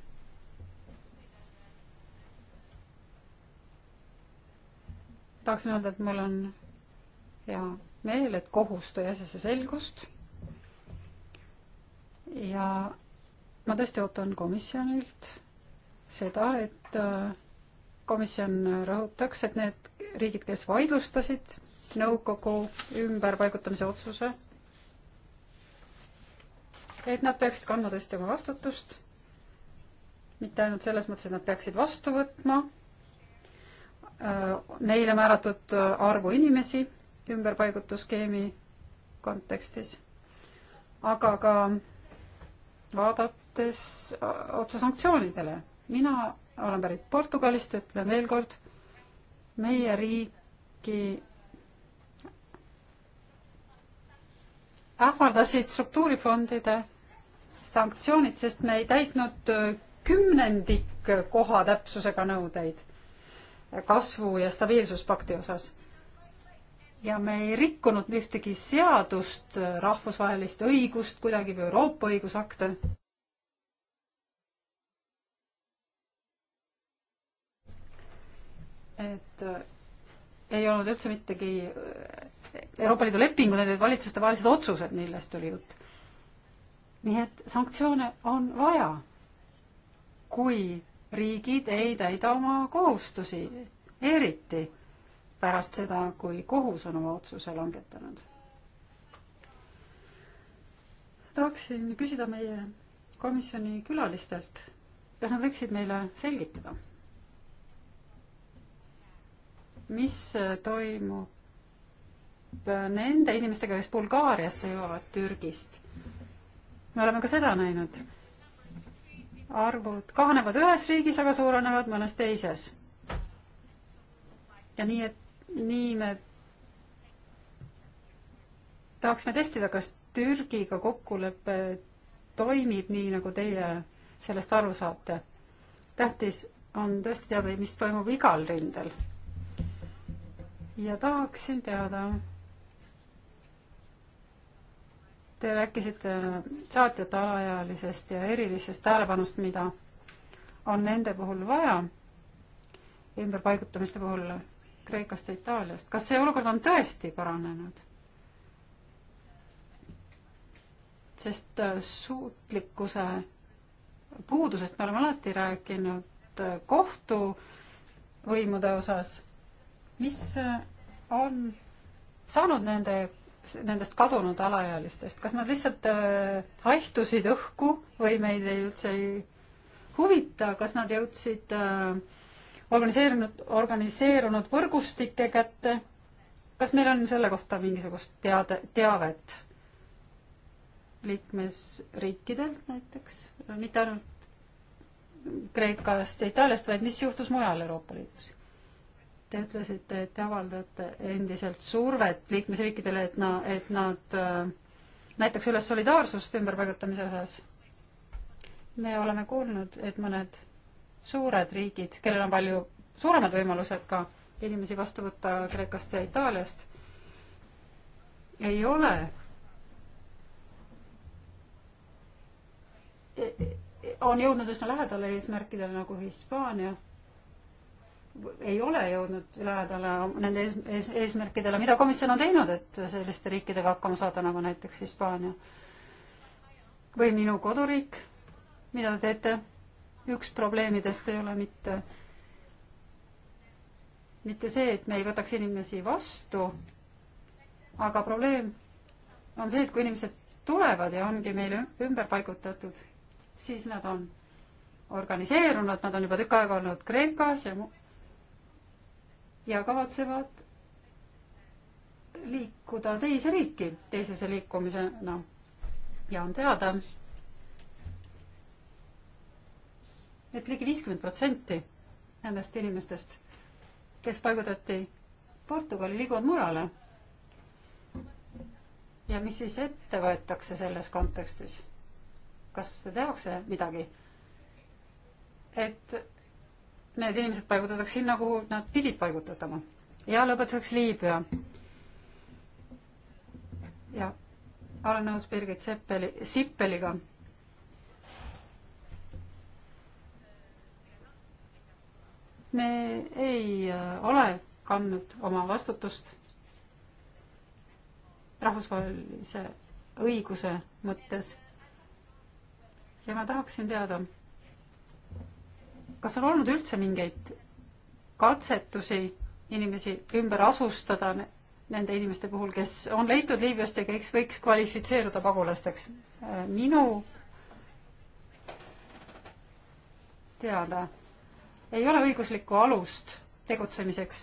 tahaksin öelda, et mul on hea meel, et kohus tõi asjasse selgust. ja ma tõesti ootan komisjonilt seda, et äh, komisjon rõhutaks, et need riigid, kes vaidlustasid nõukogu ümberpaigutamise otsuse, et nad peaksid kandma tõesti oma vastutust mitte ainult selles mõttes, et nad peaksid vastu võtma äh, neile määratud äh, arvu inimesi ümberpaigutusskeemi kontekstis, aga ka vaadates äh, otsa sanktsioonidele. mina olen pärit Portugalist, ütlen veel kord, meie riiki ähvardasid struktuurifondide sanktsioonid, sest me ei täitnud kümnendik koha täpsusega nõudeid kasvu- ja stabiilsuspakti osas. ja me ei rikkunud ühtegi seadust, rahvusvahelist õigust kuidagi või Euroopa õigusakte. et äh, ei olnud üldse mittegi äh, Euroopa Liidu lepingud, need olid valitsustevahelised otsused, millest oli jutt. nii et sanktsioone on vaja kui riigid ei täida oma kohustusi, eriti pärast seda, kui kohus on oma otsuse langetanud. tahaksin küsida meie komisjoni külalistelt, kas nad võiksid meile selgitada, mis toimub nende inimestega, kes Bulgaariasse jõuavad Türgist. me oleme ka seda näinud arvud kahanevad ühes riigis, aga suurenevad mõnes teises. ja nii, et nii me tahaksime testida, kas Türgiga kokkulepe toimib nii, nagu teie sellest aru saate. tähtis on tõesti teada, mis toimub igal rindel. ja tahaksin teada Te rääkisite saatjate alaealisest ja erilisest tähelepanust, mida on nende puhul vaja ümberpaigutamiste puhul Kreekast ja Itaaliast. kas see olukord on tõesti paranenud? sest äh, suutlikkuse puudusest me oleme alati rääkinud äh, kohtuvõimude osas. mis äh, on saanud nende nendest kadunud alaealistest, kas nad lihtsalt äh, haihtusid õhku või meid ei üldse ei huvita, kas nad jõudsid äh, organiseerunud, organiseerunud võrgustike kätte? kas meil on selle kohta mingisugust teade, teavet liikmesriikidelt näiteks, mitte ainult Kreekast ja Itaaliast, vaid mis juhtus mujal Euroopa Liidus? Te ütlesite, et te avaldate endiselt survet liikmesriikidele, et na-, et nad äh, näitaks üles solidaarsust ümberpaigutamise osas. me oleme kuulnud, et mõned suured riigid, kellel on palju suuremad võimalused ka inimesi vastu võtta Kreekast ja Itaaliast, ei ole e-, e-, on jõudnud üsna lähedale eesmärkidele nagu Hispaania ei ole jõudnud lähedale nende ees, ees, eesmärkidele, mida komisjon on teinud, et selliste riikidega hakkama saada, nagu näiteks Hispaania või minu koduriik, mida te teete. üks probleemidest ei ole mitte, mitte see, et me ei võtaks inimesi vastu, aga probleem on see, et kui inimesed tulevad ja ongi meile ümber paigutatud, siis nad on organiseerunud, nad on juba tükk aega olnud Kreekas ja mu ja kavatsevad liikuda teise riiki teisese liikumisena. ja on teada et, et ligi viiskümmend protsenti nendest inimestest, kes paigutati Portugali, liiguvad mujale. ja mis siis ette võetakse selles kontekstis? kas tehakse midagi? et need inimesed paigutatakse sinna, kuhu nad pidid paigutatama. ja lõpetuseks Liibüa. ja olen nõus Birgit Seppeli, Sippeliga. me ei äh, ole kandnud oma vastutust rahvusvahelise õiguse mõttes. ja ma tahaksin teada kas on olnud üldse mingeid katsetusi inimesi ümber asustada nende inimeste puhul, kes on leitud Liibüast ja kes võiks kvalifitseeruda pagulasteks? Äh, minu teada ei ole õiguslikku alust tegutsemiseks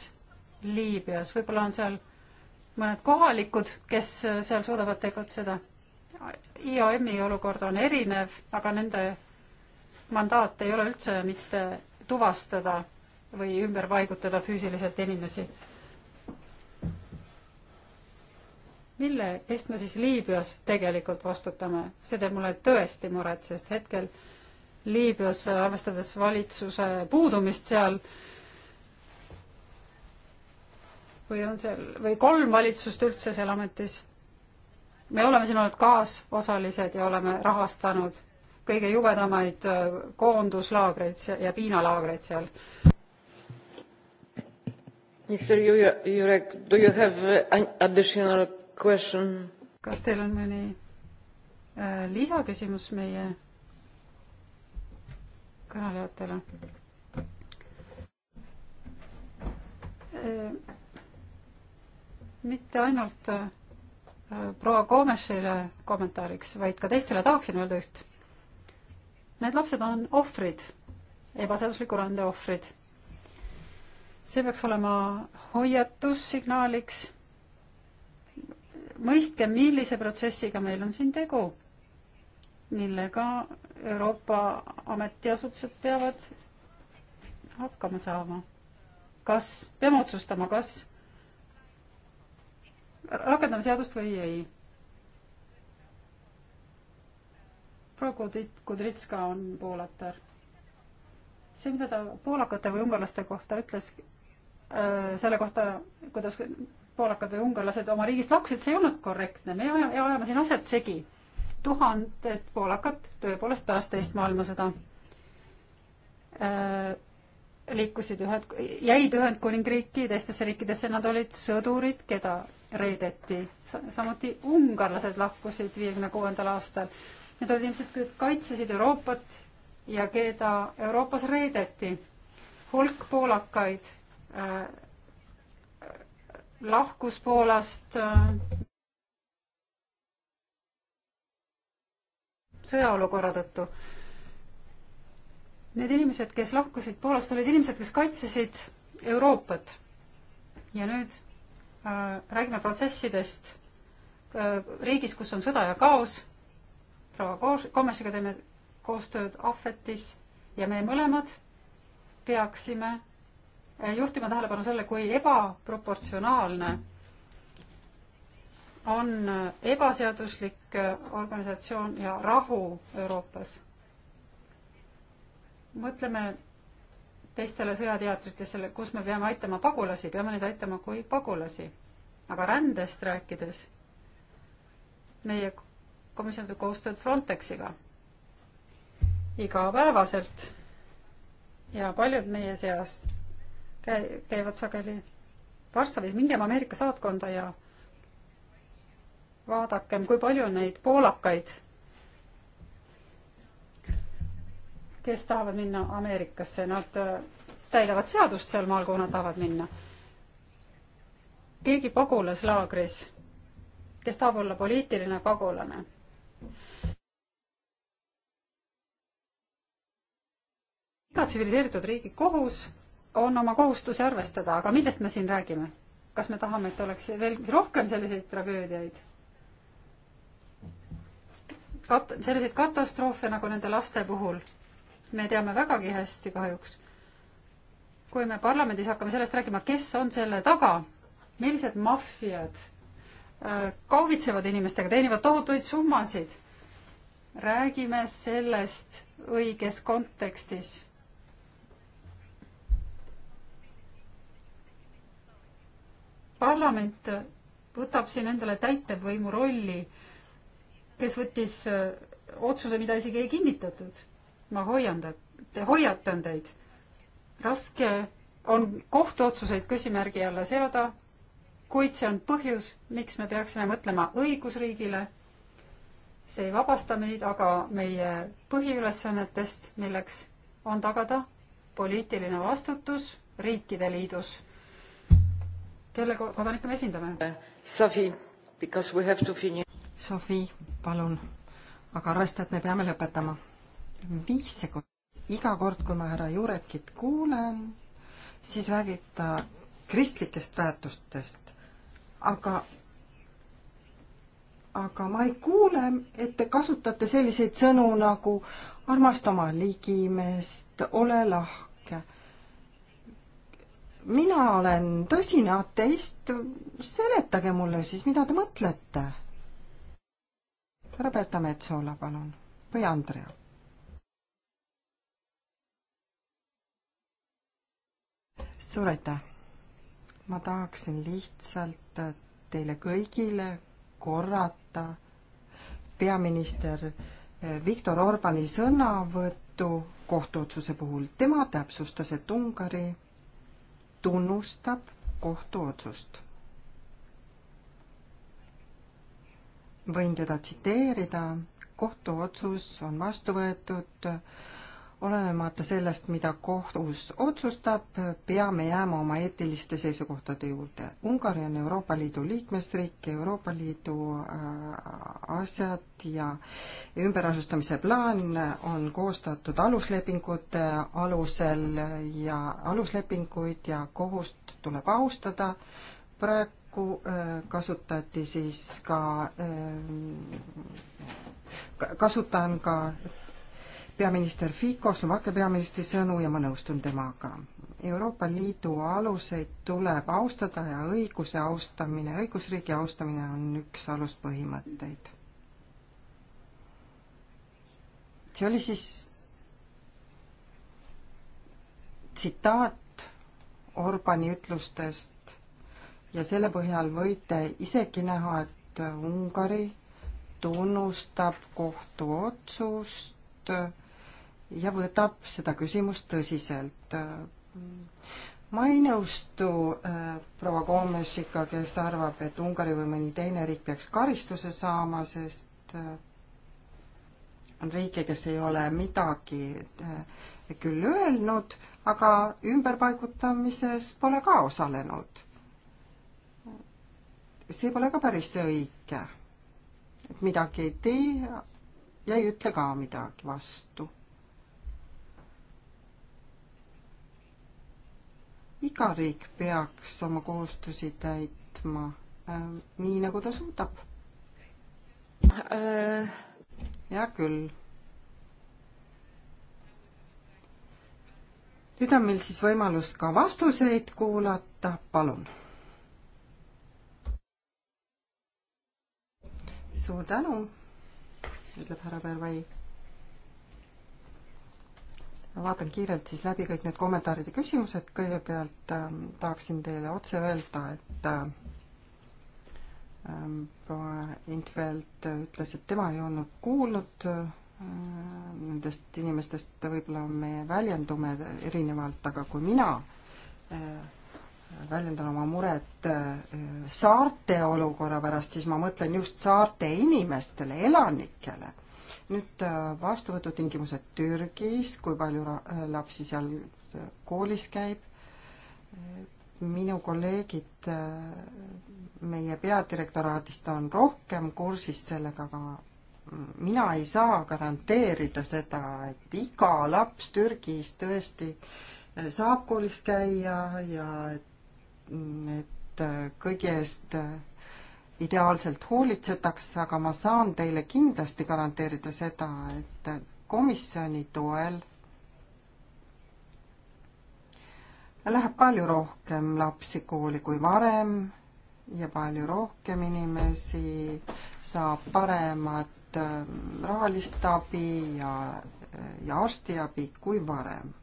Liibüas, võib-olla on seal mõned kohalikud, kes äh, seal suudavad tegutseda. IOM-i olukord on erinev, aga nende mandaat ei ole üldse mitte tuvastada või ümber paigutada füüsiliselt inimesi. mille eest me siis Liibüas tegelikult vastutame, see teeb mulle tõesti muret, sest hetkel Liibüas, arvestades valitsuse puudumist seal, või on seal, või kolm valitsust üldse seal ametis, me oleme siin olnud kaasosalised ja oleme rahastanud kõige jubedamaid äh, koonduslaagreid ja piinalaagreid seal. Mr Jurek, do you have an additional question? kas teil on mõni äh, lisaküsimus meie kõnelejatele? Äh, mitte ainult proua Koomešile kommentaariks, vaid ka teistele tahaksin öelda üht Need lapsed on ohvrid, ebaseadusliku rände ohvrid. see peaks olema hoiatussignaaliks. mõistke, millise protsessiga meil on siin tegu, millega Euroopa ametiasutused peavad hakkama saama. kas, peame otsustama, kas rakendame seadust või ei proua Kudritska on poolatar. see, mida ta poolakate või ungarlaste kohta ütles, äh, selle kohta, kuidas poolakad või ungarlased oma riigist lahkusid, see ei olnud korrektne, me ajame, ajame siin asjad segi. tuhanded poolakad tõepoolest pärast teist maailmasõda äh, liikusid ühed, jäid Ühendkuningriiki teistesse riikidesse, nad olid sõdurid, keda reedeti. samuti ungarlased lahkusid viiekümne kuuendal aastal. Need olid inimesed, kes kaitsesid Euroopat ja keda Euroopas reedeti. hulk poolakaid äh, lahkus Poolast äh, sõjaolukorra tõttu. Need inimesed, kes lahkusid Poolast, olid inimesed, kes kaitsesid Euroopat. ja nüüd äh, räägime protsessidest äh, riigis, kus on sõda ja kaos proua Komesiga teeme koostööd Ahvetis ja me mõlemad peaksime eh, juhtima tähelepanu selle, kui ebaproportsionaalne on eh, ebaseaduslik eh, organisatsioon ja rahu Euroopas. mõtleme teistele sõjateatritele, kus me peame aitama pagulasi, peame neid aitama kui pagulasi. aga rändest rääkides, meie komisjon teeb koostööd Frontexiga igapäevaselt ja paljud meie seast käi-, käivad sageli Varssavis, mingem Ameerika saatkonda ja vaadakem, kui palju on neid poolakaid, kes tahavad minna Ameerikasse, nad äh, täidavad seadust seal maal, kuhu nad tahavad minna. keegi pagulaslaagris, kes tahab olla poliitiline pagulane iga tsiviliseeritud riigi kohus on oma kohustusi arvestada, aga millest me siin räägime? kas me tahame, et oleks veelgi rohkem selliseid tragöödiaid? Kat-, selliseid katastroofe nagu nende laste puhul me teame vägagi hästi kahjuks. kui me parlamendis hakkame sellest rääkima, kes on selle taga, millised maffiad kaubitsevad inimestega, teenivad tohutuid summasid. räägime sellest õiges kontekstis. parlament võtab siin endale täitevvõimu rolli, kes võttis äh, otsuse, mida isegi ei kinnitatud. ma hoiandan, hoiatan teid. raske on kohtuotsuseid küsimärgi alla seada kuid see on põhjus, miks me peaksime mõtlema õigusriigile. see ei vabasta meid aga meie põhiülesannetest, milleks on tagada poliitiline vastutus riikide liidus, kelle kodanikke me esindame. Sofi, because we have to finish. Sofi, palun, aga arvesta, et me peame lõpetama. viis sekundit. iga kord, kui ma härra Jurekit kuulen, siis räägib ta kristlikest väärtustest aga, aga ma ei kuule, et te kasutate selliseid sõnu nagu armasta oma ligimeest, ole lahke. mina olen tõsine ateist, seletage mulle siis, mida te mõtlete Roberta Metsola, palun, või Andrea. suur aitäh! ma tahaksin lihtsalt tahta teile kõigile korrata peaminister eh, Viktor Orbani sõnavõttu kohtuotsuse puhul. tema täpsustas, et Ungari tunnustab kohtuotsust. võin teda tsiteerida, kohtuotsus on vastu võetud olenemata sellest, mida kohus otsustab, peame jääma oma eetiliste seisukohtade juurde. Ungari on Euroopa Liidu liikmesriik, Euroopa Liidu äh, asjad ja ümberasustamise plaan on koostatud aluslepingute alusel ja aluslepinguid ja kohust tuleb austada. praegu äh, kasutati siis ka äh, kasutan ka peaminister Fico, Slovakkia peaministri sõnu ja ma nõustun temaga. Euroopa Liidu aluseid tuleb austada ja õiguse austamine, õigusriigi austamine on üks aluspõhimõtteid. see oli siis tsitaat Orbani ütlustest ja selle põhjal võite isegi näha, et Ungari tunnustab kohtuotsust ja võtab seda küsimust tõsiselt. ma ei nõustu äh, proua Koomesiga, kes arvab, et Ungari või mõni teine riik peaks karistuse saama, sest äh, on riike, kes ei ole midagi äh, küll öelnud, aga ümberpaigutamises pole ka osalenud. see pole ka päris õige, et midagi ei tee ja ei ütle ka midagi vastu iga riik peaks oma kohustusi täitma äh, nii, nagu ta suudab äh.. hea küll. nüüd on meil siis võimalus ka vastuseid kuulata, palun. suur tänu, ütleb härra Pervai ma vaatan kiirelt siis läbi kõik need kommentaarid ja küsimused, kõigepealt äh, tahaksin teile otse öelda, et äh, proua Intveld ütles, et tema ei olnud kuulnud äh, nendest inimestest, võib-olla me väljendume erinevalt, aga kui mina äh, väljendan oma muret äh, saarte olukorra pärast, siis ma mõtlen just saarte inimestele, elanikele nüüd äh, vastuvõtutingimused Türgis, kui palju äh, lapsi seal äh, koolis käib. minu kolleegid meie peadirektoraadist on rohkem kursis sellega, aga mina ei saa garanteerida seda, et iga laps Türgis tõesti saab koolis käia ja et kõigi eest ideaalselt hoolitsetaks, aga ma saan teile kindlasti garanteerida seda, et komisjoni toel läheb palju rohkem lapsi kooli kui varem ja palju rohkem inimesi saab paremat ähm, rahalist abi ja, ja arstiabi kui varem.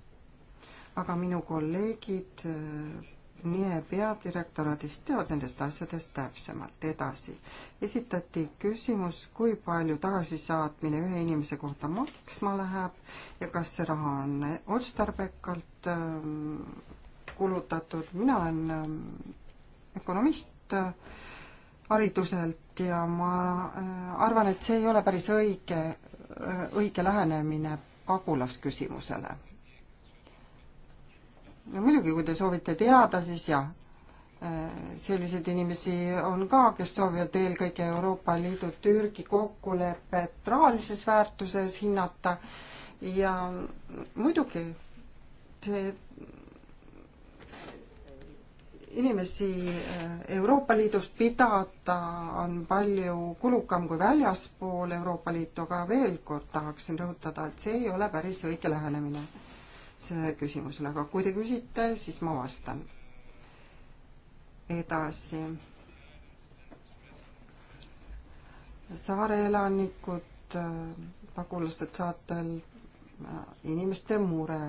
aga minu kolleegid äh, MIE peadirektoraadist teavad nendest asjadest täpsemalt. edasi esitati küsimus, kui palju tagasisaatmine ühe inimese kohta maksma läheb ja kas see raha on otstarbekalt ähm, kulutatud. mina olen ähm, ökonomist äh, hariduselt ja ma äh, arvan, et see ei ole päris õige, äh, õige lähenemine pagulasküsimusele ja muidugi, kui te soovite teada, siis jah, äh, selliseid inimesi on ka, kes soovivad eelkõige Euroopa Liidu Türgi kokkulepet rahalises väärtuses hinnata ja muidugi see inimesi äh, Euroopa Liidust pidada on palju kulukam kui väljaspool Euroopa Liitu, aga veel kord tahaksin rõhutada, et see ei ole päris õige lähenemine sellele küsimusele, aga kui te küsite, siis ma vastan. edasi. saare elanikud, pagulased saartel, inimeste mure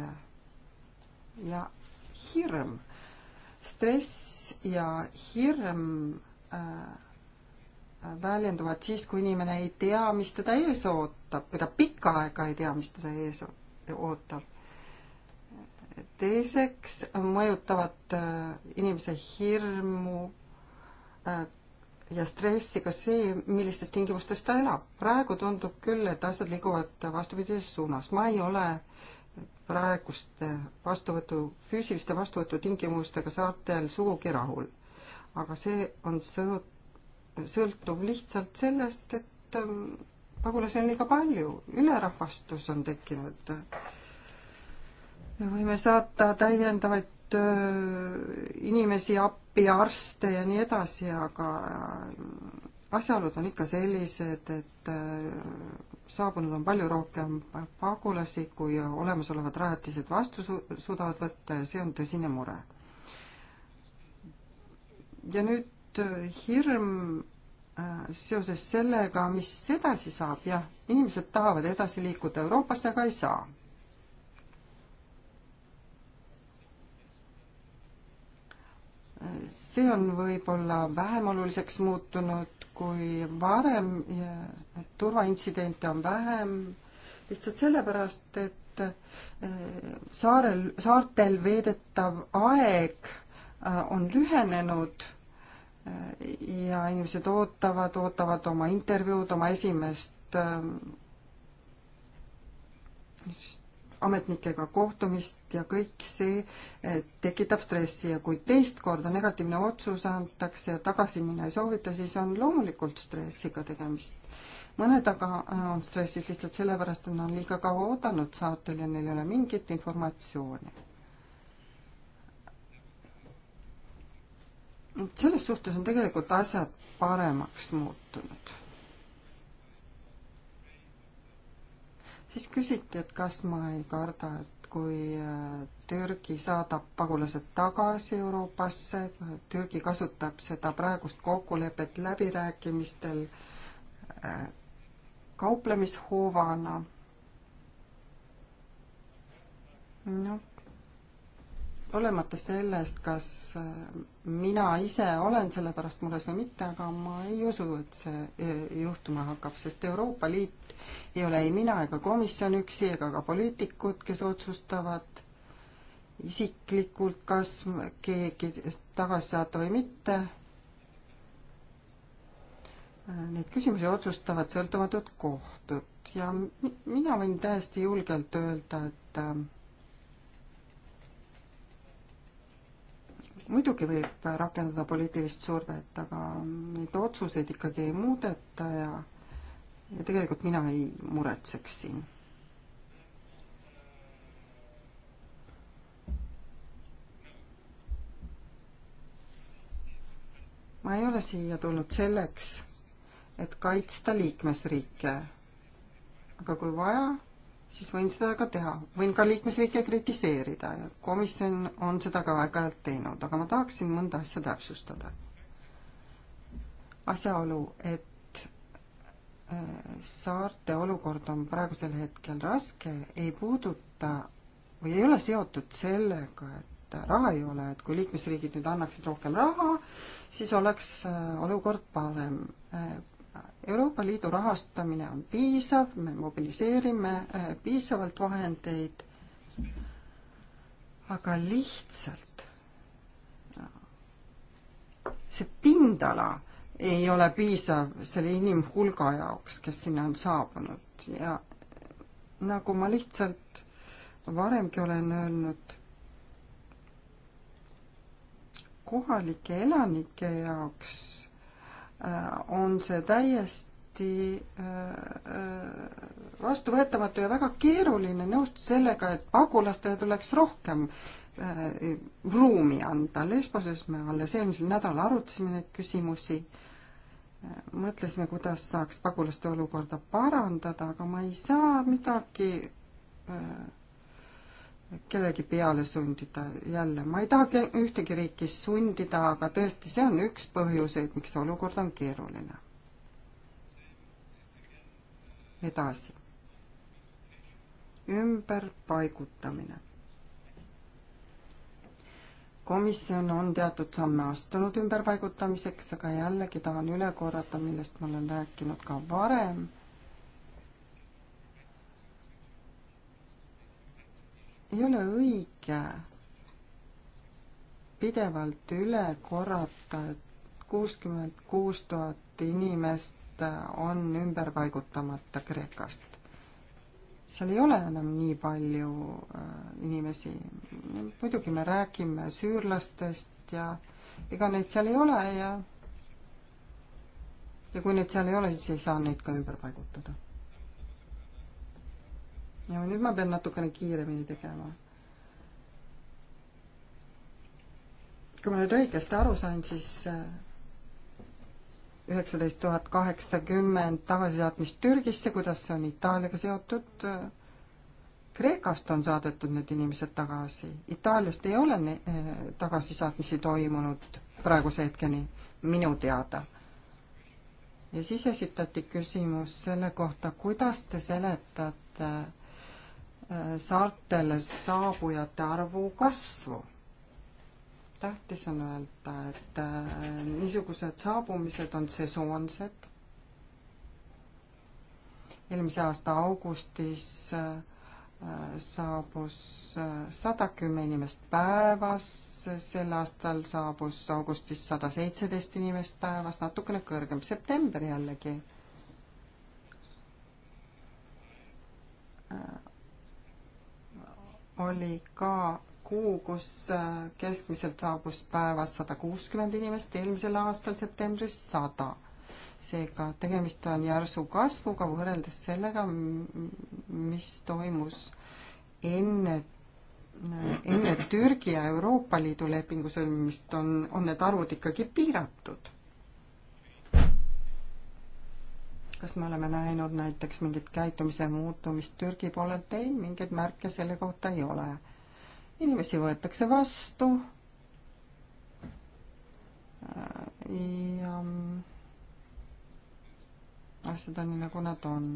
ja hirm, stress ja hirm äh, väljenduvad siis, kui inimene ei tea, mis teda ees ootab, kui ta pikka aega ei tea, mis teda ees ootab teiseks mõjutavad äh, inimese hirmu äh, ja stressi ka see, millistes tingimustes ta elab. praegu tundub küll, et asjad liiguvad vastupidises suunas. ma ei ole praeguste vastuvõtu, füüsiliste vastuvõtutingimustega saartel sugugi rahul. aga see on sõnu-, sõltuv lihtsalt sellest, et ähm, pagulasi on liiga palju, ülerahvastus on tekkinud me võime saata täiendavaid äh, inimesi appi, arste ja nii edasi, aga äh, asjaolud on ikka sellised, et äh, saabunud on palju rohkem pagulasi, kui olemasolevad rajatised vastu su suudavad võtta ja see on tõsine mure. ja nüüd hirm seoses sellega, mis edasi saab, jah, inimesed tahavad edasi liikuda Euroopasse, aga ei saa see on võib-olla vähem oluliseks muutunud kui varem ja turvaintsidente on vähem lihtsalt sellepärast, et eh, saarel, saartel veedetav aeg eh, on lühenenud eh, ja inimesed ootavad, ootavad oma intervjuud, oma esimest ametnikega kohtumist ja kõik see eh, tekitab stressi ja kui teist korda negatiivne otsus antakse ja tagasi minna ei soovita, siis on loomulikult stressiga tegemist. mõned aga eh, on stressis lihtsalt sellepärast, et nad on liiga kaua oodanud saatel ja neil ei ole mingit informatsiooni. selles suhtes on tegelikult asjad paremaks muutunud siis küsiti, et kas ma ei karda, et kui äh, Türgi saadab pagulased tagasi Euroopasse, Türgi kasutab seda praegust kokkulepet läbirääkimistel äh, kauplemishoovana. noh, olemata sellest, kas äh, mina ise olen selle pärast mures või mitte, aga ma ei usu, et see äh, juhtuma hakkab, sest Euroopa Liit ei ole ei mina ega komisjon üksi ega ka poliitikud, kes otsustavad isiklikult, kas keegi tagasi saata või mitte. Äh, neid küsimusi otsustavad sõltumatud kohtud ja mina võin täiesti julgelt öelda, et muidugi võib rakendada poliitilist survet, aga neid otsuseid ikkagi ei muudeta ja ja tegelikult mina ei muretseks siin. ma ei ole siia tulnud selleks, et kaitsta liikmesriike. aga kui vaja, siis võin seda ka teha. võin ka liikmesriike kritiseerida ja komisjon on seda ka aeg-ajalt teinud, aga ma tahaksin mõnda asja täpsustada. asjaolu, et äh, saarte olukord on praegusel hetkel raske, ei puuduta või ei ole seotud sellega, et raha ei ole, et kui liikmesriigid nüüd annaksid rohkem raha, siis oleks äh, olukord parem. Äh, Euroopa Liidu rahastamine on piisav, me mobiliseerime äh, piisavalt vahendeid, aga lihtsalt äh, see pindala ei ole piisav selle inimhulga jaoks, kes sinna on saabunud ja nagu ma lihtsalt varemgi olen öelnud, kohalike elanike jaoks Äh, on see täiesti äh, äh, vastuvõetamatu ja väga keeruline nõustuda sellega, et pagulastele tuleks rohkem ruumi anda. Lesboses me alles eelmisel nädalal arutasime neid küsimusi, mõtlesime, kuidas saaks pagulaste olukorda parandada, aga ma ei saa midagi kellegi peale sundida jälle. ma ei taha ühtegi riiki sundida, aga tõesti, see on üks põhjuseid, miks see olukord on keeruline. edasi. ümberpaigutamine. komisjon on teatud samme astunud ümberpaigutamiseks, aga jällegi tahan üle korrata, millest ma olen rääkinud ka varem ei ole õige pidevalt üle korrata, et kuuskümmend kuus tuhat inimest on ümber paigutamata Kreekast. seal ei ole enam nii palju äh, inimesi. muidugi me räägime süürlastest ja ega neid seal ei ole ja ja kui neid seal ei ole, siis ei saa neid ka ümber paigutada ja nüüd ma pean natukene kiiremini tegema. kui ma nüüd õigesti aru sain, siis äh, üheksateist tuhat kaheksakümmend tagasisaatmist Türgisse, kuidas see on Itaaliaga seotud? Kreekast on saadetud need inimesed tagasi, Itaaliast ei ole äh, tagasisaatmisi toimunud praeguse hetkeni minu teada. ja siis esitati küsimus selle kohta, kuidas te seletate Äh, saartele saabujate arvu kasvu. tähtis on öelda, et äh, niisugused saabumised on sesoonsed. eelmise aasta augustis äh, saabus sada kümme inimest päevas, sel aastal saabus augustis sada seitseteist inimest päevas, natukene kõrgem, september jällegi oli ka kuu, kus äh, keskmiselt saabus päevas sada kuuskümmend inimest, eelmisel aastal septembris sada. seega tegemist on järsu kasvuga võrreldes sellega, mis toimus enne, enne Türgi ja Euroopa Liidu lepingu sõlmimist on, on need arvud ikkagi piiratud kas me oleme näinud näiteks mingit käitumise muutumist Türgi poolelt, ei, mingeid märke selle kohta ei ole. inimesi võetakse vastu ja mm, asjad on nii, nagu nad on.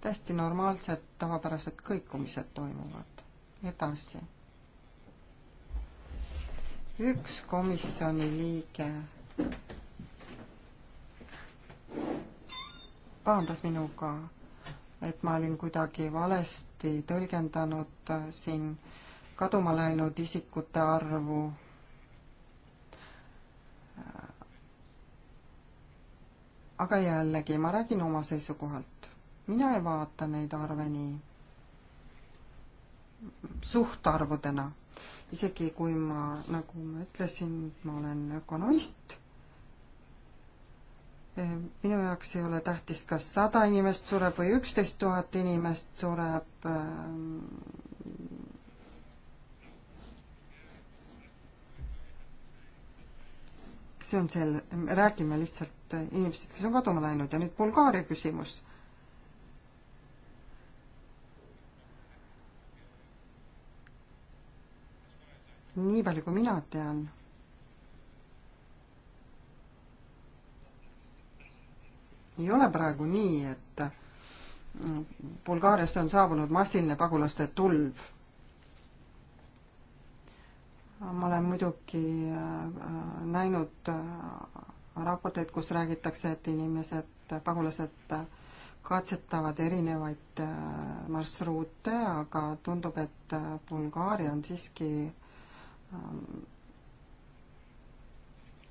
täiesti normaalsed, tavapärased kõikumised toimuvad. edasi. üks komisjoni liige pahandas minuga, et ma olin kuidagi valesti tõlgendanud siin kaduma läinud isikute arvu. aga jällegi, ma räägin oma seisukohalt. mina ei vaata neid arve nii suhtarvudena. isegi kui ma, nagu ma ütlesin, ma olen ökonomist minu jaoks ei ole tähtis, kas sada inimest sureb või üksteist tuhat inimest sureb. Ähm, see on sel-, me räägime lihtsalt inimestest, kes on kaduma läinud ja nüüd Bulgaaria küsimus. nii palju, kui mina tean ei ole praegu nii, et mm, Bulgaariasse on saabunud massiline pagulaste tulv. ma olen muidugi äh, näinud äh, raporteid, kus räägitakse, et inimesed, pagulased katsetavad erinevaid äh, marsruute, aga tundub, et Bulgaaria on siiski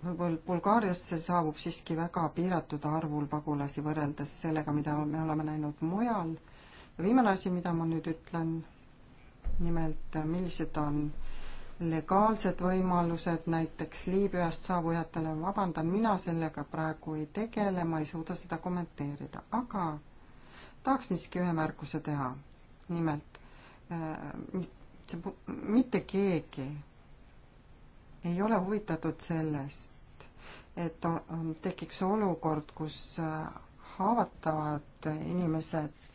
võib-olla Bulgaariasse saabub siiski väga piiratud arvul pagulasi võrreldes sellega, mida me oleme näinud mujal. ja viimane asi, mida ma nüüd ütlen, nimelt millised on legaalsed võimalused näiteks Liibüast saabujatele, vabandan, mina sellega praegu ei tegele, ma ei suuda seda kommenteerida, aga tahaks siiski ühe märkuse teha. nimelt, see äh, mitte keegi ei ole huvitatud sellest, et tekiks olukord, kus äh, haavatavad inimesed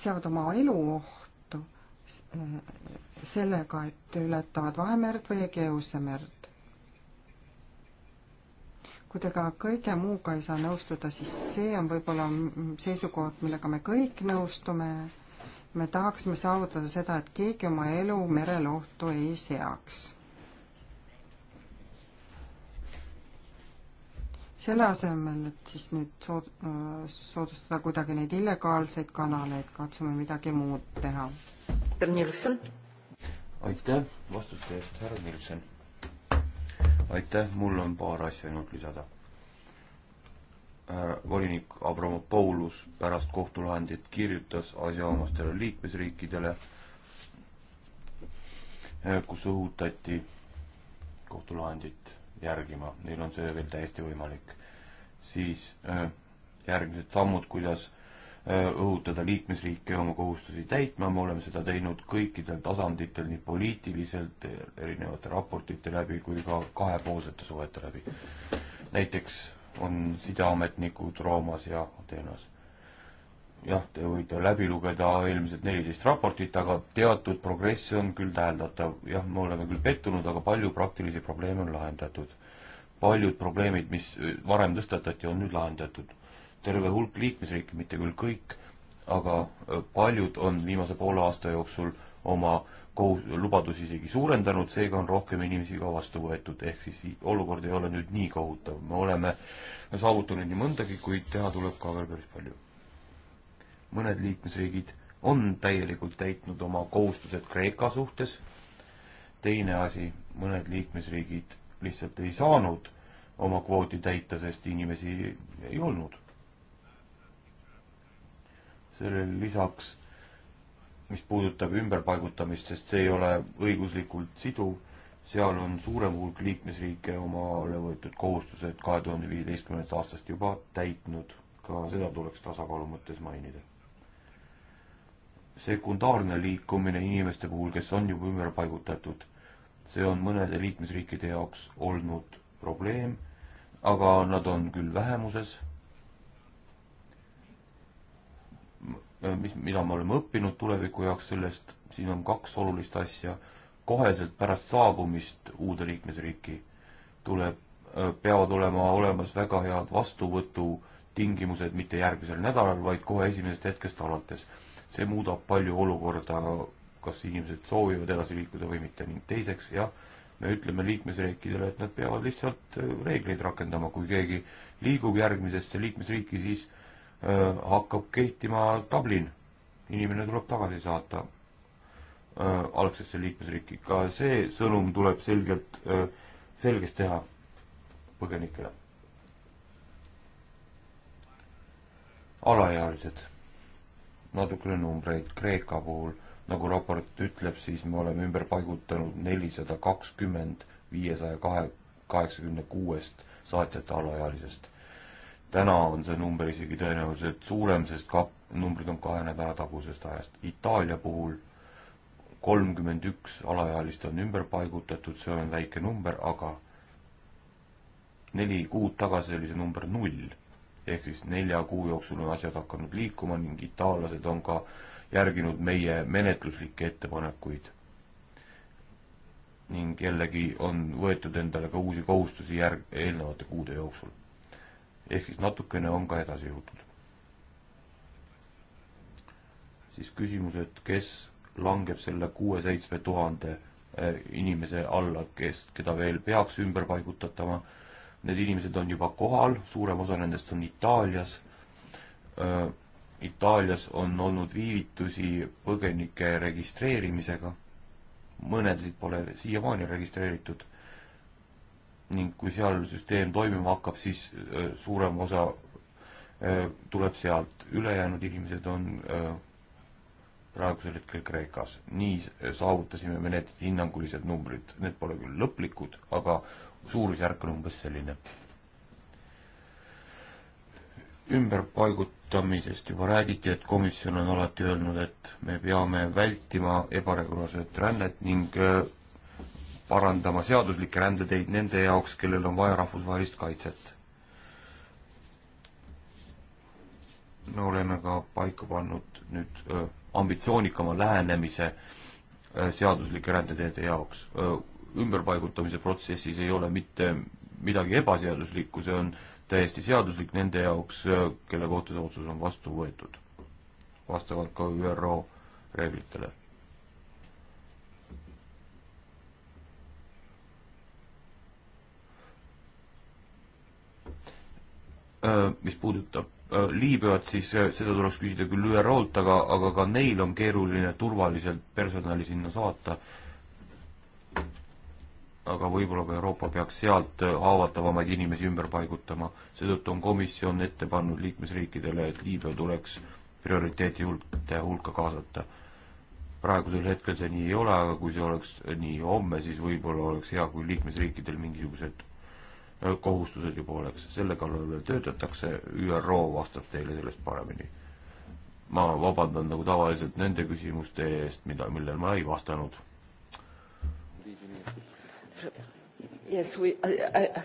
seavad oma elu ohtu äh, sellega, et ületavad Vahemerd või Egeuse merd. kui te ka kõige muuga ei saa nõustuda, siis see on võib-olla seisukoht, millega me kõik nõustume. me tahaksime saavutada seda, et keegi oma elu merel ohtu ei seaks selle asemel, et siis nüüd sood-, soodustada kuidagi neid illegaalseid kanaleid, katsume midagi muud teha. Nilsson. aitäh vastuste eest, härra Nilsson. aitäh, mul on paar asja ainult lisada. volinik Abramopoulus pärast kohtulahendit kirjutas asjaomastele liikmesriikidele, kus õhutati kohtulahendit järgima, neil on see veel täiesti võimalik. siis äh, järgmised sammud, kuidas äh, õhutada liikmesriike oma kohustusi täitma, me oleme seda teinud kõikidel tasanditel, nii poliitiliselt, erinevate raportite läbi kui ka kahepoolsete suhete läbi. näiteks on sideametnikud Roomas ja Ateenas jah, te võite läbi lugeda eelmised neliteist raportit, aga teatud progress on küll täheldatav. jah, me oleme küll pettunud, aga palju praktilisi probleeme on lahendatud. paljud probleemid, mis äh, varem tõstatati, on nüüd lahendatud. terve hulk liikmesriike, mitte küll kõik, aga äh, paljud on viimase poole aasta jooksul oma kohus, lubadusi isegi suurendanud, seega on rohkem inimesi ka vastu võetud, ehk siis olukord ei ole nüüd nii kohutav. me oleme saavutanud nii mõndagi, kuid teha tuleb ka veel päris palju mõned liikmesriigid on täielikult täitnud oma kohustused Kreeka suhtes, teine asi, mõned liikmesriigid lihtsalt ei saanud oma kvooti täita, sest inimesi ei olnud. sellele lisaks, mis puudutab ümberpaigutamist, sest see ei ole õiguslikult siduv, seal on suurem hulk liikmesriike omale võetud kohustused kahe tuhande viieteistkümnendast aastast juba täitnud. ka seda tuleks tasakaalu mõttes mainida sekundaarne liikumine inimeste puhul, kes on juba ümber paigutatud. see on mõnede liikmesriikide jaoks olnud probleem, aga nad on küll vähemuses. mis, mida me oleme õppinud tuleviku jaoks sellest, siin on kaks olulist asja. koheselt pärast saabumist uude liikmesriiki tuleb, peavad olema olemas väga head vastuvõtu tingimused mitte järgmisel nädalal, vaid kohe esimesest hetkest alates see muudab palju olukorda, kas inimesed soovivad edasi liikuda või mitte ning teiseks jah, me ütleme liikmesriikidele, et nad peavad lihtsalt äh, reegleid rakendama, kui keegi liigub järgmisesse liikmesriiki, siis öö, äh, hakkab kehtima Dublin. inimene tuleb tagasi saata öö, äh, algsesse liikmesriiki, ka see sõnum tuleb selgelt, selgeks teha põgenikele alaealised natukene numbreid Kreeka puhul, nagu raport ütleb, siis me oleme ümber paigutanud nelisada kakskümmend viiesaja kahe, kaheksakümne kuuest saatjate alaealisest. täna on see number isegi tõenäoliselt suurem, sest ka numbrid on kahe nädala tagusest ajast. Itaalia puhul kolmkümmend üks alaealist on ümber paigutatud, see on väike number, aga neli kuud tagasi oli see number null ehk siis nelja kuu jooksul on asjad hakanud liikuma ning itaallased on ka järginud meie menetluslikke ettepanekuid. ning jällegi on võetud endale ka uusi kohustusi järg-, eelnevate kuude jooksul. ehk siis natukene on ka edasi jõutud. siis küsimus, et kes langeb selle kuue-seitsme tuhande eh, inimese alla, kes, keda veel peaks ümber paigutatama Need inimesed on juba kohal, suurem osa nendest on Itaalias. Itaalias on olnud viivitusi põgenike registreerimisega, mõnesid pole siiamaani registreeritud. ning kui seal süsteem toimima hakkab, siis suurem osa tuleb sealt, ülejäänud inimesed on praegusel hetkel Kreekas. nii saavutasime me need hinnangulised numbrid, need pole küll lõplikud, aga suurusjärk on umbes selline. ümberpaigutamisest juba räägiti, et komisjon on alati öelnud, et me peame vältima ebaregulaarset rännet ning äh, parandama seaduslikke rändeteid nende jaoks, kellel on vaja rahvusvahelist kaitset. me oleme ka paika pannud nüüd äh, ambitsioonikama lähenemise äh, seaduslike rändeteede jaoks ümberpaigutamise protsessis ei ole mitte midagi ebaseaduslikku, see on täiesti seaduslik nende jaoks, kelle kohta see otsus on vastu võetud, vastavalt ka ÜRO reeglitele. Äh, mis puudutab äh, Liibüat, siis äh, seda tuleks küsida küll ÜRO-lt, aga, aga ka neil on keeruline turvaliselt personali sinna saata aga võib-olla ka Euroopa peaks sealt haavatavamaid inimesi ümber paigutama. seetõttu on komisjon ette pannud liikmesriikidele, et Liibüa tuleks prioriteeti hulk, hulka kaasata. praegusel hetkel see nii ei ole, aga kui see oleks nii homme, siis võib-olla oleks hea, kui liikmesriikidel mingisugused äh, kohustused juba oleks. selle kallal veel töötatakse, ÜRO vastab teile sellest paremini. ma vabandan nagu tavaliselt nende küsimuste eest, mida, millele ma ei vastanud Yes, we, I, I,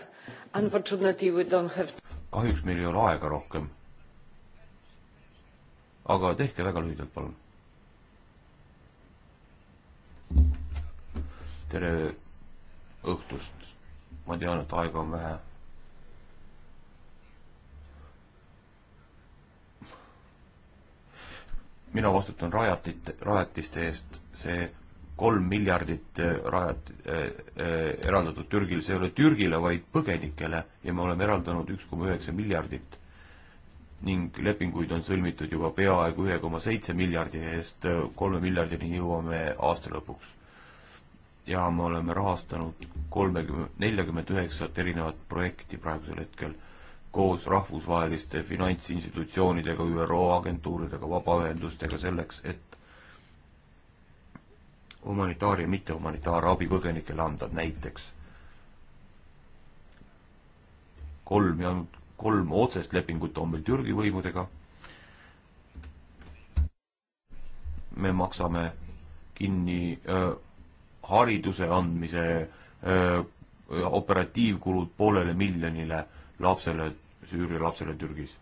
unfortunately we don't have kahjuks meil ei ole aega rohkem. aga tehke väga lühidalt, palun. tere õhtust. ma tean, et aega on vähe. mina vastutan rajatite, rajatiste eest, see kolm miljardit eh, rajat- äh,, äh, eraldatud Türgile, see ei ole Türgile, vaid põgenikele ja me oleme eraldanud üks koma üheksa miljardit. ning lepinguid on sõlmitud juba peaaegu ühe koma seitse miljardi eest, kolme miljardini jõuame aasta lõpuks. ja me oleme rahastanud kolmekümne, neljakümmet üheksat erinevat projekti praegusel hetkel koos rahvusvaheliste finantsinstitutsioonidega, ÜRO agentuuridega, vabaühendustega selleks, et humanitaar- ja mittehumanitaarabi põgenikele anda, näiteks. kolm ja kolm otsest lepingut on meil Türgi võimudega. me maksame kinni öö, hariduse andmise öö, operatiivkulud poolele miljonile lapsele, Süüria lapsele Türgis.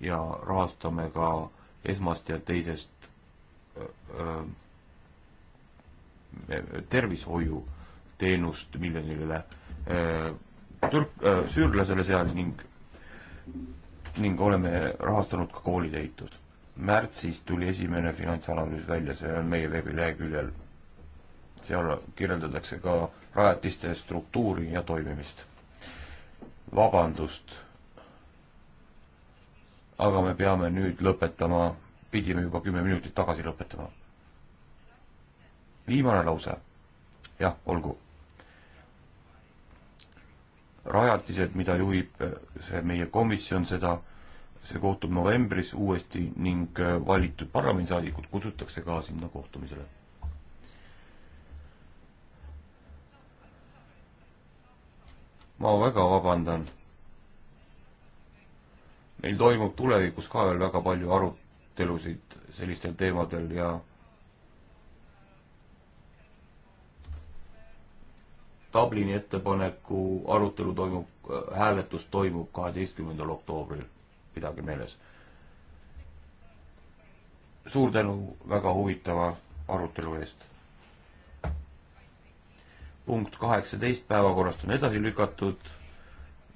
ja rahastame ka esmast ja teisest öö, tervishoiuteenust miljonile äh, türk-, äh, süürlasele seal ning, ning oleme rahastanud ka koolide ehitust. märtsis tuli esimene finantsanalüüs välja, see on meie veebileheküljel. seal kirjeldatakse ka rajatiste struktuuri ja toimimist. vabandust, aga me peame nüüd lõpetama, pidime juba kümme minutit tagasi lõpetama viimane lause. jah, olgu. rajatised, mida juhib äh, see meie komisjon, seda, see kohtub novembris uuesti ning äh, valitud parlamendisaadikud kutsutakse ka sinna kohtumisele. ma väga vabandan. meil toimub tulevikus ka veel väga palju arutelusid sellistel teemadel ja Dublini ettepaneku arutelu toimub, äh, hääletus toimub kaheteistkümnendal oktoobril, pidage meeles. suur tänu väga huvitava arutelu eest. punkt kaheksateist päevakorrast on edasi lükatud.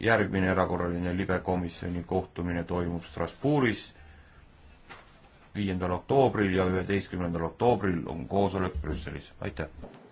järgmine erakorraline libekomisjoni kohtumine toimub Strasbourgis viiendal oktoobril ja üheteistkümnendal oktoobril on koosolek Brüsselis. aitäh!